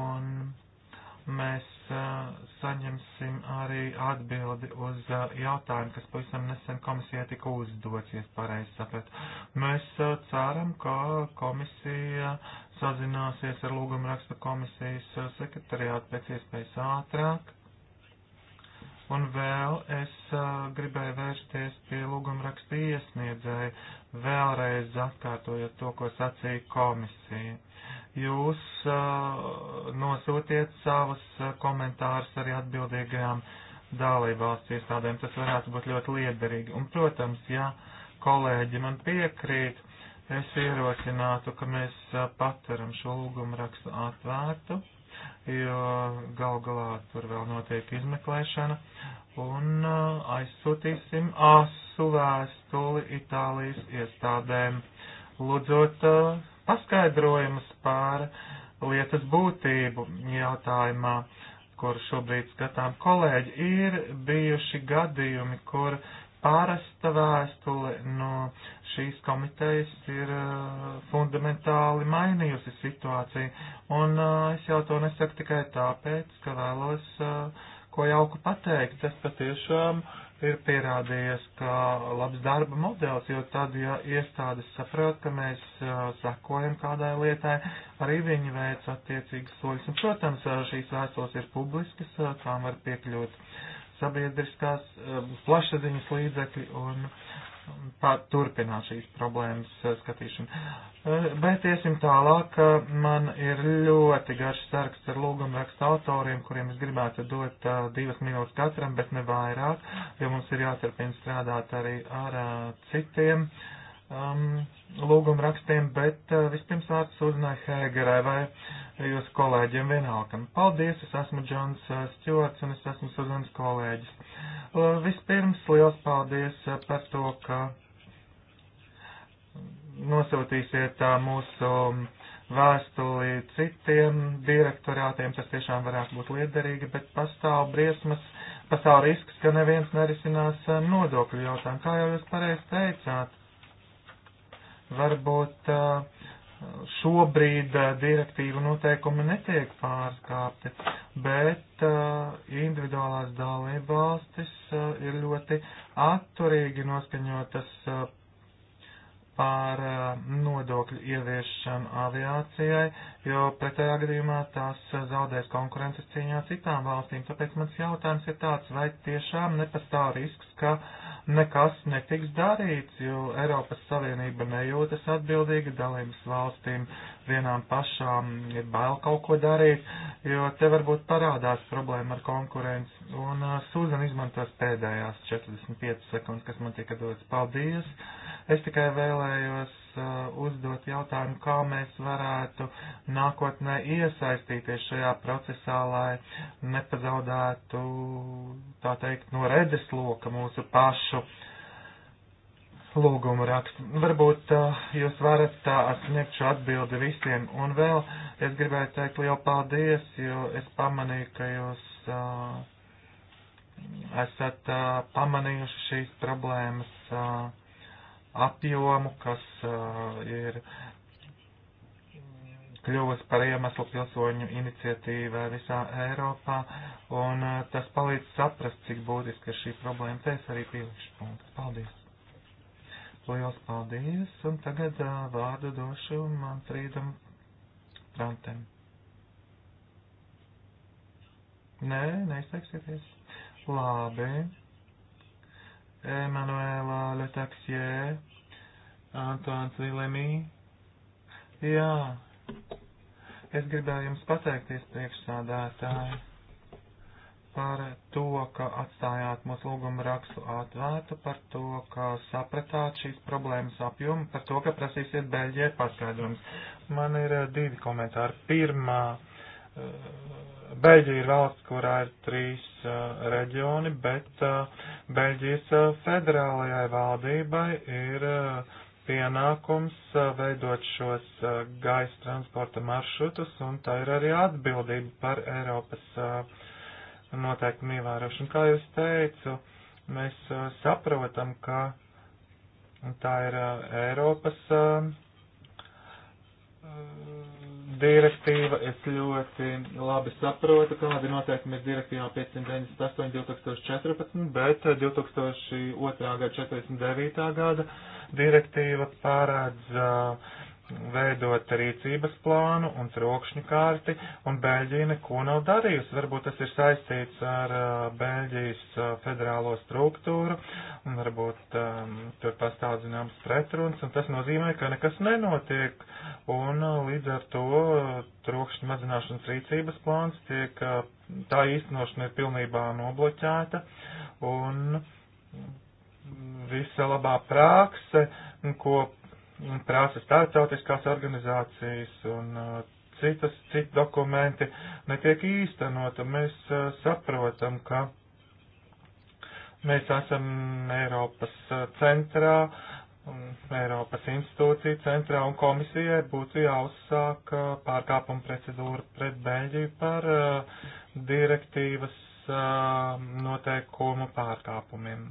un mēs saņemsim arī atbildi uz jautājumu, kas pavisam nesen komisijai tika uzdots, ja pareizi sapratu. Mēs ceram, ka komisija sazināsies ar lūgumu raksta komisijas sekretariātu pēc iespējas ātrāk. Un vēl es uh, gribēju vērsties pie lūguma raksta iesniedzēja, vēlreiz atkārtojot to, ko sacīja komisija. Uh, jūs uh, nosūtiet savus uh, komentārus arī atbildīgajām dalībvalsts iestādēm. Tas varētu būt ļoti liederīgi. Un, protams, ja kolēģi man piekrīt, es ierosinātu, ka mēs uh, paturam šo lūgumu rakstu atvērtu, jo gal galā tur vēl notiek izmeklēšana. Un uh, aizsūtīsim asu vēstuli Itālijas iestādēm. Lūdzot, uh, paskaidrojumus pār lietas būtību jautājumā, kur šobrīd skatām kolēģi. Ir bijuši gadījumi, kur pārasta vēstule no šīs komitejas ir uh, fundamentāli mainījusi situāciju. Un uh, es jau to nesaku tikai tāpēc, ka vēlos uh, ko jauku pateikt. Es patiešām uh, ir pierādījies kā labs darba modelis, jo tad, ja iestādes saprot, ka mēs sakojam kādai lietai, arī viņi veic attiecīgas soļus. Un, protams, šīs vēstules ir publiskas, tām var piekļūt sabiedriskās plašsaziņas līdzekļi un uh, turpināt šīs problēmas uh, skatīšanu. Uh, bet iesim tālāk. Man ir ļoti garš saraksts ar lūgumu rakstu autoriem, kuriem es gribētu dot uh, divas minūtes katram, bet ne vairāk, jo mums ir jāturpina strādāt arī ar citiem. Uh, um, lūguma rakstiem, bet uh, vispirms vārds uzrunāja Hēgerai vai jūsu kolēģiem vienalgam. Paldies, es esmu Džons uh, Stjorts un es esmu Suzanas kolēģis. Uh, vispirms liels paldies uh, par to, ka nosūtīsiet uh, mūsu um, vēstuli citiem direktorātiem, tas tiešām varētu būt liederīgi, bet pastāv briesmas, pastāv risks, ka neviens nerisinās uh, nodokļu jautājumu, kā jau jūs pareizi teicāt varbūt šobrīd direktīva noteikumi netiek pārskāpti, bet individuālās dalībvalstis ir ļoti atturīgi noskaņotas par eh, nodokļu ieviešanu aviācijai, jo pretējā gadījumā tās eh, zaudēs konkurences cīņā citām valstīm. Tāpēc mans jautājums ir tāds, vai tiešām nepastāv risks, ka nekas netiks darīts, jo Eiropas Savienība nejūtas atbildīga dalības valstīm vienām pašām ir bail kaut ko darīt, jo te varbūt parādās problēma ar konkurenci. Un uh, eh, Sūzan izmantos pēdējās 45 sekundes, kas man tika dotas. Paldies! Uh, Es tikai vēlējos uh, uzdot jautājumu, kā mēs varētu nākotnē iesaistīties šajā procesā, lai nepazaudētu, tā teikt, no redzes loka mūsu pašu lūgumu rakstu. Varbūt uh, jūs varat tā uh, sniegt šo atbildi visiem. Un vēl es gribēju teikt lielu paldies, jo es pamanīju, ka jūs esat pamanījuši šīs problēmas. Uh, apjomu, kas uh, ir kļuvusi par iemeslu pilsoņu iniciatīvai visā Eiropā, un uh, tas palīdz saprast, cik būtiski ir šī problēma. Te es arī pielikšu punktu. Paldies! Lielas paldies, un tagad uh, vārdu došu Manfrīdam Trantem. Nē, neizteiksieties. Labi. Emanuēlā Letaksie, Antoāns Vilemī. Jā, es gribēju jums pateikties priekšsādātāji par to, ka atstājāt mūsu lūgumu rakstu atvērtu, par to, ka sapratāt šīs problēmas apjomu, par to, ka prasīsiet Beļģijai paskaidrojums. Man ir eh, divi komentāri. Pirmā, eh, Beļģija ir valsts, kurā ir trīs uh, reģioni, bet uh, Beļģijas uh, federālajai valdībai ir uh, pienākums uh, veidot šos uh, gaisa transporta maršrutus, un tā ir arī atbildība par Eiropas uh, noteikumu ievērošanu. Kā jūs teicu, mēs uh, saprotam, ka tā ir uh, Eiropas. Uh, uh, direktīva, es ļoti labi saprotu, kādi noteikumi ir direktīvā 598-2014, bet 2002. gada 49. gada direktīva paredz uh, veidot rīcības plānu un trokšņu kārti, un Beļģija neko nav darījusi. Varbūt tas ir saistīts ar Beļģijas federālo struktūru, un varbūt um, tur pastāv zināms pretruns, un tas nozīmē, ka nekas nenotiek, un līdz ar to trokšņu mazināšanas rīcības plāns tiek, tā īstenošana ir pilnībā nobloķēta, un visa labā prākse, ko prasa starptautiskās organizācijas un uh, citas, citi dokumenti netiek īstenot, un mēs uh, saprotam, ka mēs esam Eiropas uh, centrā, Eiropas institūcija centrā, un komisijai būtu jāuzsāk pārkāpuma procedūra pret Beļģiju par direktīvas noteikumu pārkāpumiem.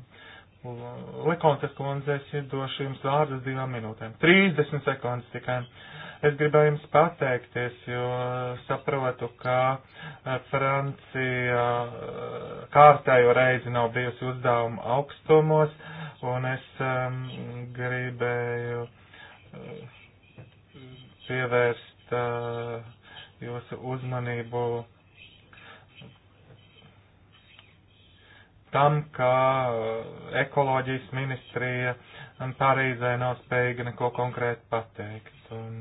Uh, Likonces kundze, es došu jums vārdus divām minūtēm. 30 sekundes tikai. Es gribēju jums pateikties, jo saprotu, ka uh, Francija uh, kārtējo reizi nav bijusi uzdevuma augstumos, un es um, gribēju pievērst uh, jūsu uzmanību tam, ka uh, ekoloģijas ministrija Parīzē nav spējīga neko konkrēti pateikt. Un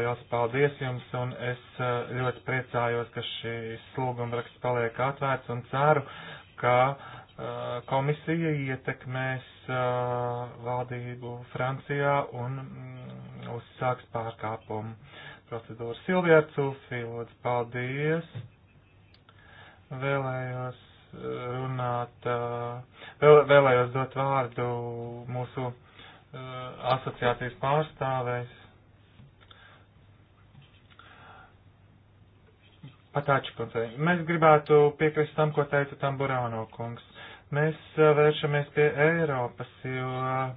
liels paldies jums, un es uh, ļoti priecājos, ka šis lūgumraksts paliek atvērts un ceru, ka uh, komisija ietekmēs valdību Francijā un mm, uzsāks pārkāpumu procedūru. Silvijā Cūfī, lūdzu, paldies! vēlējos eh, runāt, eh, vēl, vēlējos dot vārdu mūsu eh, asociācijas pārstāvēs. Patāčikundzei, mēs gribētu piekrist tam, ko teica Tamburāno kungs. Mēs vēršamies pie Eiropas, jo uh,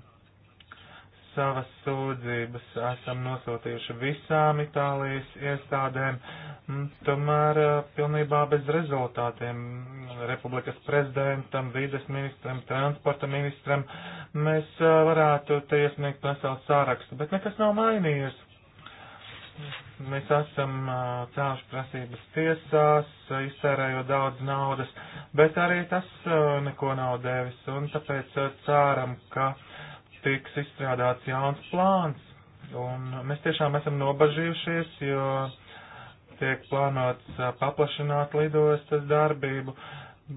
savas sūdzības esam nosūtījuši visām Itālijas iestādēm, mm, tomēr pilnībā bez rezultātiem Republikas prezidentam, vīdes ministram, transporta ministram mēs varētu te iesniegt veselu sārakstu, bet nekas nav mainījies. Mēs esam cēluši prasības tiesās, iztērējot daudz naudas, bet arī tas neko nav devis, un tāpēc ceram, ka uh, tiks izstrādāts jauns plāns, un mēs tiešām esam nobažījušies, jo tiek plānots paplašināt lidostas darbību,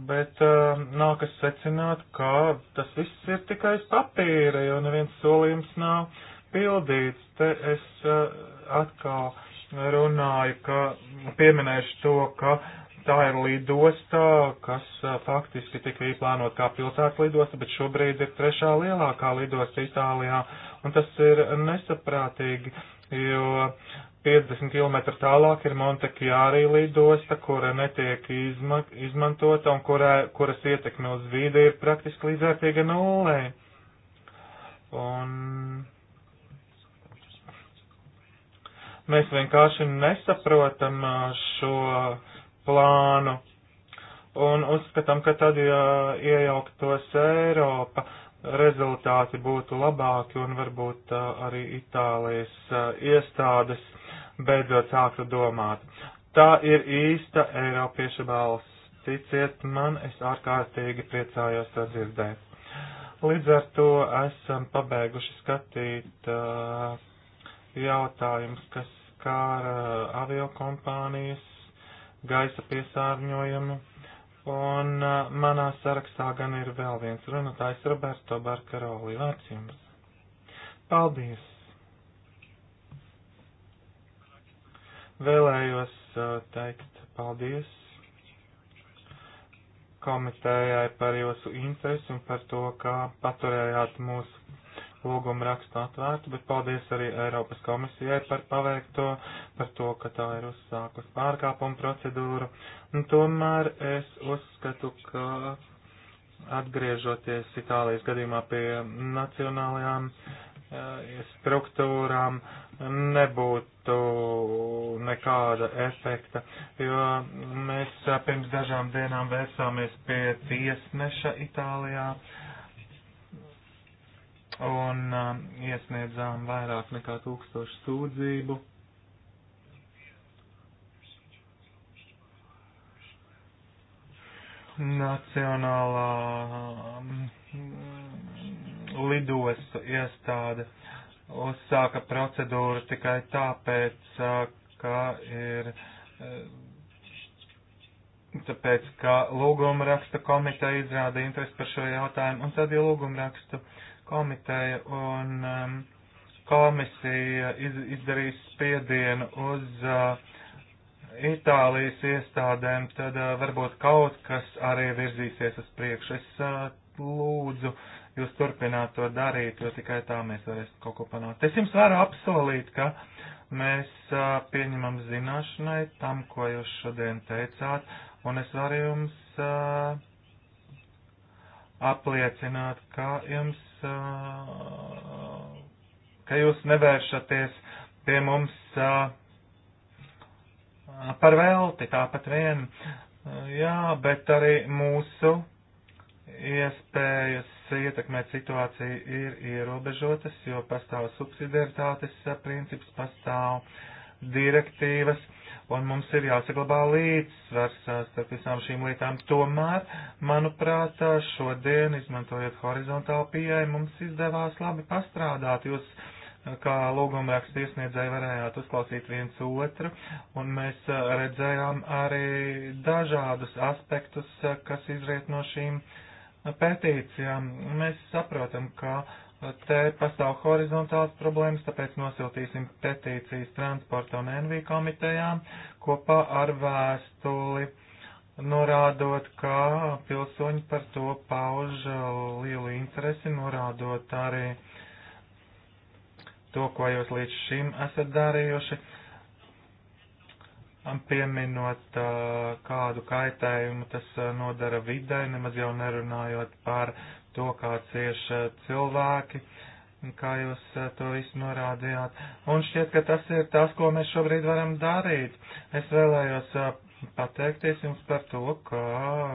bet uh, nākas secināt, ka tas viss ir tikai uz papīra, jo neviens solījums nav pildīts. Te es uh, atkal runāju, ka pieminēšu to, ka uh, tā ir lidostā, kas faktiski tika īplānot kā pilsētas lidosta, bet šobrīd ir trešā lielākā lidosta Itālijā, un tas ir nesaprātīgi, jo 50 km tālāk ir Montekjārī lidosta, kura netiek izma izmantota un kurā, kuras ietekme uz vīdi ir praktiski līdzvērtīga nulē. Un mēs vienkārši nesaprotam šo plānu. Un uzskatām, ka tad, ja iejauktos Eiropa, rezultāti būtu labāki un varbūt uh, arī Itālijas uh, iestādes beidzot sāktu domāt. Tā ir īsta Eiropieša balss. Ticiet man, es ārkārtīgi priecājos to dzirdēt. Līdz ar to esam pabeiguši skatīt uh, jautājumus, kas skāra uh, aviokompānijas gaisa piesārņojumu. Un uh, manā sarakstā gan ir vēl viens runātājs Roberto Barkaroli. Vārds jums. Paldies! Vēlējos uh, teikt paldies komitējai par jūsu interesi un par to, kā paturējāt mūsu lūgumu rakstu atvērtu, bet paldies arī Eiropas komisijai par paveikto, par to, ka tā ir uzsākus pārkāpumu procedūru. Un tomēr es uzskatu, ka atgriežoties Itālijas gadījumā pie nacionālajām eh, struktūrām nebūtu nekāda efekta, jo mēs eh, pirms dažām dienām vērsāmies pie tiesneša Itālijā. Uh, un uh, iesniedzām vairāk nekā tūkstošu sūdzību. Nacionālā um, lidostu iestāde uzsāka procedūru tikai tāpēc, uh, ka ir uh, tāpēc, ka lūguma raksta komiteja izrāda interesi par šo jautājumu, un tad, ja lūguma rakstu komiteja un um, komisija iz, izdarīs spiedienu uz uh, Itālijas iestādēm, tad uh, varbūt kaut kas arī virzīsies uz priekšu. Es uh, lūdzu jūs turpināt to darīt, jo tikai tā mēs varēsim kaut ko panākt. Es jums varu apsolīt, ka mēs uh, pieņemam zināšanai tam, ko jūs šodien teicāt, un es varu jums. Uh, apliecināt, ka jums Uh, ka jūs nevēršaties pie mums uh, par velti tāpat vien. Jā, bet arī mūsu iespējas ietekmēt situāciju ir ierobežotas, jo pastāv subsidiaritātes uh, princips, pastāv direktīvas un mums ir jāsaglabā līdzsvars uh, starp visām šīm lietām. Tomēr, manuprāt, uh, šodien, izmantojot horizontālu pieeju, mums izdevās labi pastrādāt. Jūs uh, kā lūgumrakstu iesniedzēji varējāt uzklausīt viens otru, un mēs redzējām arī dažādus aspektus, kas izriet no šīm pētīcijām. Mēs saprotam, ka uh, Te pastāv horizontāls problēmas, tāpēc nosiltīsim petīcijas transporta un NV komitejām kopā ar vēstuli, norādot, ka pilsoņi par to pauž lielu interesi, norādot arī to, ko jūs līdz šim esat darījuši pieminot kādu kaitējumu, tas nodara vidē, nemaz jau nerunājot par to, kā cieš eh, cilvēki, kā jūs eh, to visu norādījāt. Un šķiet, ka tas ir tas, ko mēs šobrīd varam darīt. Es vēlējos eh, pateikties jums par to, ka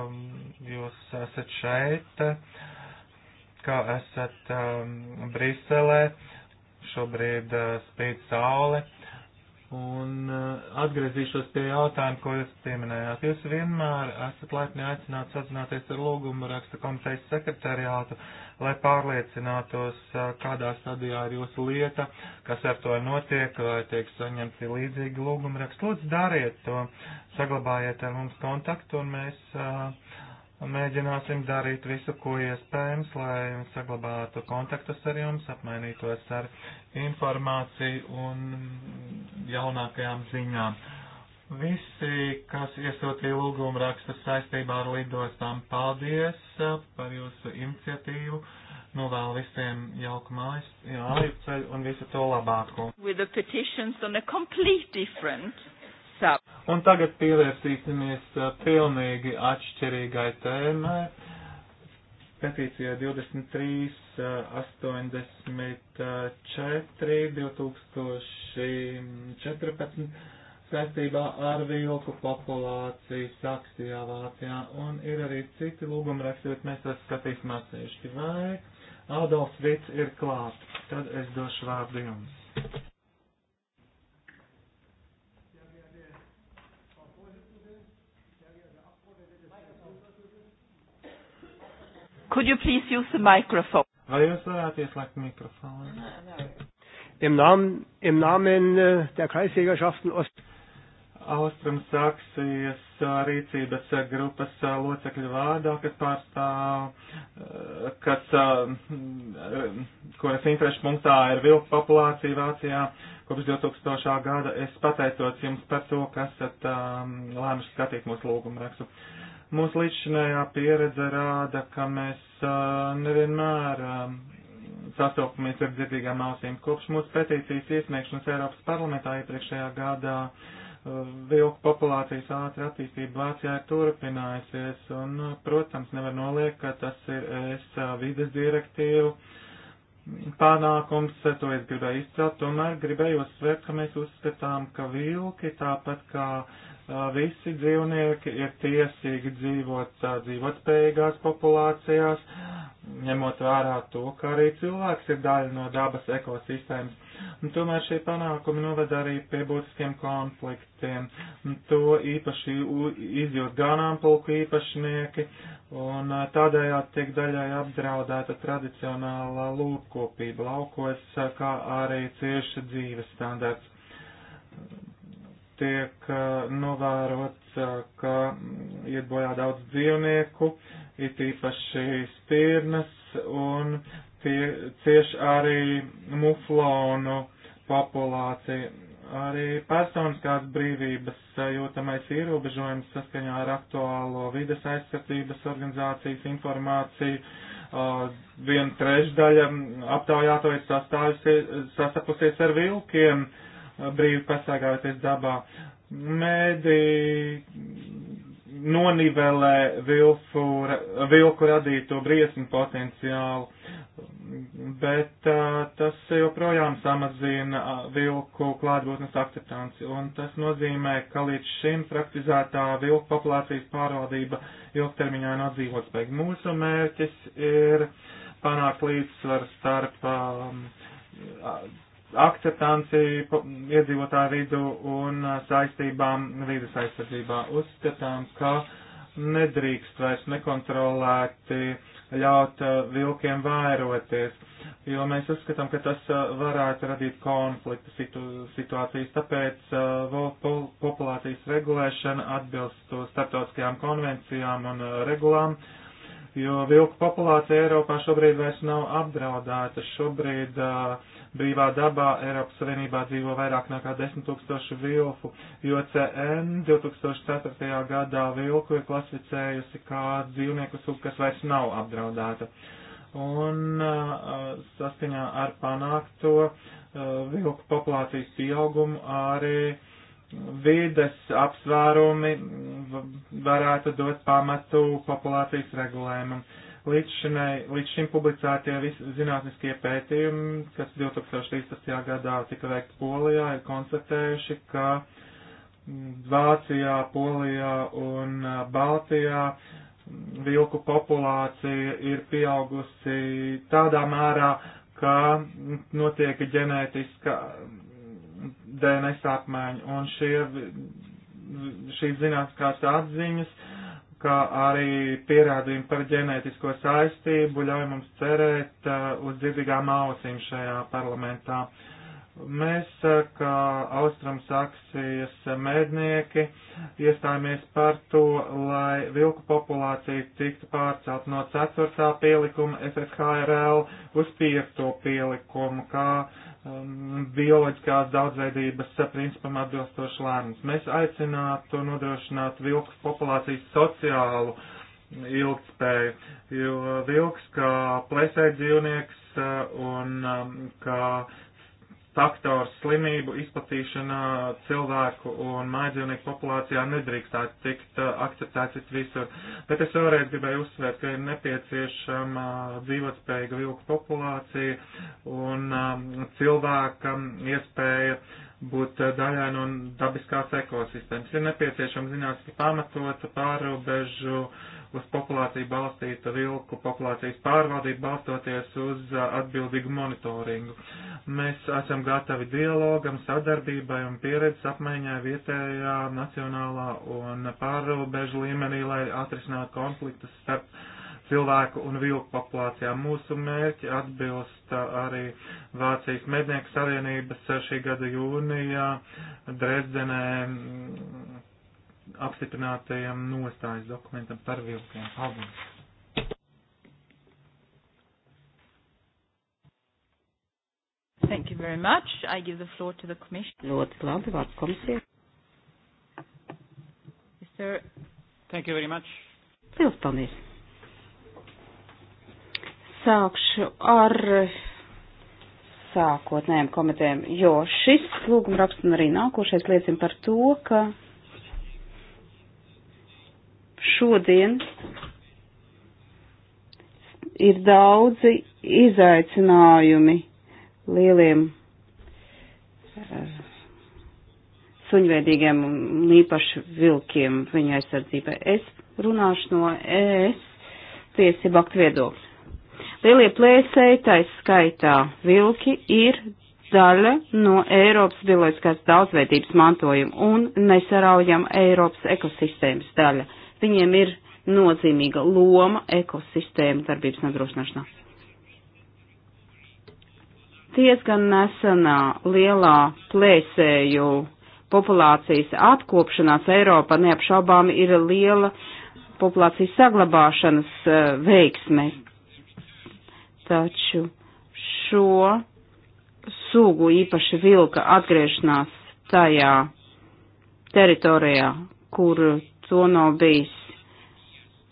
mm, jūs esat šeit, ka esat um, Briselē, šobrīd uh, spīd saule. Un eh, atgriezīšos pie jautājuma, ko jūs pieminējāt. Jūs vienmēr esat laipni aicināti sazināties ar lūgumu raksta komitejas sekretariātu, lai pārliecinātos, eh, kādā stadijā ir jūsu lieta, kas ar to notiek, vai tiek saņemti līdzīgi lūgumu raksts. Lūdzu, dariet to, saglabājiet ar mums kontaktu, un mēs uh, Mēģināsim darīt visu, ko iespējams, lai saglabātu kontaktus ar jums, apmainītos ar informāciju un jaunākajām ziņām. Visi, kas iesūtīja lūgumu rakstus saistībā ar lidostām, paldies par jūsu iniciatīvu. Nu vēl visiem jauku mājas, jā, ceļu un visu to labāko. Un tagad pievērsīsimies uh, pilnīgi atšķirīgai tēmai. Petīcija 23, 84, 2014 saistībā ar vilku populāciju Saksijā, Vācijā, un ir arī citi lūguma raksti, bet mēs tas skatīsim atsevišķi. Vai Adolfs Vits ir klāt? Tad es došu vārdu jums. Could you please use the microphone? Vai jūs varētu ieslēgt mikrofonu? Nē, nē. Im Namen, im Namen äh, der Kreisjägerschaften Ost. Austrum Saksijas äh, rīcības äh, grupas locekļu vārdā, kas pārstāv, kas, kuras interešu punktā ir vilku populācija Vācijā kopš 2000. gada. Es pateicos jums par to, kas esat lēmuši skatīt mūsu lūgumu rakstu. Uh, Mūsu līdzšinējā pieredze rāda, ka mēs uh, nevienmēr uh, sastopamies ar dzirdīgām ausīm. Kopš mūsu petīcijas iesniegšanas Eiropas parlamentā iepriekšējā gadā uh, vilku populācijas ātri attīstība Vācijā ir turpinājusies, un, protams, nevar noliekt, ka tas ir es vides direktīvu panākums, to es gribēju izcelt, tomēr gribēju uzsvērt, ka mēs uzskatām, ka vilki tāpat kā uh, visi dzīvnieki ir tiesīgi dzīvot dzīvotspējīgās populācijās, ņemot vērā to, ka arī cilvēks ir daļa no dabas ekosistēmas. Un tomēr šie panākumi noved arī pie būtiskiem konfliktiem. Un to īpaši izjūt ganāmpulku īpašnieki, un tādējādi tiek daļai apdraudēta tradicionālā lūpkopība laukos, kā arī cieša dzīves standarts tiek novērots, ka iet bojā daudz dzīvnieku, it īpaši stirnas, un tie cieš arī muflonu populācija. Arī personiskās brīvības jūtamais ierobežojums saskaņā ar aktuālo vides aizsardzības organizācijas informāciju. Uh, viena trešdaļa aptaujāto ir sastapusies ar vilkiem. Uh, brīvi pasāgājoties dabā. Mēdī nonivelē vilfu, vilku radīto briesmu potenciālu, bet uh, tas joprojām samazina vilku klātbūtnes akceptanci, un tas nozīmē, ka līdz šim praktizētā vilku populācijas pārvaldība ilgtermiņā nav dzīvotspējīga. Mūsu mērķis ir panākt līdzsvaru starp um, akceptanci iedzīvotāju vidu un uh, saistībām vidas aizsardzībā. Uzskatām, ka nedrīkst vairs nekontrolēti ļaut uh, vilkiem vairoties, jo mēs uzskatām, ka tas uh, varētu radīt konfliktu situ, situācijas, tāpēc populācijas regulēšana atbilst starptautiskajām konvencijām un regulām, jo vilku populācija Eiropā šobrīd vairs nav apdraudēta. Šobrīd uh, Brīvā dabā Eiropas Savienībā dzīvo vairāk nekā 10 tūkstoši vilku, jo CN 2004. gadā vilku ir klasificējusi kā dzīvnieku sugu, kas vairs nav apdraudēta. Un uh, saskaņā ar panākto uh, vilku populācijas pieaugumu arī vides apsvērumi varētu dot pamatu populācijas regulējumam. Uh, Līdz, šinai, līdz šim publicētie visi zinātniskie pētījumi, kas 2013. gadā tika veikti Polijā, ir konstatējuši, ka mm, Vācijā, Polijā un Baltijā mm, vilku populācija ir pieaugusi tādā mērā, ka mm, notiek ģenētiska DNS apmaiņa, un šie, šīs zinātniskās atziņas kā arī pierādījumi par ģenētisko saistību ļauj mums cerēt uh, uz dzirdīgām ausīm šajā parlamentā. Mēs, uh, kā Austrumsaksijas mēdnieki, iestājāmies par to, lai vilku populācija tiktu pārcelt no 4. pielikuma FFHRL uz 5. pielikumu, kā uh, Um, bioloģiskās daudzveidības uh, principam atbilstoši lēmums. Mēs aicinātu nodrošināt vilku populācijas sociālu ilgspēju, jo vilks kā plēsēji dzīvnieks uh, un um, kā faktors slimību izplatīšanā cilvēku un mājdzīvnieku populācijā nedrīkstētu tikt uh, akceptēts visur. Bet es vēlreiz gribēju uzsvērt, ka ir nepieciešama dzīvotspējīga vilku populācija un um, cilvēkam iespēja būt uh, daļai no dabiskās ekosistēmas. Ir nepieciešama zinātniski pamatota pārobežu uh, uz populāciju balstīta vilku populācijas pārvaldība balstoties uz atbildīgu monitoringu. Mēs esam gatavi dialogam, sadarbībai un pieredzes apmaiņai vietējā, nacionālā un pārrobežu līmenī, lai atrisinātu konfliktus starp cilvēku un vilku populācijām. Mūsu mērķi atbilst arī Vācijas mednieku savienības šī gada jūnijā Dresdenē apstiprinātajam nostājas dokumentam par vilkiem. Paldies! Thank you very much. I give the floor to the Commission. Ļoti labi, vārds komisija. Sir. Thank you very much. Liels paldies. Sākšu ar sākotnējiem komitējiem, jo šis lūgumraksts un arī nākošais liecina par to, ka šodien ir daudzi izaicinājumi lieliem eh, suņveidīgiem un īpaši vilkiem viņa aizsardzībai. Es runāšu no ES tiesību aktu viedokļa. Lielie plēsēji, tā skaitā vilki, ir daļa no Eiropas bioloģiskās daudzveidības mantojuma un nesaraujama Eiropas ekosistēmas daļa. Viņiem ir nozīmīga loma ekosistēma darbības nodrošināšanā. Tiesgan nesenā lielā plēsēju populācijas atkopšanās Eiropā neapšaubām ir liela populācijas saglabāšanas e, veiksme. Taču šo sugu īpaši vilka atgriešanās tajā teritorijā, kur to nav bijis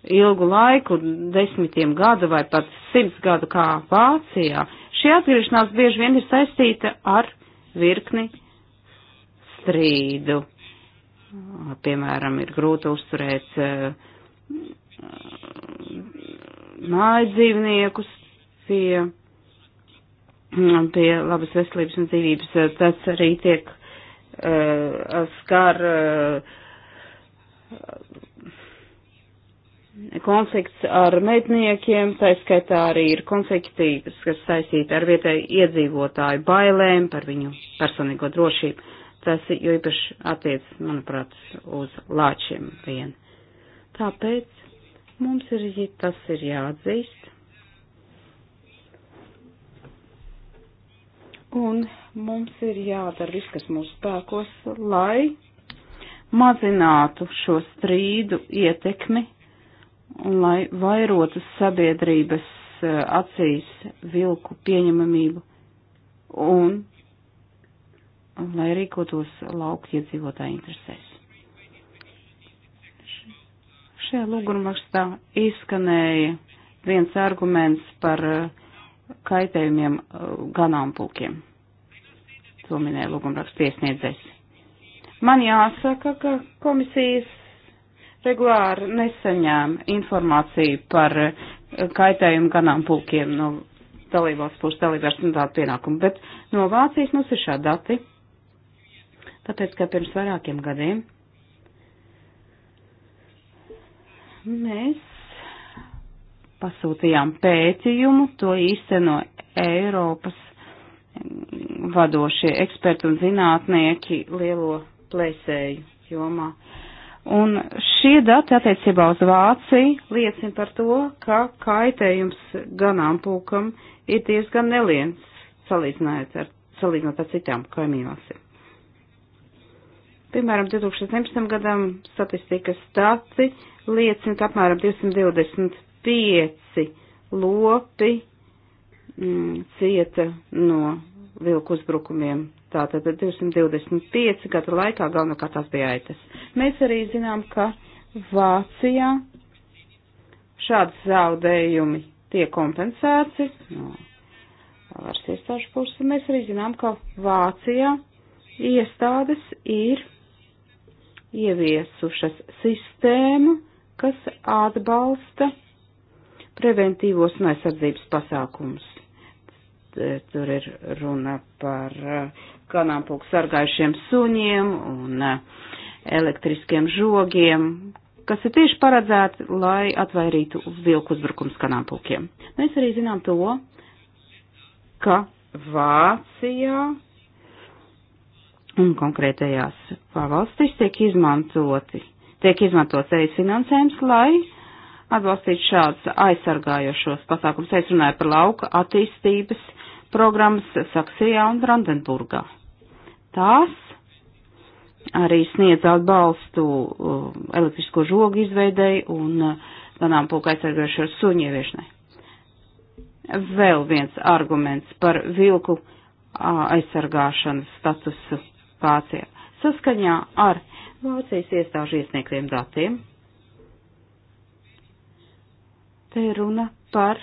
ilgu laiku, desmitiem gadu vai pat simts gadu kā Vācijā, šī atgriešanās bieži vien ir saistīta ar virkni strīdu. Piemēram, ir grūti uzturēt e, mājas dzīvniekus pie, pie labas veselības un dzīvības. E, tas arī tiek e, skar konflikts ar medniekiem, tā skaitā arī ir konflikti, kas saistīti ar vietēju iedzīvotāju bailēm par viņu personīgo drošību. Tas jo īpaši attiec, manuprāt, uz lāčiem vien. Tāpēc mums ir, tas ir jāatzīst. Un mums ir jādara viss, kas mūsu spēkos, lai mazinātu šo strīdu ietekmi un lai vairotu sabiedrības eh, acīs vilku pieņemamību un lai rīkotos lauku iedzīvotāju interesēs. Šajā lūgumrakstā izskanēja viens arguments par eh, kaitējumiem eh, ganāmpulkiem. To minēja lūgumraksts iesniedzējs. Man jāsaka, ka komisijas regulāri nesaņēma informāciju par eh, kaitējumu ganāmpulkiem no dalībās puses dalībās un tādu pienākumu, bet no Vācijas mums ir šādi dati, tāpēc, ka pirms vairākiem gadiem mēs pasūtījām pētījumu, to īsteno Eiropas vadošie eksperti un zinātnieki lielo plēsēju jomā. Un šie dati attiecībā uz Vāciju liecina par to, ka kaitējums ganāmpulkam ir diezgan neliels salīdzinājot ar, salīdzinot ar citām kaimīnvalstīm. Piemēram, 2017. gadam statistikas dati liecina, ka apmēram 225 lopi mm, cieta no vilku uzbrukumiem Tātad 225 gadu laikā galvenokārt tās bija aitas. Mēs arī zinām, ka Vācijā šādi zaudējumi tiek kompensēti no varas iestāžu puses. Mēs arī zinām, ka Vācijā iestādes ir ieviesušas sistēmu, kas atbalsta preventīvos un aizsardzības pasākumus tur ir runa par eh, kanāmpūku sargājušiem suņiem un eh, elektriskiem žogiem, kas ir tieši paredzēti, lai atvairītu vilku uzbrukums kanāmpūkiem. Mēs arī zinām to, ka Vācijā un konkrētajās pavalstīs tiek izmantoti, tiek izmantots EIS finansējums, lai atbalstītu šādus aizsargājošos pasākumus. Es runāju par lauka attīstības programmas Saksijā un Brandenburgā. Tās arī sniedz atbalstu uh, elektrisko žogu izveidei un ganāmpulka uh, aizsargājušo suņu ieviešanai. Vēl viens arguments par vilku uh, aizsargāšanas statusu Vācijā. Saskaņā ar Vācijas iestāžu iesniegtiem datiem. Te ir runa par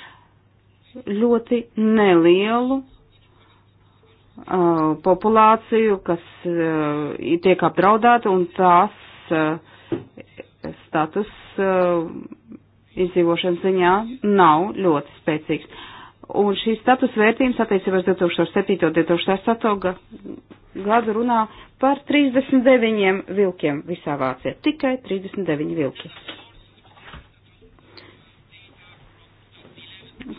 ļoti nelielu uh, populāciju, kas uh, tiek apdraudēta un tās uh, status uh, izdzīvošanas ziņā nav ļoti spēcīgs. Un šīs status vērtības attiecībā uz 2007. un 2008. gadu runā par 39 vilkiem visā Vācijā. Tikai 39 vilki.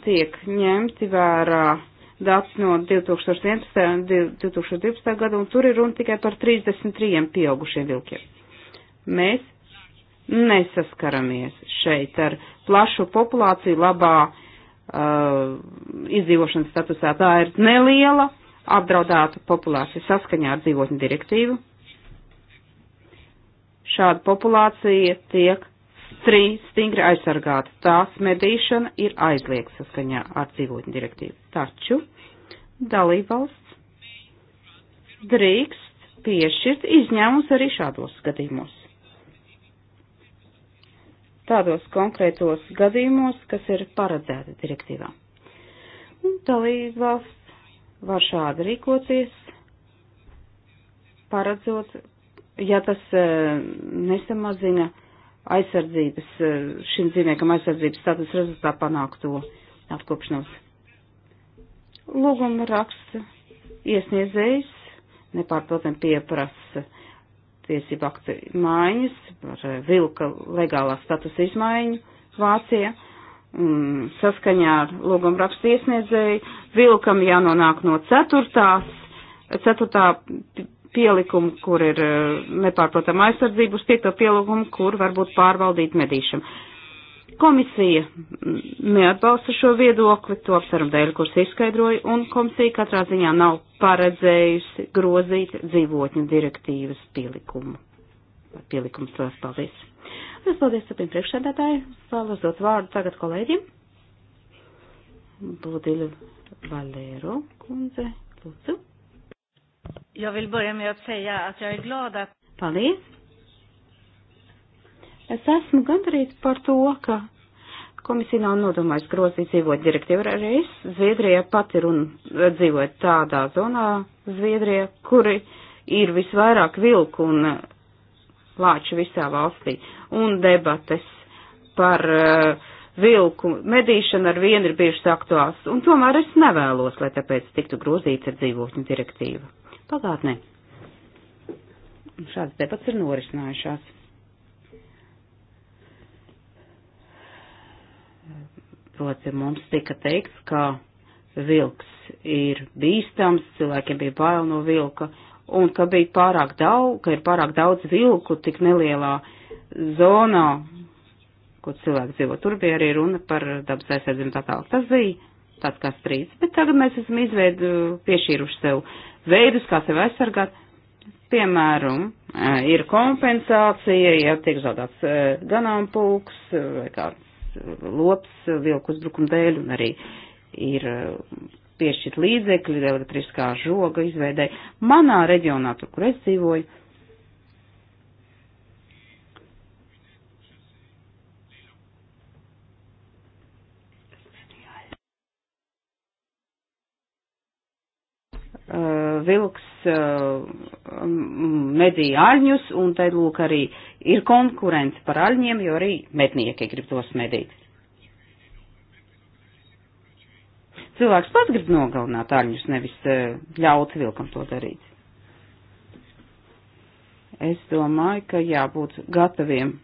tiek ņemti vērā dati no 2011. un 2012. gada, un tur ir runa tikai par 33 pieaugušiem vilkiem. Mēs nesaskaramies šeit ar plašu populāciju labā uh, izdzīvošanas statusā. Tā ir neliela apdraudēta populācija saskaņā ar dzīvotņu direktīvu. Šāda populācija tiek 3 stingri aizsargāti. Tās medīšana ir aizliegta saskaņā ar dzīvotņu direktīvu. Taču dalībvalsts drīkst piešķirt izņēmums arī šādos gadījumos. Tādos konkrētos gadījumos, kas ir paredzēti direktīvā. Un dalībvalsts var šādi rīkoties, paredzot, ja tas e, nesamazina e, aizsardzības, eh, šim dzīvniekam aizsardzības status rezultātā panākto atkopšanos. Lūguma raksta iesniedzējs nepārprotam pieprasa tiesību aktu mājas par eh, vilka legālā statusa izmaiņu Vācijā. Un saskaņā ar lūgumu rakstu iesniedzēju vilkam jānonāk no ceturtās, ceturtā pielikumu, kur ir eh, nepārprotama aizsardzība, uz piekto pielikumu, kur varbūt pārvaldīt medīšanu. Komisija neatbalsta šo viedokli, to apsverumu dēļ, kurus izskaidroju, un komisija katrā ziņā nav paredzējusi grozīt dzīvotņu direktīvas pielikumu. Pielikums to paldies. Es paldies sapiem priekšsēdētāju, vēlos dot vārdu tagad kolēģim. Būdiļu Valēro kundze, lūdzu. Jag vill börja med att säga att jag är glad att... Paldies! Es esmu gandrīz par to, ka komisija nav nodomājusi grozīt dzīvot direktīvu. Arī es Zviedrija pati un dzīvoju tādā zonā Zviedrija, kuri ir visvairāk vilku un e, lāču visā valstī. Un debates par uh, vilku medīšana ar vienu ir bijušas aktuāls, un tomēr es nevēlos, lai tāpēc tiktu grozīts ar dzīvokļu direktīvu pagātnē. Šāds debats ir norisinājušās. Proti, mums tika teikts, ka vilks ir bīstams, cilvēkiem bija bail no vilka, un ka bija pārāk daudz, ka ir pārāk daudz vilku tik nelielā zonā, kur cilvēki dzīvo. Tur bija arī runa par dabas aizsardzību tā tālāk. Tas bija tāds kā strīds, bet tagad mēs esam izveidu piešķīruši sev veidus, kā sevi aizsargāt. Piemēram, ir kompensācija, ja tiek zaudāts ganāmpulks vai kāds lops vilku uzbrukuma dēļ, un arī ir piešķirt līdzekļi elektriskā žoga izveidai. Manā reģionā, tur, kur es dzīvoju, Uh, vilks eh, medīja aļņus, un te lūk arī ir konkurence par aļņiem, jo arī mednieki grib tos medīt. Cilvēks pats grib nogalināt aļņus, nevis eh, ļaut vilkam to darīt. Es domāju, ka jābūt gataviem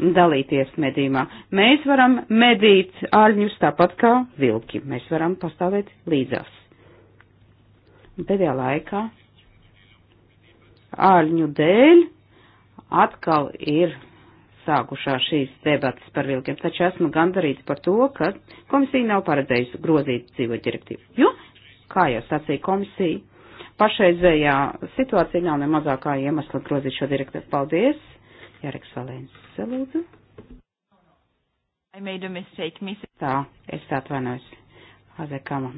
dalīties medījumā. Mēs varam medīt aļņus tāpat kā vilki. Mēs varam pastāvēt līdzās pēdējā laikā ārļu dēļ atkal ir sākušā šīs debatas par vilkiem, taču esmu gandarīts par to, ka komisija nav paredzējusi grozīt dzīvo direktīvu, jo, kā jau sacīja komisija, pašreizējā situācija nav ne mazākā iemesla grozīt šo direktīvu. Paldies! Jareks Valēns, lūdzu. Tā, es atvainojos. Azekama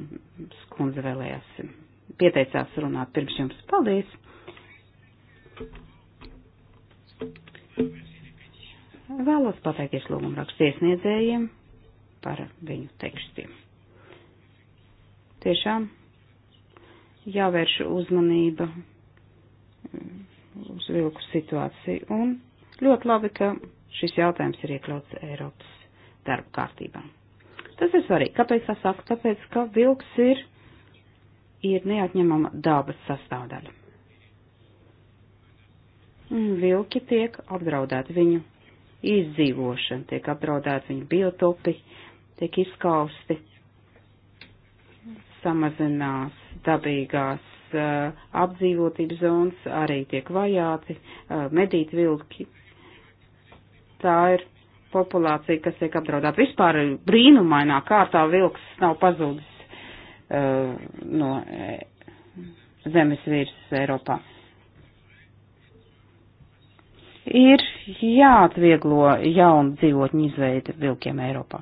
skundze vēlējās pieteicās runāt pirms jums. Paldies! Vēlos pateikties lūgumrakstu iesniedzējiem par viņu tekstiem. Tiešām jāvērš uzmanība uz vilku situāciju un ļoti labi, ka šis jautājums ir iekļauts Eiropas darba kārtībā. Tas ir svarīgi. Kāpēc tā saka? Tāpēc, ka vilks ir ir neatņemama dabas sastāvdaļa. Vilki tiek apdraudēti viņu izdzīvošana, tiek apdraudēti viņu biotopi, tiek izskausti, samazinās dabīgās uh, apdzīvotības zonas, arī tiek vajāti, uh, eh, medīt vilki. Tā ir populācija, kas tiek apdraudēta. Vispār brīnumainā kārtā vilks nav pazudis Uh, no e, zemes virsmas Eiropā. Ir jāatvieglo jaunu dzīvotņu izveidi vilkiem Eiropā.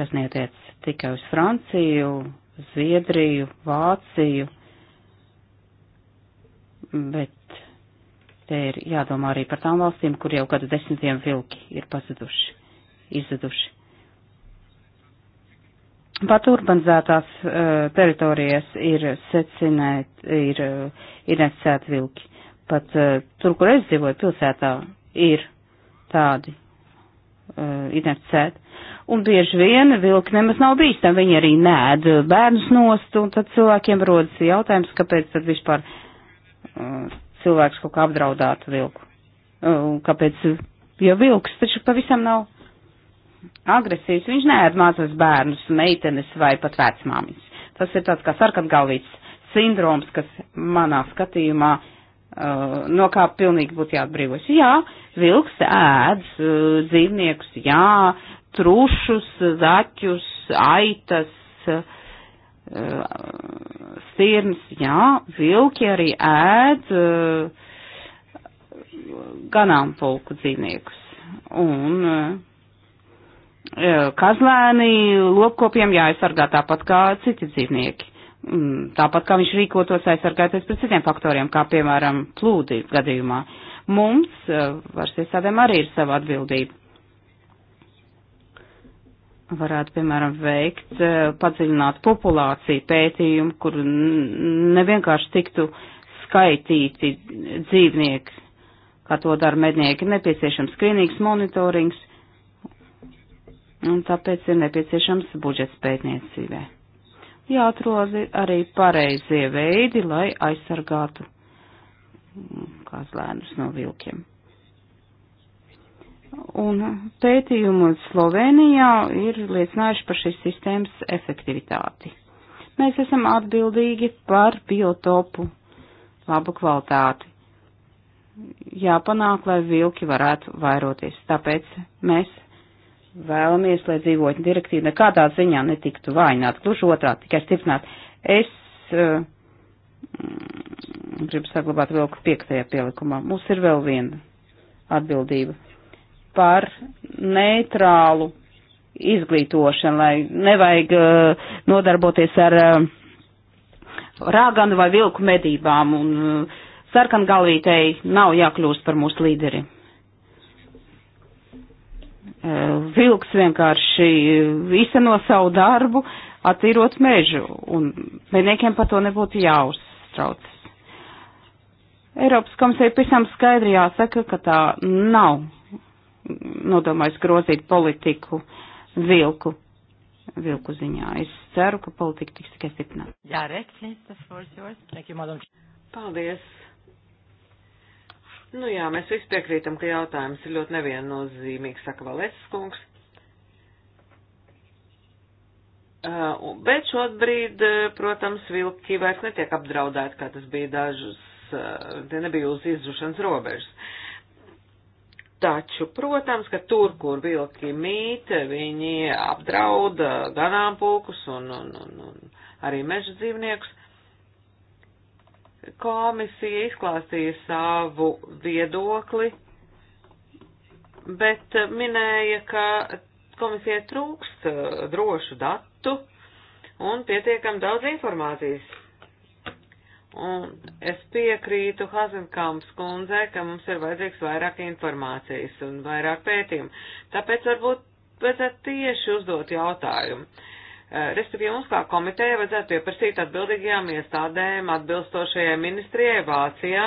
Tas netiec tikai uz Franciju, Zviedriju, Vāciju, bet te ir jādomā arī par tām valstīm, kur jau gadu desmitiem vilki ir pazuduši, izzuduši. Pat urbanizētās uh, teritorijas ir secinēt, ir uh, e, inesēti vilki. Pat uh, tur, kur es dzīvoju, pilsētā ir tādi uh, inesēti. Un bieži vien vilki nemaz nav bīstami, viņi arī nēd bērnus nost, un tad cilvēkiem rodas jautājums, kāpēc tad vispār uh, cilvēks kaut kā apdraudātu vilku. Uh, kāpēc, jo vilks taču pavisam nav agresīvs, viņš neēd mazas bērnus, meitenes vai pat vecmāmiņas. Tas ir tāds kā sarkangalvīts sindroms, kas manā skatījumā uh, no kā pilnīgi būtu jāatbrīvojas. Jā, vilks ēdz uh, dzīvniekus, jā, trušus, zaķus, aitas, uh, sirns, jā, vilki arī ēd uh, ganāmpulku dzīvniekus. Un uh, kazlēni lopkopiem jāaizsargā tāpat kā citi dzīvnieki. Mm, tāpat kā viņš rīkotos aizsargāties pret citiem faktoriem, kā piemēram plūdi gadījumā. Mums varas iestādēm arī ir sava atbildība. Varētu, piemēram, veikt padziļinātu populāciju pētījumu, kur nevienkārši tiktu skaitīti dzīvnieki, kā to dara mednieki, nepieciešams skrīnīgs monitorings un tāpēc ir nepieciešams budžets pētniecībai. Jāatrod arī pareizie veidi, lai aizsargātu mm, kazlēnus no vilkiem. Un pētījumi Slovenijā ir liecinājuši par šīs sistēmas efektivitāti. Mēs esam atbildīgi par biotopu labu kvalitāti jāpanāk, lai vilki varētu vairoties. Tāpēc mēs vēlamies, lai dzīvotņu direktīva nekādā ziņā netiktu vainot, gluži otrā, tikai stiprināt. Es uh, gribu saglabāt vēl piektajā pielikumā. Mums ir vēl viena atbildība par neitrālu izglītošanu, lai nevajag uh, nodarboties ar uh, rāganu vai vilku medībām un uh, sarkangalvītei nav jākļūst par mūsu līderi vilks vienkārši izseno savu darbu, attīrot mežu, un medniekiem par to nebūtu jāuztrauc. Eiropas komisija pavisam skaidri jāsaka, ka tā nav nodomājusi grozīt politiku vilku, vilku ziņā. Es ceru, ka politika tiks tikai stiprināta. Jā, Reks, Paldies. Nu jā, mēs visi piekrītam, ka jautājums ir ļoti neviennozīmīgs, saka Valēsas kungs. Uh, bet šobrīd, uh, protams, vilki vairs netiek apdraudēti, kā tas bija dažus, uh, tie nebija uz izzušanas robežas. Taču, protams, ka tur, kur vilki mīt, viņi apdrauda ganāmpulkus un, un, un, un arī meža dzīvniekus. Komisija izklāstīja savu viedokli, bet minēja, ka komisija trūkst uh, drošu datu un pietiekam daudz informācijas. Un es piekrītu Hazenkams kundzē, ka mums ir vajadzīgs vairāk informācijas un vairāk pētījumu. Tāpēc varbūt vajadzētu tieši uzdot jautājumu. Uh, Eh, respektīvi mums kā komiteja vajadzētu pieprasīt atbildīgajām iestādēm, atbilstošajai ministrijai Vācijā,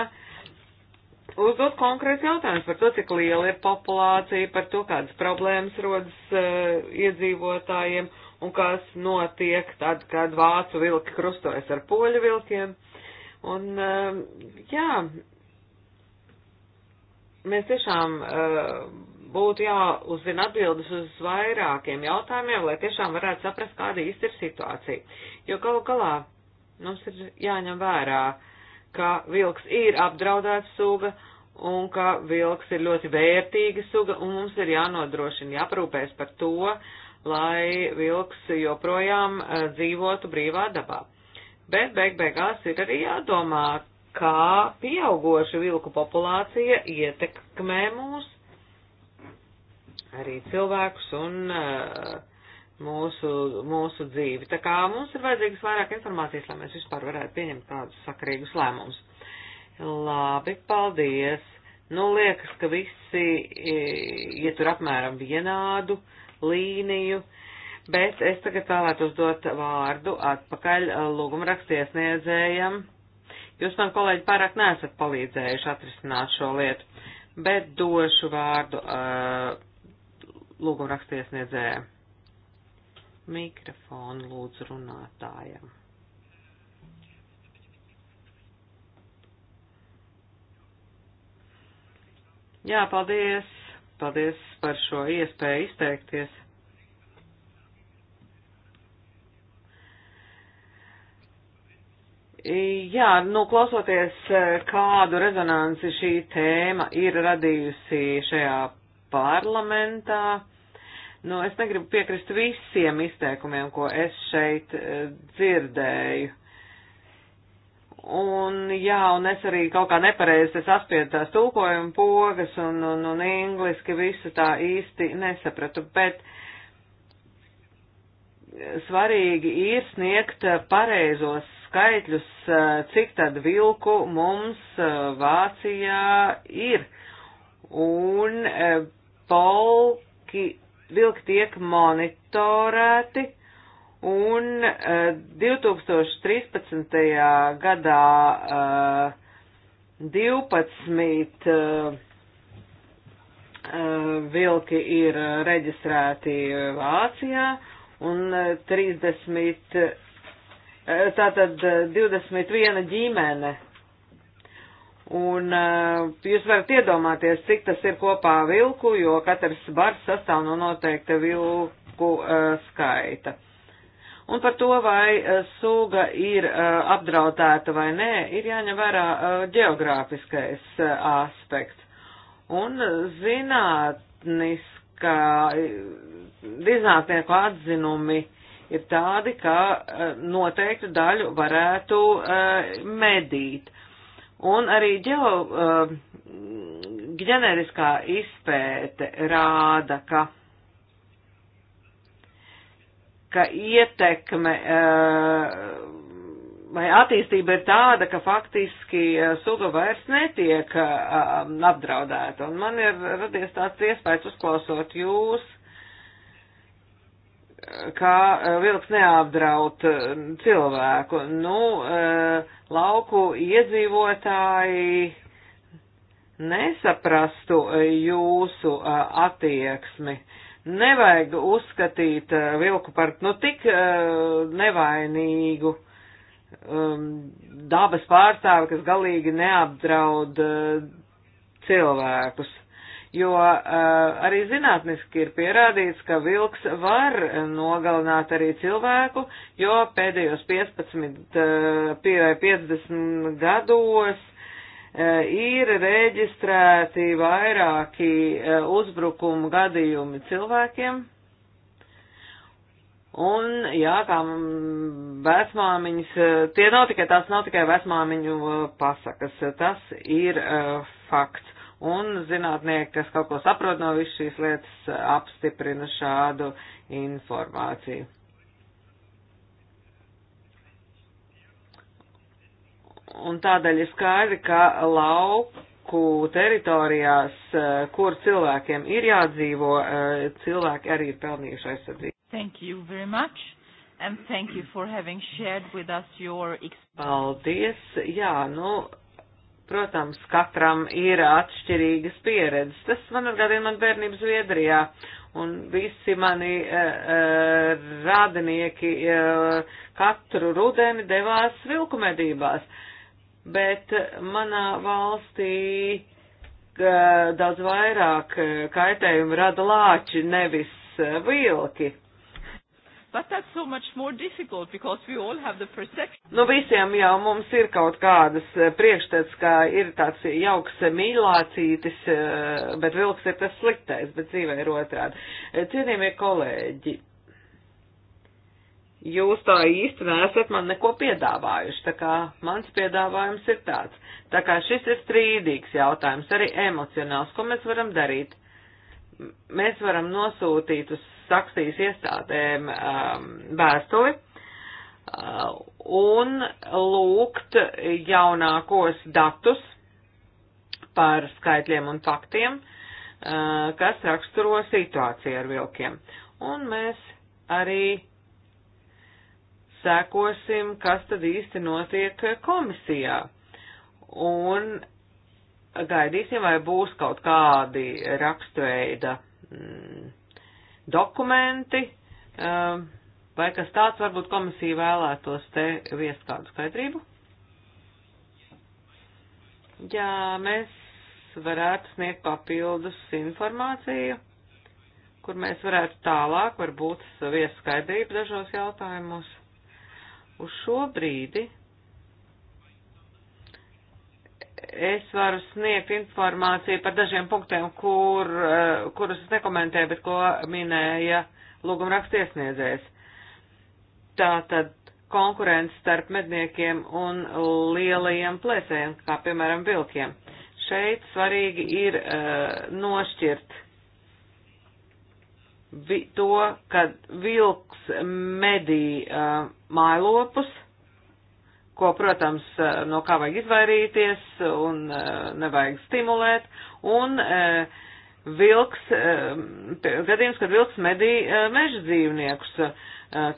uzdot konkrēts jautājums par to, cik liela ir populācija, par to, kādas problēmas rodas uh, iedzīvotājiem un kas notiek tad, kad vācu vilki krustojas ar poļu vilkiem. Un, uh, jā, mēs tiešām uh, būtu jāuzzina atbildes uz vairākiem jautājumiem, lai tiešām varētu saprast, kāda īsti ir situācija. Jo galu galā mums ir jāņem vērā, ka vilks ir apdraudēts suga un ka vilks ir ļoti vērtīga suga, un mums ir jānodrošina, jāprūpēs par to, lai vilks joprojām e, dzīvotu brīvā dabā. Bet beig beigās ir arī jādomā, kā pieaugoša vilku populācija ietekmē mūsu arī cilvēkus un uh, mūsu, mūsu dzīvi. Tā kā mums ir vajadzīgas vairāk informācijas, lai mēs vispār varētu pieņemt tādus sakarīgus lēmumus. Labi, paldies. Nu, liekas, ka visi eh, ietur apmēram vienādu līniju, bet es tagad vēlētos dot vārdu atpakaļ lūguma rakstiesniedzējam. Jūs man, kolēģi, pārāk nesat palīdzējuši atrisināt šo lietu, bet došu vārdu. Uh, lūguma rakstiesniedzējai. Mikrofonu lūdzu runātājam. Jā, paldies. Paldies par šo iespēju izteikties. Jā, nu, klausoties, kādu rezonanci šī tēma ir radījusi šajā parlamentā, Nu, es negribu piekrist visiem izteikumiem, ko es šeit e, dzirdēju. Un, jā, un es arī kaut kā nepareizi saspiedu tās tulkojumu pogas un, un, un angliski visu tā īsti nesapratu, bet svarīgi ir sniegt pareizos skaitļus, e, cik tad vilku mums e, Vācijā ir. Un polki vilki tiek monitorēti, un 2013. Eh, gadā 12 eh, eh, vilki ir reģistrēti Vācijā, un 30, tātad 21 ģimene Un uh, jūs varat iedomāties, cik tas ir kopā vilku, jo katrs bars sastāv no noteikta vilku uh, skaita. Un par to, vai uh, suga ir uh, apdraudēta vai nē, ir jāņem vērā uh, geogrāfiskais uh, aspekts. Un zinātniskā, zinātnieku atzinumi ir tādi, ka uh, noteiktu daļu varētu uh, medīt. Un arī ģeo, uh, ģeneriskā izpēte rāda, ka, ka ietekme uh, vai attīstība ir tāda, ka faktiski uh, suga vairs netiek uh, apdraudēta. Un man ir radies tāds iespējas uzklausot jūs, kā eh, vilks neapdraut eh, cilvēku. Nu, eh, lauku iedzīvotāji nesaprastu jūsu attieksmi. Nevajag uzskatīt vilku par, nu, tik nevainīgu um, dabas pārstāvi, kas galīgi neapdraud cilvēkus jo uh, arī zinātniski ir pierādīts, ka vilks var nogalināt arī cilvēku, jo pēdējos 15 vai uh, 50 gados uh, ir reģistrēti vairāki uh, uzbrukumu gadījumi cilvēkiem. Un, jā, kā vecmāmiņas, tie nav tikai, tās nav tikai vecmāmiņu pasakas, tas ir uh, fakts un zinātnieki, kas kaut ko saprot no visu šīs lietas, apstiprina šādu informāciju. Un tādēļ ir skaidri, ka lauku teritorijās, kur cilvēkiem ir jādzīvo, cilvēki arī ir pelnījuši aizsardzību. Thank you very much and thank you for having shared with us your experience. Paldies. Jā, nu, Protams, katram ir atšķirīgas pieredzes. Tas man atgādina man bērnību Zviedrijā, un visi mani uh, rādinieki uh, katru rudeni devās vilku medībās. Bet manā valstī uh, daudz vairāk kaitējumu rada lāči, nevis uh, vilki. But that's so much more difficult because we all have the perception. Nu visiem jau mums ir kaut kādas eh, priekšstats, kā ir tāds jauks eh, mīlācītis, eh, bet vilks ir tas sliktais, bet dzīvē ir otrādi. Cienījamie kolēģi, jūs tā īsti neesat man neko piedāvājuši, tā kā mans piedāvājums ir tāds. Tā kā šis ir strīdīgs jautājums, arī emocionāls, ko mēs varam darīt? Mēs varam nosūtīt uz Saksijas iestādēm um, vēstuli uh, un lūgt jaunākos datus par skaitļiem un faktiem, uh, kas raksturo situāciju ar vilkiem. Un mēs arī sekosim, kas tad īsti notiek komisijā. Un gaidīsim, vai būs kaut kādi rakstveida mm, dokumenti, eh, vai kas tāds varbūt komisija vēlētos te viest kādu skaidrību? Jā, mēs varētu sniegt papildus informāciju, kur mēs varētu tālāk varbūt viest skaidrību dažos jautājumos. Uz šo brīdi Es varu sniegt informāciju par dažiem punktiem, kur, eh, kurus es nekomentēju, bet ko minēja lūguma rakstiesniedzējs. Tātad konkurence starp medniekiem un lielajiem plēsējiem, kā piemēram vilkiem. Šeit svarīgi ir uh, nošķirt vi, to, kad vilks medī uh, mājlopus ko, protams, eh, no kā vajag izvairīties un eh, nevajag stimulēt, un eh, vilks, gadījums, kad vilks medī meža dzīvniekus,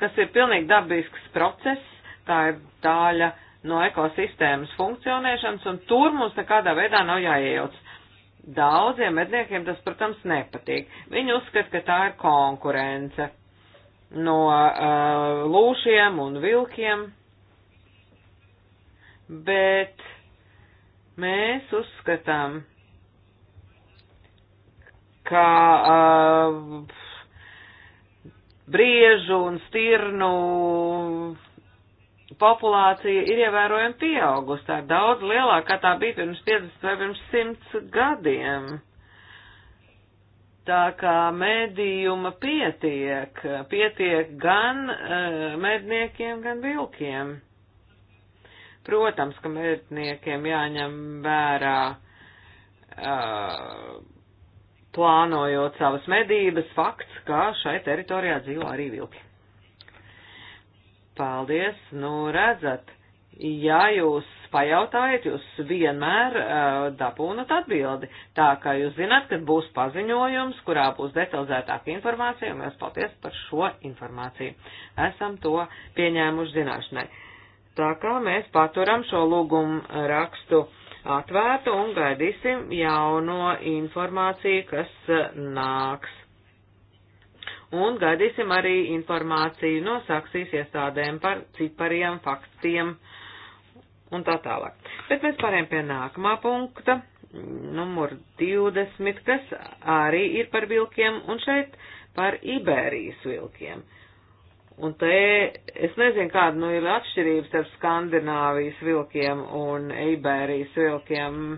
kas ir pilnīgi dabisks process, tā ir daļa no ekosistēmas funkcionēšanas, un tur mums nekādā veidā nav jāiejauc. Daudziem medniekiem tas, protams, nepatīk. Viņi uzskata, ka tā ir konkurence no uh, lūšiem un vilkiem bet mēs uzskatām, ka uh, briežu un stirnu populācija ir ievērojami pieaugusi. Tā ir daudz lielākā tā bija pirms 50 vai pirms 100 gadiem. Tā kā mēdījuma pietiek, pietiek gan uh, medniekiem, gan vilkiem. Protams, ka medniekiem jāņem vērā uh, plānojot savas medības fakts, ka šai teritorijā dzīvo arī vilki. Paldies, nu redzat, ja jūs pajautājat, jūs vienmēr uh, dabūnat atbildi. Tā kā jūs zināt, kad būs paziņojums, kurā būs detalizētāka informācija, un mēs paldies par šo informāciju. Esam to pieņēmuši zināšanai. Uh, Tā kā mēs paturam šo lūgumu rakstu atvērtu un gaidīsim jauno informāciju, kas e, nāks. Un gaidīsim arī informāciju no saksīs iestādēm par cipariem, faktiem un tā tālāk. Bet mēs pārējām pie nākamā punkta, numur 20, kas arī ir par vilkiem un šeit par Iberijas vilkiem. Uh, Un te es nezinu, kāda nu ir atšķirība starp Skandināvijas vilkiem un Eibērijas vilkiem.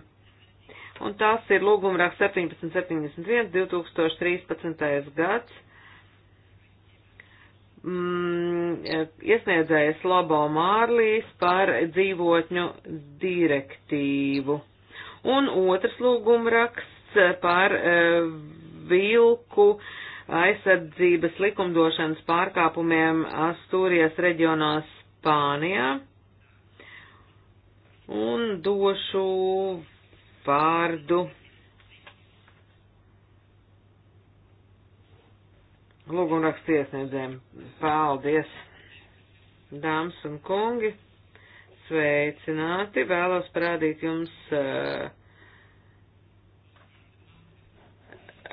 Un tās ir lūgumraks 1771 2013. gads. Mm, iesniedzējs Labo Mārlīs par dzīvotņu direktīvu. Un otrs lūgumraksts par uh, vilku uh, aizsardzības likumdošanas pārkāpumiem Astūrijas reģionā Spānijā. Un došu vārdu. Lūgumrakstu iesniedzējiem. Paldies, dāmas un kungi! Sveicināti! Vēlos parādīt jums uh,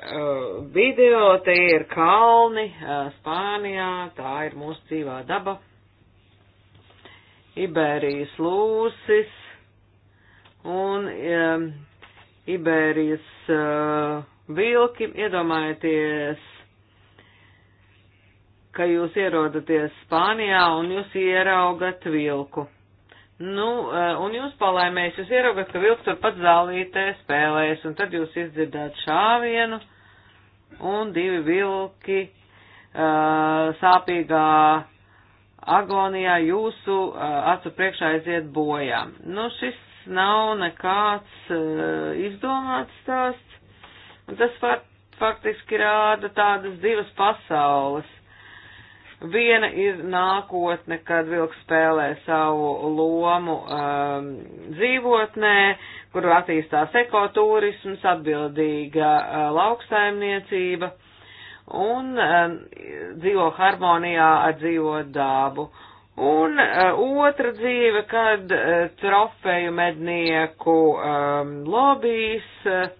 uh, video, te ir kalni, uh, Spānijā, tā ir mūsu dzīvā daba, Iberijas lūsis un um, Iberijas uh, vilki, iedomājieties, ka jūs ierodaties Spānijā un jūs ieraugat vilku. Nu, eh, un jūs palaimēs, jūs ieraugat, ka vilks tur pats zālītē spēlēs, un tad jūs izdzirdāt šāvienu, un divi vilki uh, sāpīgā agonijā jūsu uh, acu priekšā aiziet bojā. Nu, šis nav nekāds uh, izdomāts stāsts, un tas var faktiski rāda tādas divas pasaules Viena ir nākotne, kad vilks spēlē savu lomu um, dzīvotnē, kur attīstās ekoturisms, atbildīga uh, lauksaimniecība un um, dzīvo harmonijā ar dzīvo dābu. Un uh, otra dzīve, kad uh, trofeju mednieku um, lobijas uh,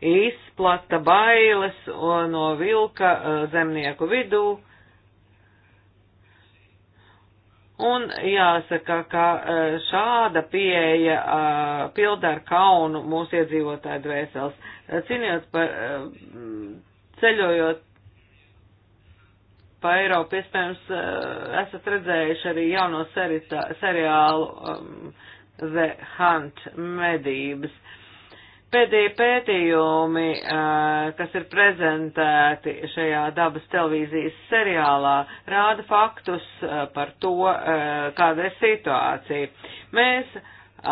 izplata bailes no vilka eh, zemnieku vidū. Un jāsaka, ka eh, šāda pieeja eh, pilda ar kaunu mūsu iedzīvotāju dvēseles. Cīnījot par, ceļojot pa Eiropu, iespējams, esat redzējuši arī jauno serita, seriālu um, The Hunt medības. Pēdējie pētījumi, eh, kas ir prezentēti šajā dabas televīzijas seriālā, rāda faktus eh, par to, eh, kāda ir situācija. Mēs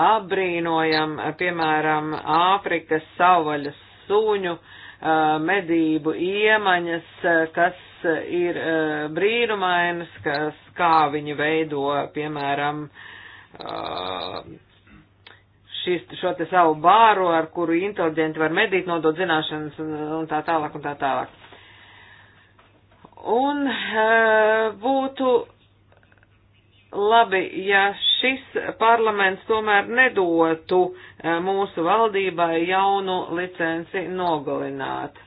apbrīnojam, piemēram, Āfrikas savvaļas suņu medību iemaņas, kas ir brīnumainas, kas, kā viņi veido, piemēram, šis, šo te savu bāru, ar kuru intelģenti var medīt, nodot zināšanas un, un tā tālāk un tā tālāk. Un e, būtu labi, ja šis parlaments tomēr nedotu e, mūsu valdībai jaunu licenci nogalināt. E,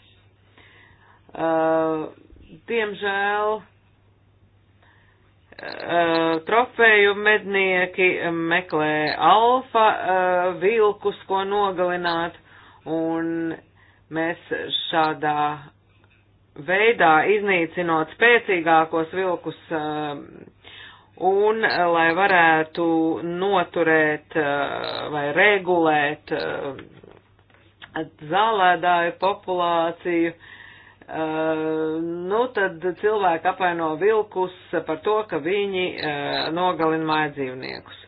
diemžēl Uh, trofeju mednieki meklē alfa uh, vilkus, ko nogalināt, un mēs šādā veidā iznīcinot spēcīgākos vilkus, uh, un lai varētu noturēt vai regulēt zālēdāju populāciju, Uh, nu, tad cilvēki apvaino vilkus par to, ka viņi uh, nogalina māja dzīvniekus.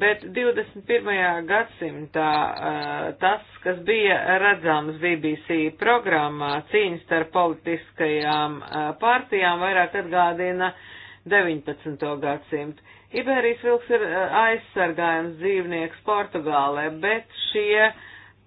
Bet 21. gadsimtā uh, tas, kas bija redzams BBC programmā cīņas starp politiskajām partijām, vairāk atgādina 19. gadsimtu. Iberijas vilks ir aizsargājums dzīvnieks Portugālē, bet šie uh,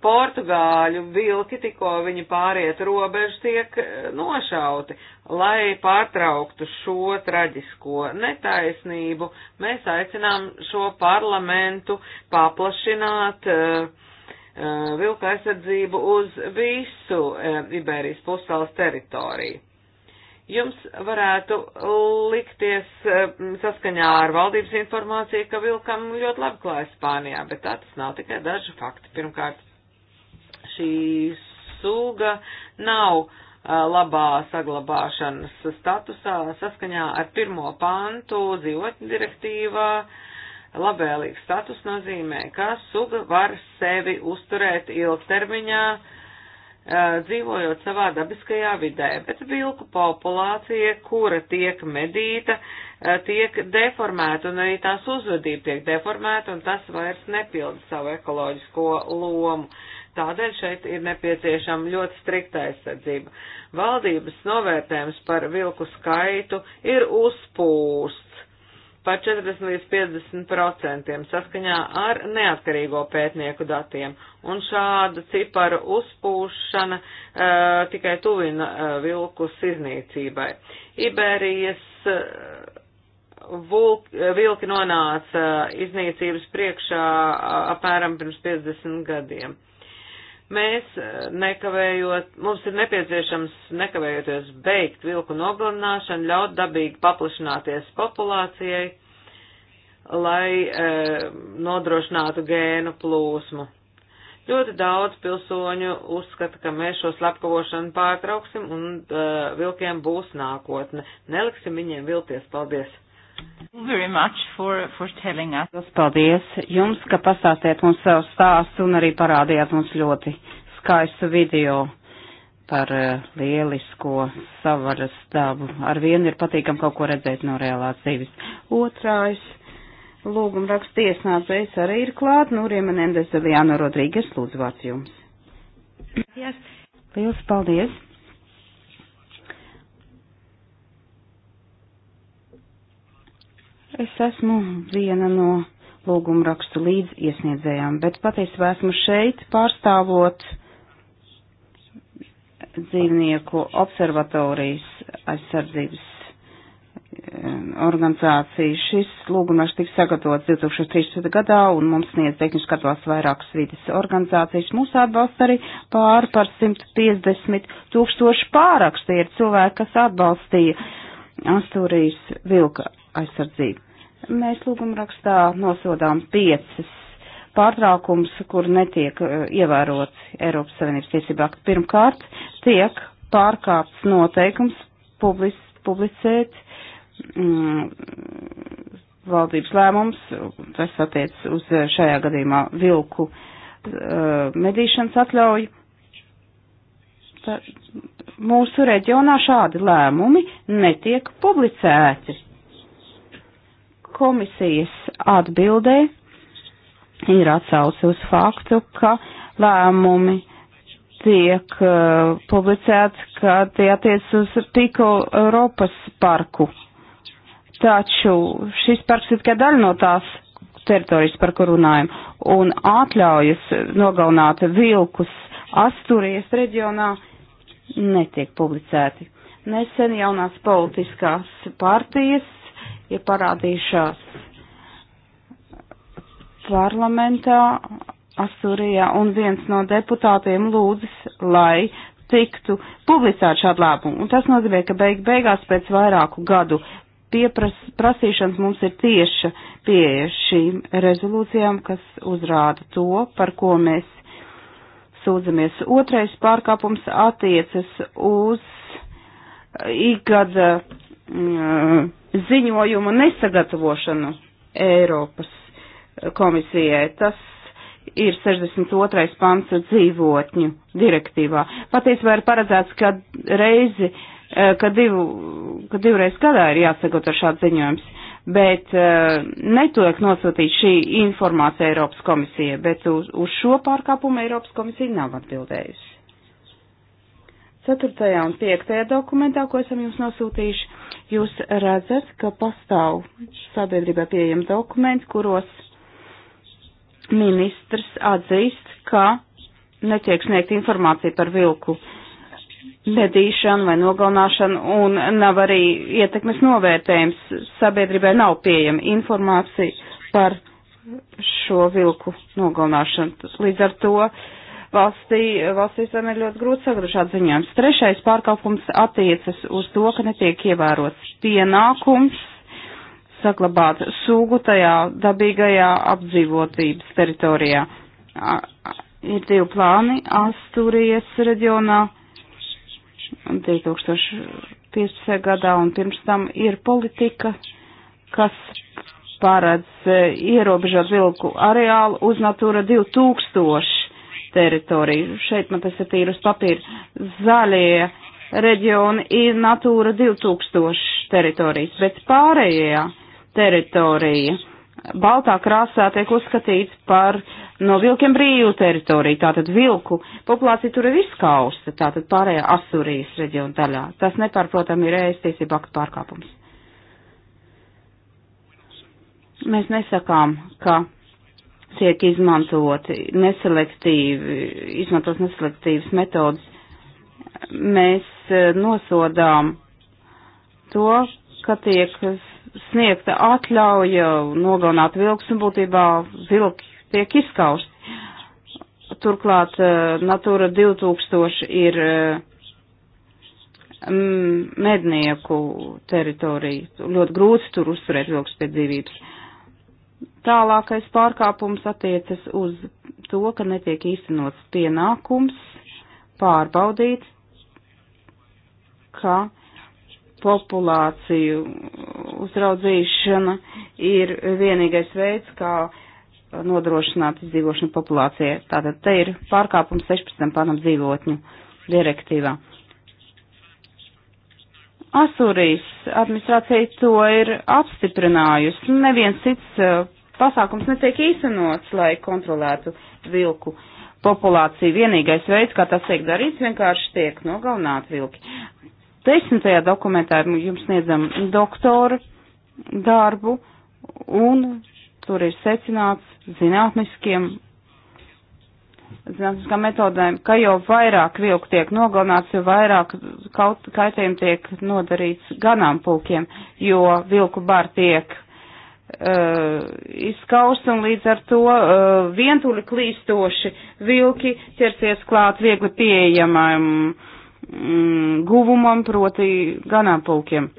Portugāļu vilki, tikko viņi pāriet robežu, tiek eh, nošauti. Lai pārtrauktu šo traģisko netaisnību, mēs aicinām šo parlamentu paplašināt uh, uh, vilka aizsardzību uz visu uh, Iberijas pussalas teritoriju. Jums varētu likties saskaņā ar valdības informāciju, ka vilkam ļoti labi klājas Spānijā, bet tā tas nav tikai daži fakti. Pirmkārt, šī suga nav uh, labā saglabāšanas statusā saskaņā ar pirmo pantu dzīvotņu direktīvā. Labēlīgs status nozīmē, ka suga var sevi uzturēt ilgtermiņā, dzīvojot savā dabiskajā vidē, bet vilku populācija, kura tiek medīta, tiek deformēta un arī tās uzvedība tiek deformēta un tas vairs nepilda savu ekoloģisko lomu. Tādēļ šeit ir nepieciešama ļoti strikta aizsardzība. Valdības novērtējums par vilku skaitu ir uzpūsts par 40 līdz 50 procentiem saskaņā ar neatkarīgo pētnieku datiem, un šāda cipara uzpūšana uh, tikai tuvina uh, vilkus iznīcībai. Iberijas uh, vulk, vilki nonāca iznīcības priekšā apmēram pirms 50 gadiem. Mēs eh, nekavējot, mums ir nepieciešams nekavējoties beigt vilku nogalināšanu, ļaut dabīgi paplašināties populācijai, lai e, nodrošinātu gēnu plūsmu. Ļoti daudz pilsoņu uzskata, ka mēs šo slepkavošanu pārtrauksim un e, vilkiem būs nākotne. Neliksim viņiem vilties. Paldies! For, for Paldies jums, ka pastāstījāt mums savu stāstu un arī parādījāt mums ļoti skaistu video par eh, lielisko savaras dabu. Ar vienu ir patīkam kaut ko redzēt no reālās dzīves. Otrais lūguma raksts tiesnācējs arī ir klāt. Nūrie Menendez Viljāno Rodrīgas lūdzu vārds jums. Yes. Liels paldies! Es esmu viena no lūguma rakstu līdz iesniedzējām, bet patiesībā esmu šeit pārstāvot dzīvnieku observatorijas aizsardzības organizāciju. Šis lūgumrašs tika sagatavots 2013. gadā un mums sniedz tehniski atbalstu vairākas vidas organizācijas. Mūs atbalsta arī pār par 150 tūkstoši pārakstu ir cilvēki, kas atbalstīja Astūrijas vilka aizsardzību. Mēs lūguma rakstā nosodām piecas pārtraukums, kur netiek eh, ievērots Eiropas Savienības tiesība akti. Pirmkārt, tiek pārkāpts noteikums publis, publicēt mm, valdības lēmums, tas attiec uz eh, šajā gadījumā vilku uh, medīšanas atļauju. Tā, mūsu reģionā šādi lēmumi netiek publicēti. Komisijas atbildē ir atsauce uz faktu, ka lēmumi tiek uh, publicēti, ka tie attiec uz Piko Eiropas parku. Taču šis parks ir tikai daļa no tās teritorijas, par kur runājam, un atļaujas nogalināt vilkus Asturijas reģionā netiek publicēti. Nesen jaunās politiskās partijas ir parādījušās parlamentā Astūrijā, un viens no deputātiem lūdzis, lai tiktu publicēt šādu lēmumu. Un tas nozīmē, ka beig beigās pēc vairāku gadu pieprasīšanas mums ir tieša pieeja šīm rezolūcijām, kas uzrāda to, par ko mēs sūdzamies. Otrais pārkāpums attiecas uz uh, ikgada mm, ziņojumu nesagatavošanu Eiropas komisijai. Tas ir 62. pants dzīvotņu direktīvā. Patiesībā ir paredzēts, ka reizi, e, ka, divu, ka divreiz gadā ir jāsagatavo šāds ziņojums, bet e, netiek nosūtīta šī informācija Eiropas komisija, bet uz, uz šo pārkāpumu Eiropas komisija nav atbildējusi. 4. un 5. dokumentā, ko esam jums nosūtījuši, jūs redzat, ka pastāv sabiedrībā pieejami dokumenti, kuros ministrs atzīst, ka netiek sniegt informācija par vilku nedīšanu vai nogalināšanu un nav arī ietekmes novērtējums. Sabiedrībai nav pieejama informācija par šo vilku nogalināšanu. Līdz ar to uh, valstī, valstīs tam ir ļoti grūti sagatavot šādu ziņojumus. Trešais pārkāpums attiecas uz to, ka netiek ievērots pienākums saglabāt sūgu tajā dabīgajā apdzīvotības teritorijā. Ir divi plāni Asturijas reģionā 2015. gadā un pirms tam ir politika, kas paredz e, ierobežot vilku areālu uz Natura 2000 teritoriju. Šeit man tas ir tīrus papīrs. Zaļie reģioni ir Natūra 2000 teritorijas, bet pārējā teritorija baltā krāsā tiek uzskatīts par no vilkiem brīvu teritoriju, tātad vilku populācija tur ir izskausta, tātad pārējā Asurijas reģiona daļā. Tas nepārprotam ir ēst tiesību aktu pārkāpums. Mēs nesakām, ka tiek izmantoti neselektīvi, izmantos neselektīvas metodas. Mēs e, nosodām to, ka tiek sniegta atļauja nogalināt vilks un būtībā vilki tiek izskausti. Turklāt e, Natūra 2000 ir e, mednieku teritorija. Ļoti grūti tur uzturēt vilks pie dzīvības. Tālākais pārkāpums attiecas uz to, ka netiek īstenots pienākums pārbaudīt, ka populāciju uzraudzīšana ir vienīgais veids, kā nodrošināt izdzīvošanu populācijai. Tātad te ir pārkāpums 16. panam dzīvotņu direktīvā. Asurijas administrācija to ir apstiprinājusi. Neviens cits pasākums netiek īstenots, lai kontrolētu vilku populāciju. Vienīgais veids, kā tas tiek darīts, vienkārši tiek nogalināti vilki. Desmitajā dokumentā jums sniedzam doktoru darbu, un tur ir secināts zinātniskiem, zinātniskām metodēm, ka jo vairāk vilku tiek nogalināts, jo vairāk kaut, kaitējumi tiek nodarīts ganāmpulkiem, jo vilku bar tiek uh, izskaust un līdz ar to uh, vientuļi klīstoši vilki ķersies klāt viegli pieejamam mm, guvumam, proti ganāmpulkiem.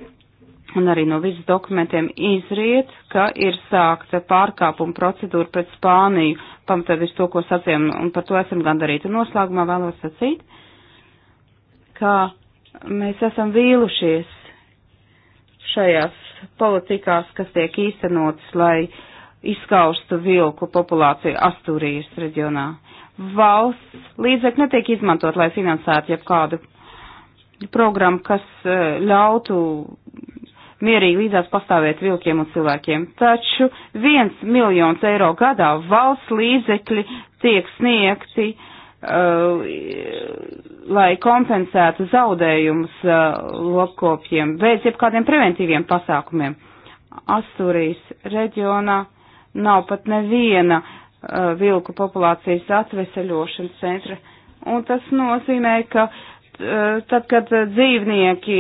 Un arī no visas dokumentiem izriet, ka ir sākta pārkāpuma procedūra pret Spāniju, pamatā visu to, ko sacījām, un par to esam gandarīti. Un noslēgumā vēlos sacīt, ka mēs esam vīlušies šajās politikās, kas tiek īstenotas, lai izskaustu vilku populāciju Astūrijas reģionā. Valsts līdzekļi netiek izmantot, lai finansētu jebkādu programmu, kas e, ļautu mierīgi līdzās pastāvēt vilkiem un cilvēkiem. Taču viens miljons eiro gadā valsts līdzekļi tiek sniegti uh, Uh, lai kompensētu zaudējumus uh, lopkopjiem bez jebkādiem preventīviem pasākumiem. Asturijas reģionā nav pat neviena uh, vilku populācijas atveseļošanas centra, un tas nozīmē, ka tad, kad dzīvnieki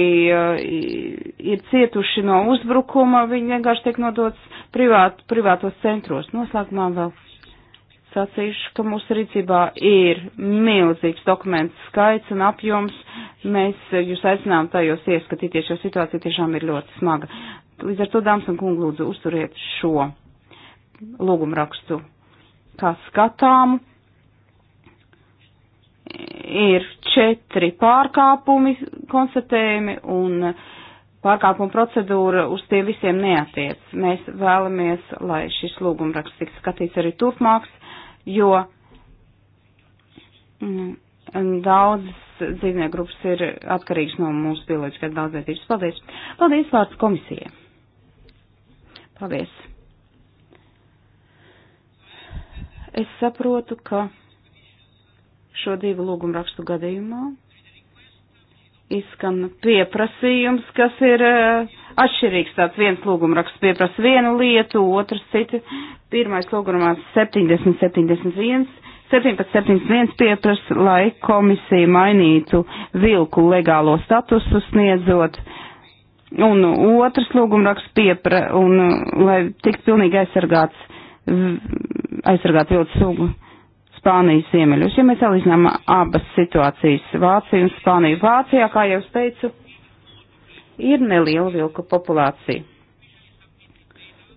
ir cietuši no uzbrukuma, viņi vienkārši tiek nodots privāt, privātos centros. Noslēgumā vēl sacīšu, ka mūsu rīcībā ir milzīgs dokumentu skaits un apjoms. Mēs jūs aicinām tajos ieskatīties, jo situācija tiešām ir ļoti smaga. Līdz ar to, dāmas un kungi, lūdzu uzturiet šo lūgumrakstu kā skatāmu. Ir četri pārkāpumi konstatējumi un pārkāpuma procedūra uz tiem visiem neatiec. Mēs vēlamies, lai šis lūgumraksts tiks skatīts arī turpmāks jo mm, daudzas dzīvnieku grupas ir atkarīgas no mūsu bioloģiskās daudzveidības. Paldies! Paldies vārds komisijai! Paldies! Es saprotu, ka šo divu lūgumu rakstu gadījumā izskan pieprasījums, kas ir uh, atšķirīgs. Tāds viens lūgumraksts pieprasa vienu lietu, otrs citu. Pirmais lūgumraksts 7071. 1771 pieprasa, lai komisija mainītu vilku legālo statusu sniedzot. Un otrs lūgumraksts piepra, un uh, lai tiktu pilnīgi aizsargāts, aizsargāt vilku sugu. Spānijas ziemeļus. Ja mēs salīdzinām abas situācijas, Vāciju un Spāniju, Vācijā, kā jau es teicu, ir neliela vilku populācija.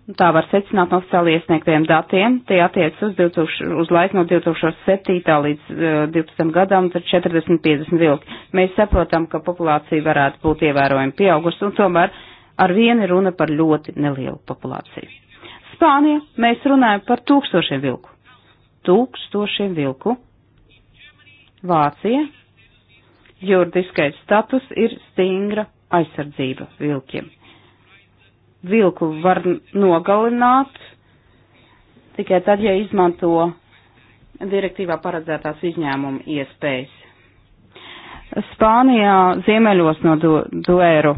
Nu, tā var secināt no oficiāli iesniegtiem datiem. Tie attiec uz, 2000, uz laiku no 2007. līdz uh, eh, 12 gadam, tad 40-50 vilki. Mēs saprotam, ka populācija varētu būt ievērojami pieaugusi, un tomēr ar vienu runa par ļoti nelielu populāciju. Spānija mēs runājam par tūkstošiem vilku. Tūkstošiem vilku. Vācija juridiskais status ir stingra aizsardzība vilkiem. Vilku var nogalināt tikai tad, ja izmanto direktīvā paredzētās izņēmuma iespējas. Spānijā ziemeļos no du Duēru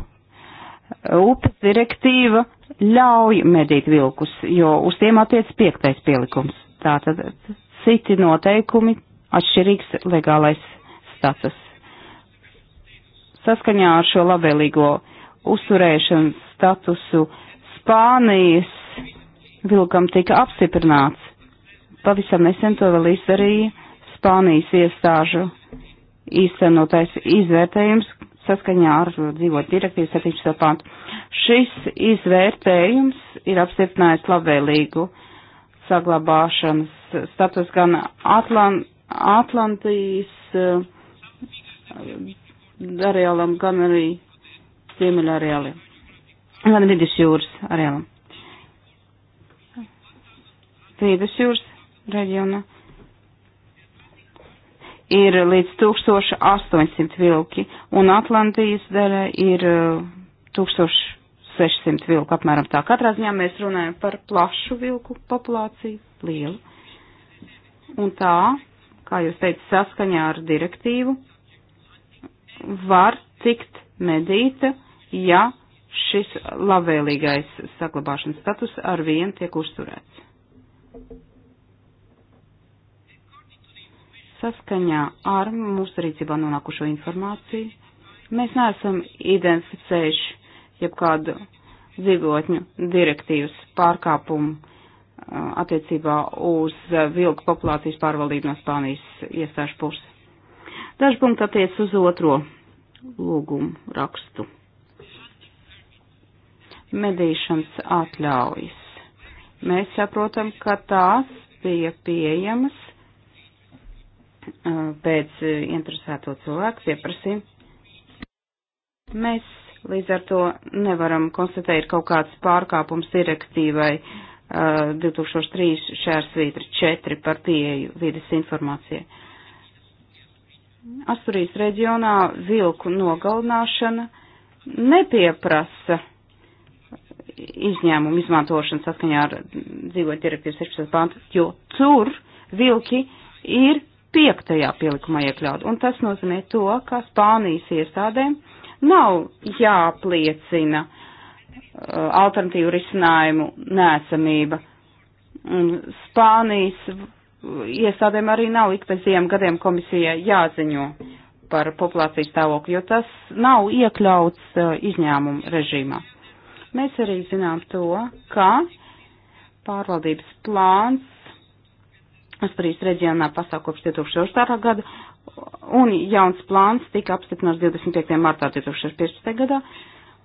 upes direktīva ļauj medīt vilkus, jo uz tiem attiec piektais pielikums. Tātad citi noteikumi, atšķirīgs legālais status. Saskaņā ar šo labvēlīgo uzturēšanas statusu Spānijas vilkam tika apstiprināts. Pavisam nesen to vēl izdarīja Spānijas iestāžu īstenotais izvērtējums saskaņā ar dzīvot direktīvu 17. pāntu. Šis izvērtējums ir apstiprinājis labvēlīgu saglabāšanas status gan Atlant Atlantijas eh, arēlam, gan arī ziemeļa arēliem, gan vidusjūras arēlam. Vidusjūras reģionā ir līdz 1800 vilki, un Atlantijas daļa ir 1600 uh, vilku apmēram tā. Katrā ziņā mēs runājam par plašu vilku populāciju, lielu. Un tā, kā jūs teicat, saskaņā ar direktīvu var tikt medīta, ja šis labvēlīgais saglabāšanas status ar vienu tiek uzturēts. Saskaņā ar mūsu rīcībā nonākušo informāciju mēs neesam identificējuši jebkādu dzīvotņu direktīvas pārkāpumu uh, attiecībā uz vilku populācijas pārvaldību no Spānijas iestāžu puses. Daži punkti attiec uz otro lūgumu rakstu. Medīšanas atļaujas. Mēs saprotam, ka tās bija pieejamas pēc interesēto cilvēku pieprasījuma. Mēs līdz ar to nevaram konstatēt kaut kāds pārkāpums direktīvai 2003 šērsvītra 4 par pieeju vides informācijai. Asturijas reģionā vilku nogalināšana nepieprasa izņēmumu izmantošanu saskaņā ar dzīvot direktīvas 16. pantu, jo tur vilki ir piektajā pielikumā iekļaut. Un tas nozīmē to, ka Spānijas iestādēm nav jāpliecina uh, alternatīvu risinājumu nēsamība. Un Spānijas iestādēm arī nav ik pēc diviem gadiem komisija jāziņo par populācijas stāvokli, jo tas nav iekļauts uh, izņēmumu režīmā. Mēs arī zinām to, ka pārvaldības plāns Asparijas reģionā pasāk kopš 2004. gada, un jauns plāns tika apstiprināts 25. martā 2015. gadā,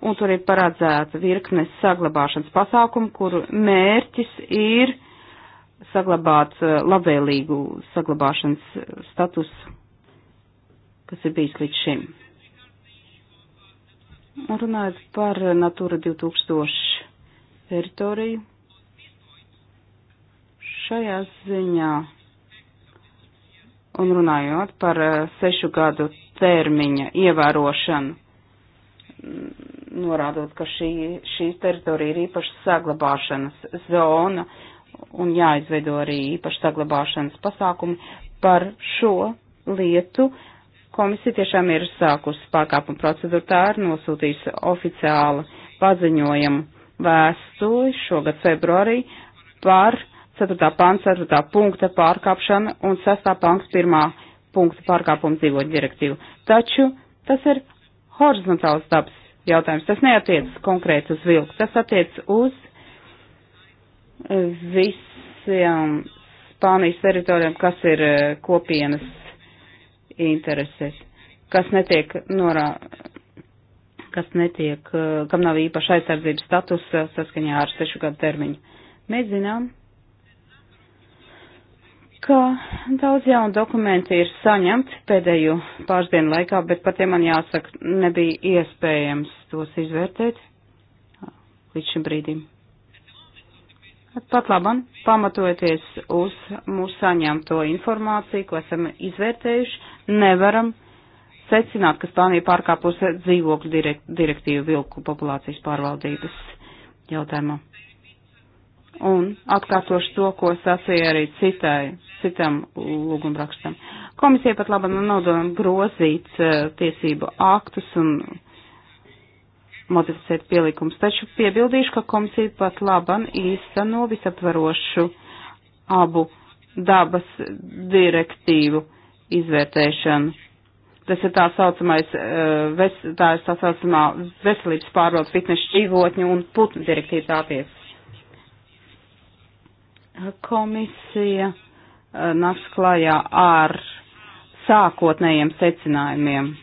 un tur ir paredzēta virknes saglabāšanas pasākumu, kuru mērķis ir saglabāt eh, labvēlīgu saglabāšanas eh, status, kas ir bijis līdz šim. Un runājot par Natura 2000 teritoriju, šajā ziņā un runājot par eh, sešu gadu termiņa ievērošanu, mm, norādot, ka šī, šī teritorija ir īpaši saglabāšanas zona, uh, un jāizveido arī īpaši saglabāšanas pasākumi par šo lietu. Komisija tiešām ir sākusi pārkāpuma procedūru, tā ir nosūtījusi oficiālu paziņojumu vēstuli šogad februārī par 4. pāns 4. punkta pārkāpšanu un 6. pāns 1. punkta pārkāpumu dzīvot direktīvu. Taču tas ir horizontāls dabas jautājums. Tas neatiec konkrēti uz vilku, tas attiec uz visiem Spānijas teritorijām, kas ir eh, kopienas intereses, kas netiek norā, kas netiek, eh, kam nav īpaša aizsardzības status saskaņā ar sešu gadu termiņu. Mēs zinām, ka daudz jaunu dokumentu ir saņemti pēdējo pāris dienu laikā, bet par tiem man jāsaka, nebija iespējams tos izvērtēt līdz šim brīdim. Pat labam, pamatojoties uz mūsu saņemto informāciju, ko esam izvērtējuši, nevaram secināt, ka Spānija pārkāpus dzīvokļu direkt, direktīvu vilku populācijas pārvaldības jautājumā. Un atkārtošu to, ko sasīja arī citai, citam lūgumrakstam. Komisija pat labam nodoma grozīt uh, tiesību aktus un modificēt pielikums, taču piebildīšu, ka komisija pat laban īsteno visaptvarošu abu dabas direktīvu izvērtēšanu. Tas ir tā saucamais, eh, ves, tā ir tā saucamā veselības pārbaudas fitnes šķīvotņu un putnu direktīva tāpies. Komisija eh, nāks klajā ar sākotnējiem secinājumiem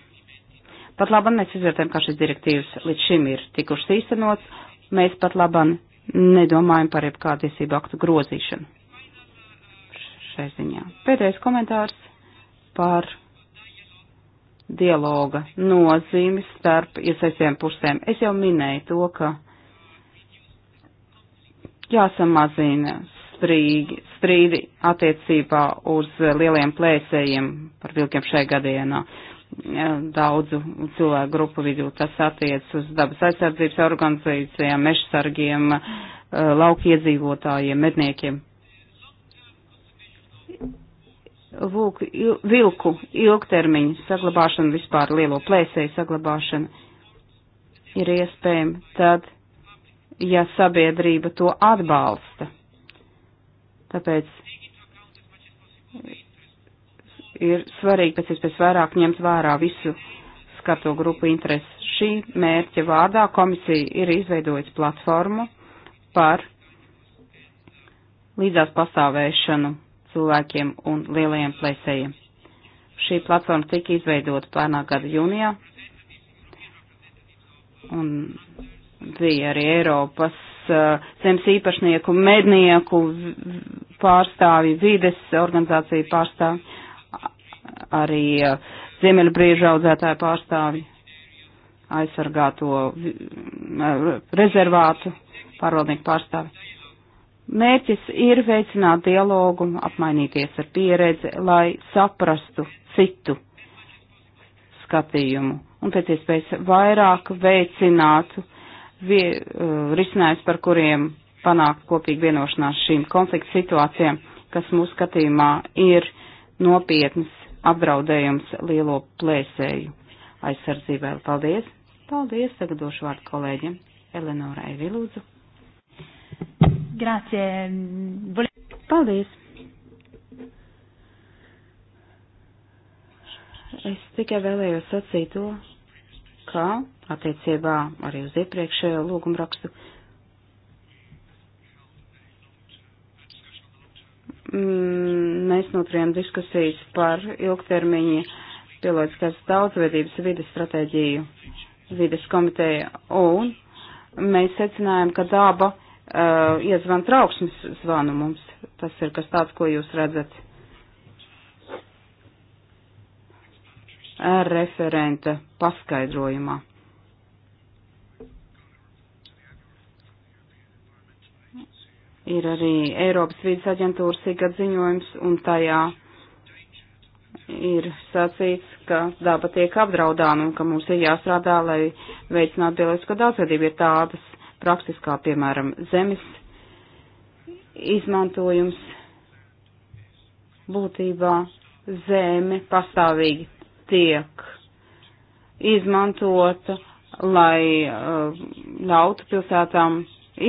Pat labam mēs izvērtējam, kā šīs direktīvas līdz šim ir tikušas īstenots. Mēs pat labam nedomājam par jebkādu tiesību aktu grozīšanu šai ziņā. Pēdējais komentārs par dialoga nozīmi starp iesaistiem pusēm. Es jau minēju to, ka jāsamazina strīgi, strīdi attiecībā uz lieliem plēsējiem par vilkiem šai gadienā daudzu cilvēku grupu vidū. Tas attiec uz dabas aizsardzības organizācijām, mešsargiem, eh, laukiedzīvotājiem, medniekiem. Lūk, il, vilku ilgtermiņu saglabāšana, vispār lielo plēsēju saglabāšana ir iespējama tad, ja sabiedrība to atbalsta. Tāpēc ir svarīgi pēc iespējas vairāk ņemt vērā visu skatu grupu interesi. Šī mērķa vārdā komisija ir izveidojusi platformu par līdzās pastāvēšanu cilvēkiem un lielajiem plēsējiem. Šī platforma tika izveidota pērnā gada jūnijā un bija arī Eiropas uh, zemes īpašnieku, mednieku pārstāvi, vides organizāciju pārstāvi. Uh, arī eh, ziemeļu brieža audzētāju pārstāvi aizsargāto eh, rezervātu pārvaldnieku pārstāvi. Mērķis ir veicināt dialogu, apmainīties ar pieredzi, lai saprastu citu skatījumu un pēc iespējas vairāk veicinātu vie, uh, eh, risinājums, par kuriem panākt kopīgi vienošanās šīm konflikta situācijām, kas mūsu skatījumā ir nopietnas apdraudējums lielo plēsēju aizsardzībai. Paldies! Paldies! Tagad došu vārdu kolēģiem Eleonorai Vilūdzu. Grācie! Paldies! Es tikai vēlējos sacīt to, ka attiecībā arī uz iepriekšējo lūgumrakstu rakstu Mm, mēs noturējām diskusijas par ilgtermiņa pilotiskās daudzvedības vides stratēģiju vides komiteja un mēs secinājām, ka daba uh, iezvan trauksmes zvanu mums. Tas ir kas tāds, ko jūs redzat. Referenta paskaidrojumā. Ir arī Eiropas vīdes aģentūras ikgad ziņojums, un tajā ir sacīts, ka daba tiek apdraudāma un ka mums ir jāstrādā, lai veicinātu bioloģisko daudzveidību. Ir tādas prakses kā, piemēram, zemes izmantojums būtībā zeme pastāvīgi tiek izmantota, lai uh, ļautu pilsētām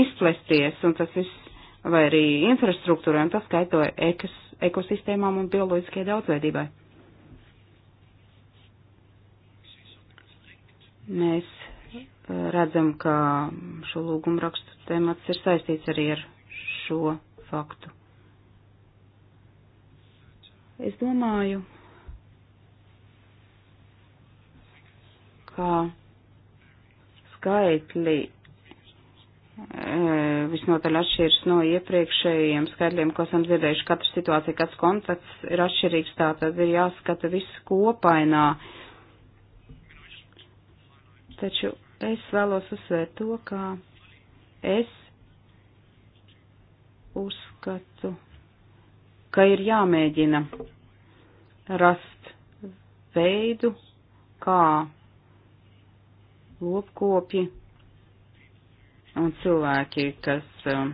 izplesties, un tas viss vai arī infrastruktūrai, un tas skaitoja ekos, ekosistēmām un bioloģiskajai daudzveidībai. Mēs eh, redzam, ka šo lūgumu rakstu temats ir saistīts arī ar šo faktu. Es domāju, ka skaitļi visnotaļ atšķiras no iepriekšējiem skaidriem, ko esam dzirdējuši. Katra situācija, kāds konteksts ir atšķirīgs, tā tad ir jāskata viss kopainā. Taču es vēlos uzsvērt to, kā es uzskatu, ka ir jāmēģina rast veidu, kā lopkopji un cilvēki, kas um,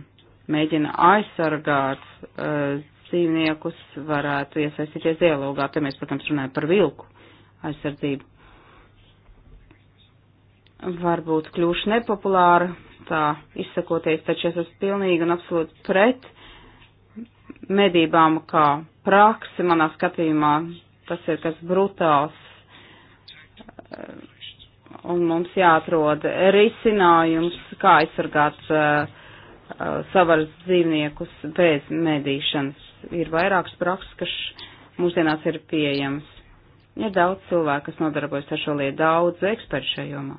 mēģina aizsargāt uh, dzīvniekus, varētu iesaistīties dialogā. Te mēs, protams, runājam par vilku aizsardzību. Varbūt kļūšu nepopulāra, tā izsakoties, taču es esmu pilnīgi un absolūti pret medībām kā praksi manā skatījumā. Tas ir kas brutāls un mums jāatrod risinājums, kā aizsargāt uh, uh, savas dzīvniekus bez medīšanas. Ir vairākas prakses, kas mūsdienās ir pieejamas. Ir daudz cilvēku, kas nodarbojas ar šo lietu, daudz ekspertu šajā jomā.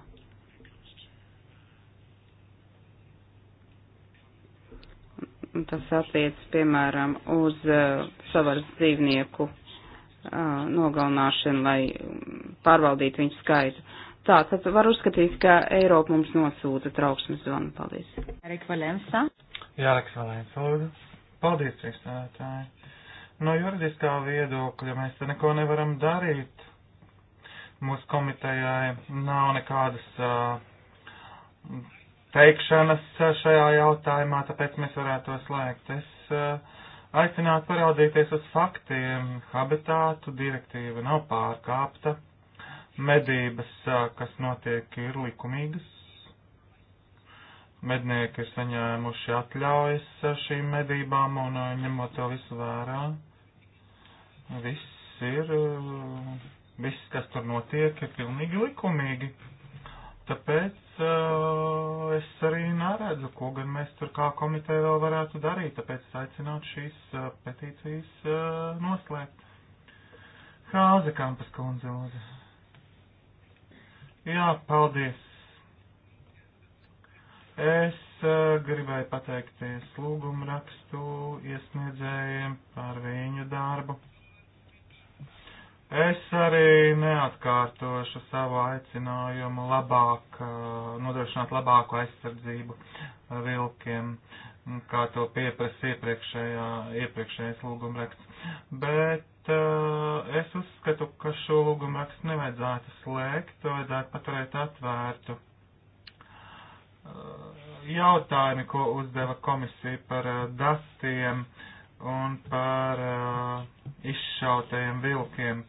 Tas attiec, piemēram, uz uh, savas dzīvnieku uh, nogalināšanu, lai um, pārvaldītu viņu skaitu. Uh, Tā, tad var uzskatīt, ka Eiropa mums nosūta trauksmes zonu. Paldies. Erika Valensa. Jā, Erika Valensa, lūdzu. Paldies, priekšstādātāji. No juridiskā viedokļa mēs te neko nevaram darīt. Mūsu komitejai nav nekādas uh, teikšanas šajā jautājumā, tāpēc mēs varētu to slēgt. Es uh, aicinātu paraudzīties uz faktiem. Habitātu direktīva nav pārkāpta medības, kas notiek, ir likumīgas. Mednieki ir saņēmuši atļaujas šīm medībām un ņemot to visu vērā. Viss ir, viss, kas tur notiek, ir pilnīgi likumīgi. Tāpēc uh, es arī neredzu, ko gan mēs tur kā komiteja vēl varētu darīt, tāpēc aicināt šīs uh, petīcijas uh, noslēgt. Kāze Kampas kundze, lūdzu. Jā, paldies. Es uh, gribēju pateikties lūgumu rakstu iesniedzējiem par viņu darbu. Es arī neatkārtošu savu aicinājumu labāk, uh, nodrošināt labāku aizsardzību vilkiem, kā to pieprasa iepriekšējais lūgumraksts. Bet uh, es uzskatu, ka šo lūgumu rakstu nevajadzētu slēgt, to vajadzētu paturēt atvērtu. Uh, jautājumi, ko uzdeva komisija par uh, dastiem un par uh, izšautajiem vilkiem.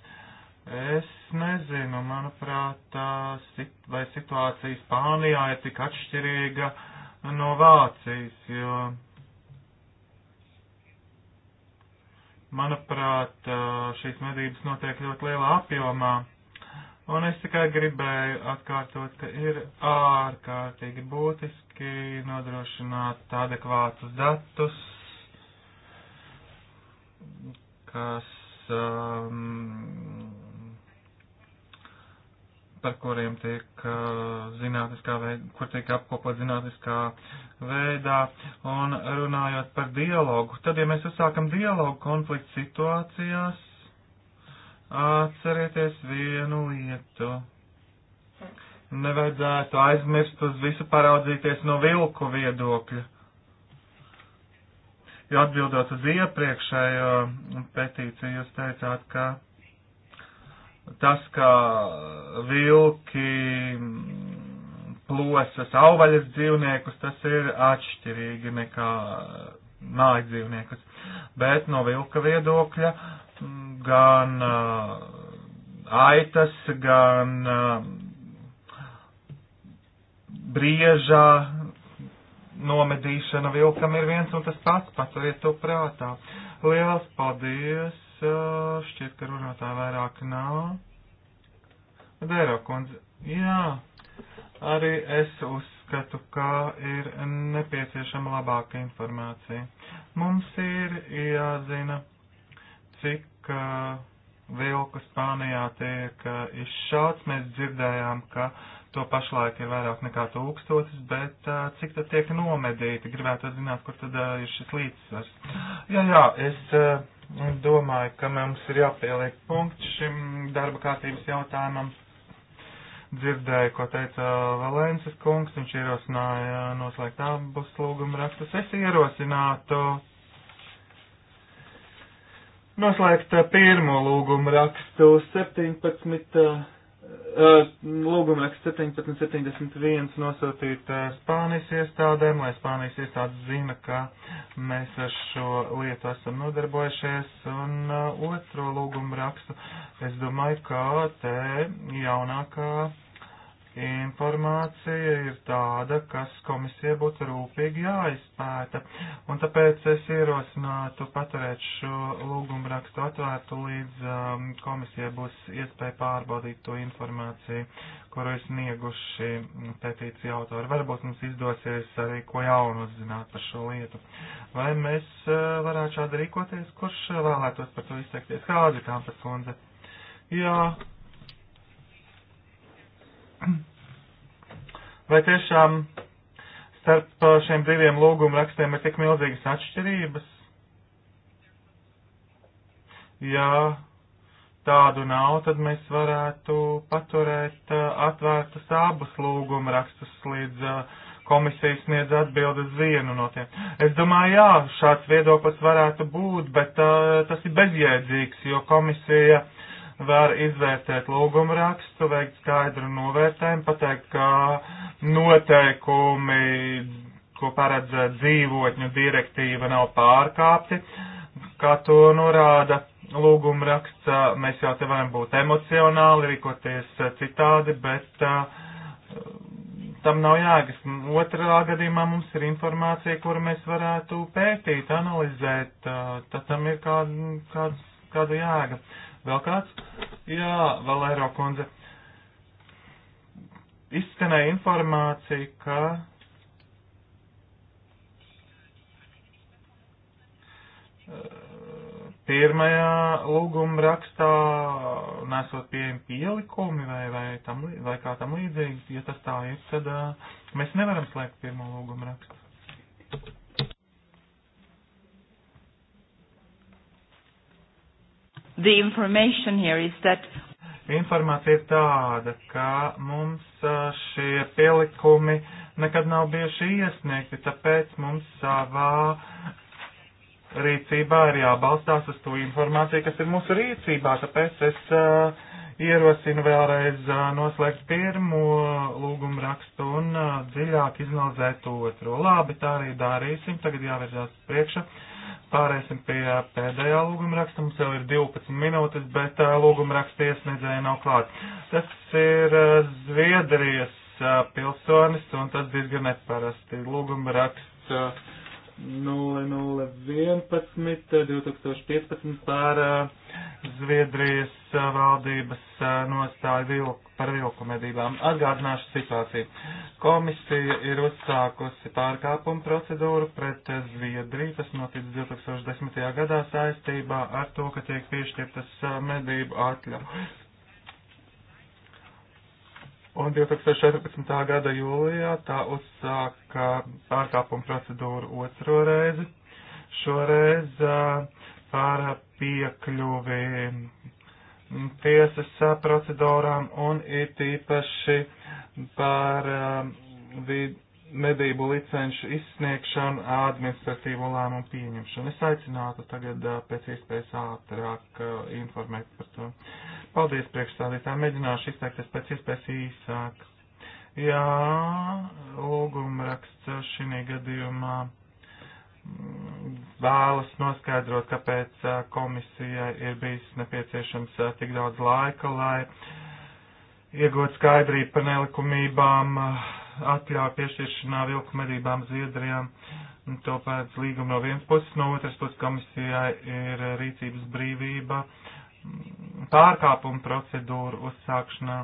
Es nezinu, manuprāt, uh, sit, vai situācija Spānijā ir tik atšķirīga no Vācijas, jo. Uh, Manuprāt, šīs medības notiek ļoti lielā apjomā. Un es tikai gribēju atkārtot, ka ir ārkārtīgi būtiski nodrošināt adekvātus datus, kas um, par kuriem tiek uh, zinātniskā veidā, kur tiek apkopot zinātniskā veidā, un runājot par dialogu. Tad, ja mēs uzsākam dialogu konflikts situācijās, atcerieties vienu lietu. Nevajadzētu aizmirst uz visu paraudzīties no vilku viedokļa. Jo atbildot uz iepriekšējo petīciju, jūs teicāt, ka tas, ka vilki mm, plosas auvaļas dzīvniekus, tas ir atšķirīgi nekā mm, mājas dzīvniekus. Bet no vilka viedokļa mm, gan uh, aitas, gan uh, briežā nomedīšana vilkam ir viens un tas pats, paturiet to prātā. Lielas paldies! šķiet, ka runātāja vairāk nav. Vēro kundze, jā, arī es uzskatu, ka ir nepieciešama labāka informācija. Mums ir jāzina, cik uh, vilku Spānijā tiek uh, izšauts. Mēs dzirdējām, ka to pašlaik ir vairāk nekā tūkstotis, bet uh, cik tad tiek nomedīti? Gribētu zināt, kur tad uh, ir šis līdzsvars. Jā, jā, es. Uh, domāju, ka mums ir jāpieliek punkts šim darba kārtības jautājumam. Dzirdēju, ko teica Valences kungs, viņš ierosināja noslēgt abus lūguma rakstus. Es ierosinātu noslēgt pirmo lūguma rakstu 17. Lūgumraksts 1771 nosūtīt Spānijas iestādēm, lai Spānijas iestādes zina, ka mēs ar šo lietu esam nodarbojušies. Un otro lūgumrakstu, es domāju, kā te jaunākā Informācija ir tāda, kas komisija būtu rūpīgi jāizpēta, un tāpēc es ierosinātu paturēt šo lūgumu rakstu atvērtu, līdz um, komisija būs iespēja pārbaudīt to informāciju, kuru ir snieguši pētīcija autori. Varbūt mums izdosies arī ko jaunu uzzināt par šo lietu. Vai mēs uh, varētu šādi rīkoties? Kurš uh, vēlētos par to izteikties? Kāda ir kampaskundze? Jā. Vai tiešām starp šiem diviem lūgumu rakstiem ir tik milzīgas atšķirības? Ja tādu nav, tad mēs varētu paturēt eh, atvērtas abas lūgumu rakstus līdz uh, eh, komisija sniedz atbildi uz vienu no tiem. Es domāju, jā, šāds viedoklis varētu būt, bet uh, tas ir bezjēdzīgs, jo komisija uh, var izvērtēt lūgumu rakstu, veikt skaidru novērtējumu, pateikt, ka noteikumi, ko paredz dzīvotņu direktīva, nav pārkāpti, kā to norāda lūgumu raksts. Mēs jau te varam būt emocionāli, rīkoties citādi, bet eh, tam nav jēgas. Otrā gadījumā mums ir informācija, kuru mēs varētu pētīt, analizēt, eh, tad tam ir kāda, kāda, kāda jēga. Uh, Vēl kāds? Jā, Valēro kundze. Izskanēja informācija, ka pirmajā lūguma rakstā nesot pieejami pielikumi vai, vai, tam, vai kā tam līdzīgi. Ja tas tā ir, tad uh, mēs nevaram slēgt pirmo lūguma rakstu. the information here is that Informācija ir tāda, ka mums šie pielikumi nekad nav bijuši iesniegti, tāpēc mums savā rīcībā ir jābalstās uz to informāciju, kas ir mūsu rīcībā, tāpēc es uh, ierosinu vēlreiz noslēgt pirmo lūgumu rakstu un dziļāk iznaudzēt otro. Labi, tā arī darīsim. Tagad jāvirzās priekšā. Pārēsim pie uh, pēdējā lūguma raksta. Mums jau ir 12 minūtes, bet uh, lūguma raksta iesniedzēja nav klāt. Tas ir uh, Zviedrijas pilsonis, un tas diezgan neparasti. Lūguma raksts 0011 2015 par Zviedrijas uh, valdības uh, nostāju vilku, par vilku medībām. Atgādināšu situāciju. Komisija ir uzsākusi pārkāpumu procedūru pret uh, Zviedriju, tas noticis 2010. gadā saistībā ar to, ka tiek piešķirtas medību atļaujas un 2014. gada jūlijā tā uzsāka pārkāpumu procedūru otro reizi. Šoreiz par piekļuvi tiesas procedūrām un it īpaši par vidu medību licenšu izsniegšanu, administratīvo lēmumu pieņemšanu. Es aicinātu tagad pēc iespējas ātrāk informēt par to. Paldies, priekšstādītāji. Mēģināšu izteikties pēc iespējas īsāk. Jā, lūguma raksts šī gadījumā mm, vēlas noskaidrot, kāpēc komisijai ir bijis nepieciešams tik daudz laika, lai iegūtu skaidrību par nelikumībām, atļauju piešķiršanā vilku medībām Zviedrijām. To pēc līguma no vienas puses, no otras puses komisijai ir rīcības brīvība. Uh, pārkāpumu procedūru uzsākšanā.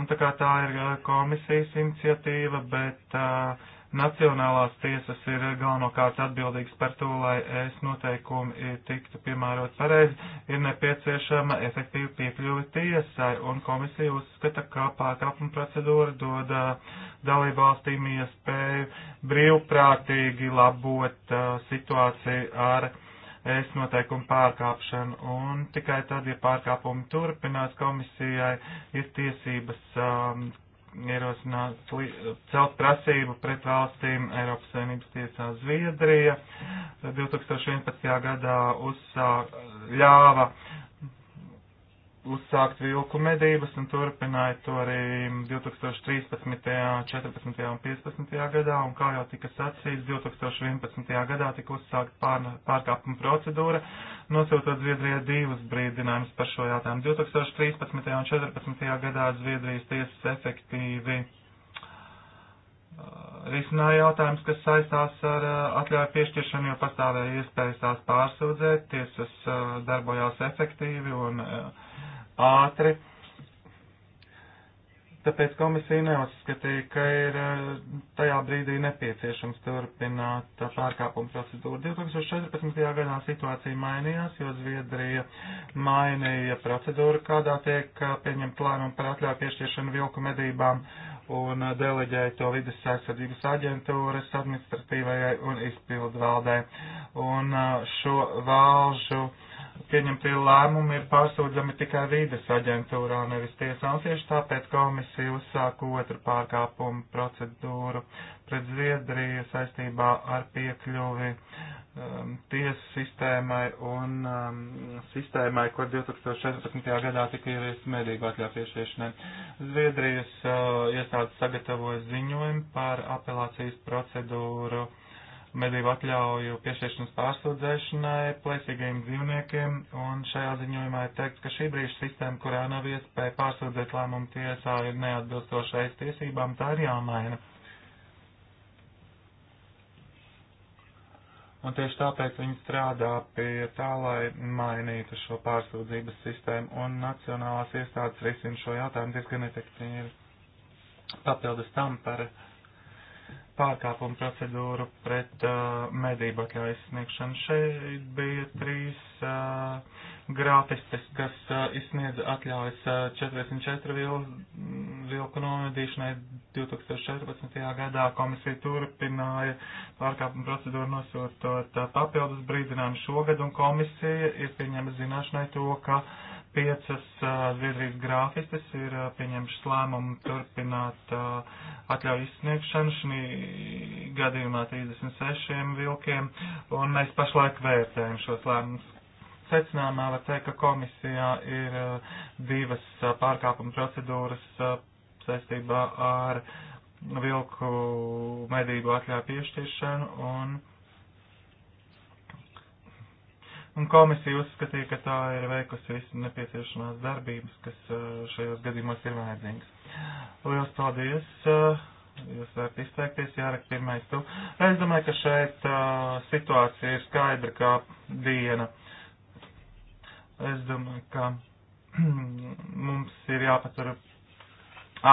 Un tā kā tā ir eh, komisijas iniciatīva, bet uh, nacionālās tiesas ir galvenokārt atbildīgas par to, lai es noteikumi tiktu piemērot pareizi, ir nepieciešama efektīva piekļuve tiesai, un komisija uzskata, ka pārkāpuma procedūra dod eh, dalībvalstīm iespēju brīvprātīgi labot uh, situāciju ar uh, es noteikumu pārkāpšanu, un tikai tad, ja pārkāpumi turpinās, komisijai ir tiesības um, ierosināt, celt prasību pret valstīm Eiropas Savienības tiesā Zviedrija. 2011. gadā uzsā ļāva uzsākt vilku medības un turpināja to arī 2013., 14. un 15. gadā, un kā jau tika sacīts, 2011. gadā tika uzsākt pār, pārkāpuma procedūra, nosūtot Zviedrijai divus brīdinājumus par šo jautājumu. 2013. un 2014. gadā Zviedrijas tiesas efektīvi uh, risināja jautājumus, kas saistās ar uh, atļauju piešķiršanu, jo pastāvēja iespējas tās pārsūdzēt, tiesas uh, darbojās efektīvi un uh, ātri. Tāpēc komisija neuzskatīja, ka ir eh, tajā brīdī nepieciešams turpināt pārkāpumu procedūru. 2014. gadā situācija mainījās, jo Zviedrija mainīja procedūru, kādā tiek eh, pieņemt lēmumu par atļauju piešķiršanu vilku medībām un eh, deleģēja to vidas aizsardzības aģentūras administratīvajai un izpildu valdē. Un šo valžu pieņemtie lēmumi ir pārsūdzami tikai vīdes aģentūrā, nevis tiesā, un tieši tāpēc komisija uzsāka otru pārkāpumu procedūru pret Zviedriju saistībā ar piekļuvi um, tiesu sistēmai un um, sistēmai, kur 2016. gadā tika ieviest medīgu atļaupiešiešanai. Zviedrijas uh, iestādes sagatavoja ziņojumu par apelācijas procedūru uh, medību atļauju piešķiršanas pārsūdzēšanai, plēsīgajiem dzīvniekiem, un šajā ziņojumā ir teikts, ka šī brīža sistēma, kurā nav iespēja pārsūdzēt lēmumu tiesā, ir neatbilstošais tiesībām, tā ir jāmaina. Un tieši tāpēc viņi strādā pie tā, lai mainītu šo pārsūdzības sistēmu, un nacionālās iestādes risina šo jautājumu diezgan efektīvi. Papildus tam par uh, pārkāpumu procedūru pret uh, medību atļaujas sniegšanu. Šeit bija trīs uh, grāfistes, kas uh, izsniedza atļaujas uh, 44 vil, vilku nomedīšanai 2014. gadā. Komisija turpināja pārkāpumu procedūru nosūtot uh, papildus brīdinājumu šogad, un komisija ir pieņēma zināšanai to, ka uh, piecas Zviedrijas grāfistes ir pieņemšas lēmumu turpināt atļauju izsniegšanu šī gadījumā 36 vilkiem, un mēs pašlaik vērtējam šos lēmumus. Secinājumā var teikt, ka komisijā ir divas pārkāpuma procedūras saistībā ar vilku medību atļauju piešķiršanu un un komisija uzskatīja, ka tā ir veikusi visu nepieciešamās darbības, kas eh, šajos gadījumos ir vajadzīgas. Lielas paldies! Eh, jūs varat izteikties, Jārek, pirmais tu. Es domāju, ka šeit uh, situācija ir skaidra kā diena. Es domāju, ka mums ir jāpatur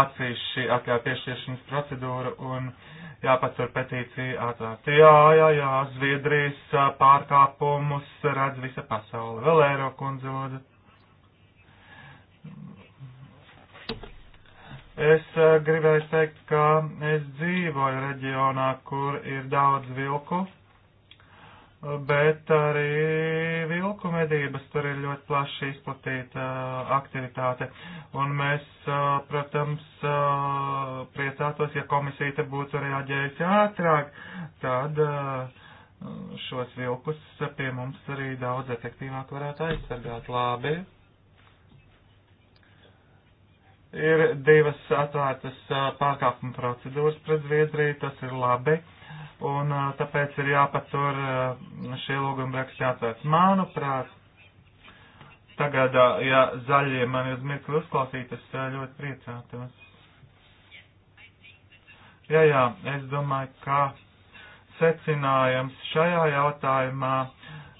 acīs šī atļauja piešķiršanas procedūra un uh, jāpatur petīcija atvērta. Jā, jā, jā, Zviedrijas pārkāpumus redz visa pasaule. Vēl Eiro kundze lūdzu. Es gribēju teikt, ka es dzīvoju reģionā, kur ir daudz vilku bet arī vilku medības tur ir ļoti plaši izplatīta uh, aktivitāte. Un mēs, uh, protams, uh, priecātos, ja komisija te būtu reaģējusi ātrāk, tad šos vilkus pie mums arī daudz efektīvāk varētu aizsargāt. Labi. Ir divas atvērtas pārkāpuma procedūras pret Zviedriju, tas ir labi. Uh, un tāpēc ir jāpatur šie lūgumi raksti atvērts. Manuprāt, tagad, ja zaļie mani uz mirkli uzklausīt, es ļoti priecātos. Jā, jā, es domāju, ka secinājums šajā jautājumā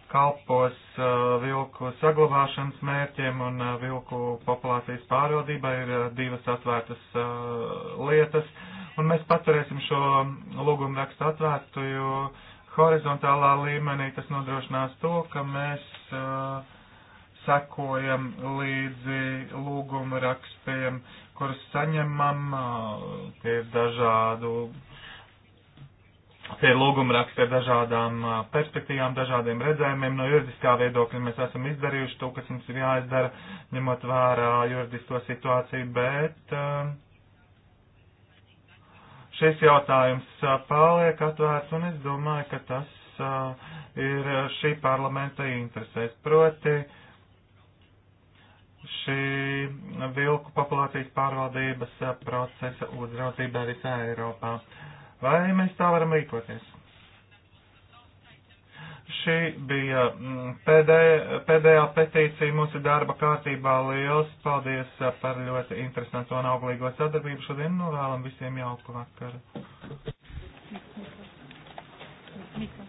kalpos uh, vilku saglabāšanas mērķiem un uh, vilku populācijas pārvaldībai ir uh, divas atvērtas uh, lietas. Uh, Un mēs paturēsim šo lūgumu rakstu atvērtu, jo horizontālā līmenī tas nodrošinās to, ka mēs uh, sekojam līdzi lūgumu rakstiem, kurus saņemam, uh, tie ir dažādu, tie ir lūgumu raksti ar dažādām uh, perspektīvām, dažādiem redzējumiem. No juridiskā viedokļa mēs esam izdarījuši to, kas mums ir jāizdara, ņemot vērā juridisko situāciju, bet uh, šis jautājums paliek atvērts, un es domāju, ka tas ir šī parlamenta interesēs. Proti, šī vilku populācijas pārvaldības procesa uzraudzība visā Eiropā. Vai mēs tā varam rīkoties? Šī bija pēdē, mm, pēdējā petīcija mūsu darba kārtībā. Liels paldies uh, par ļoti interesantu un auglīgo sadarbību. Šodien novēlam visiem jauku vakaru. Mikro. Mikro.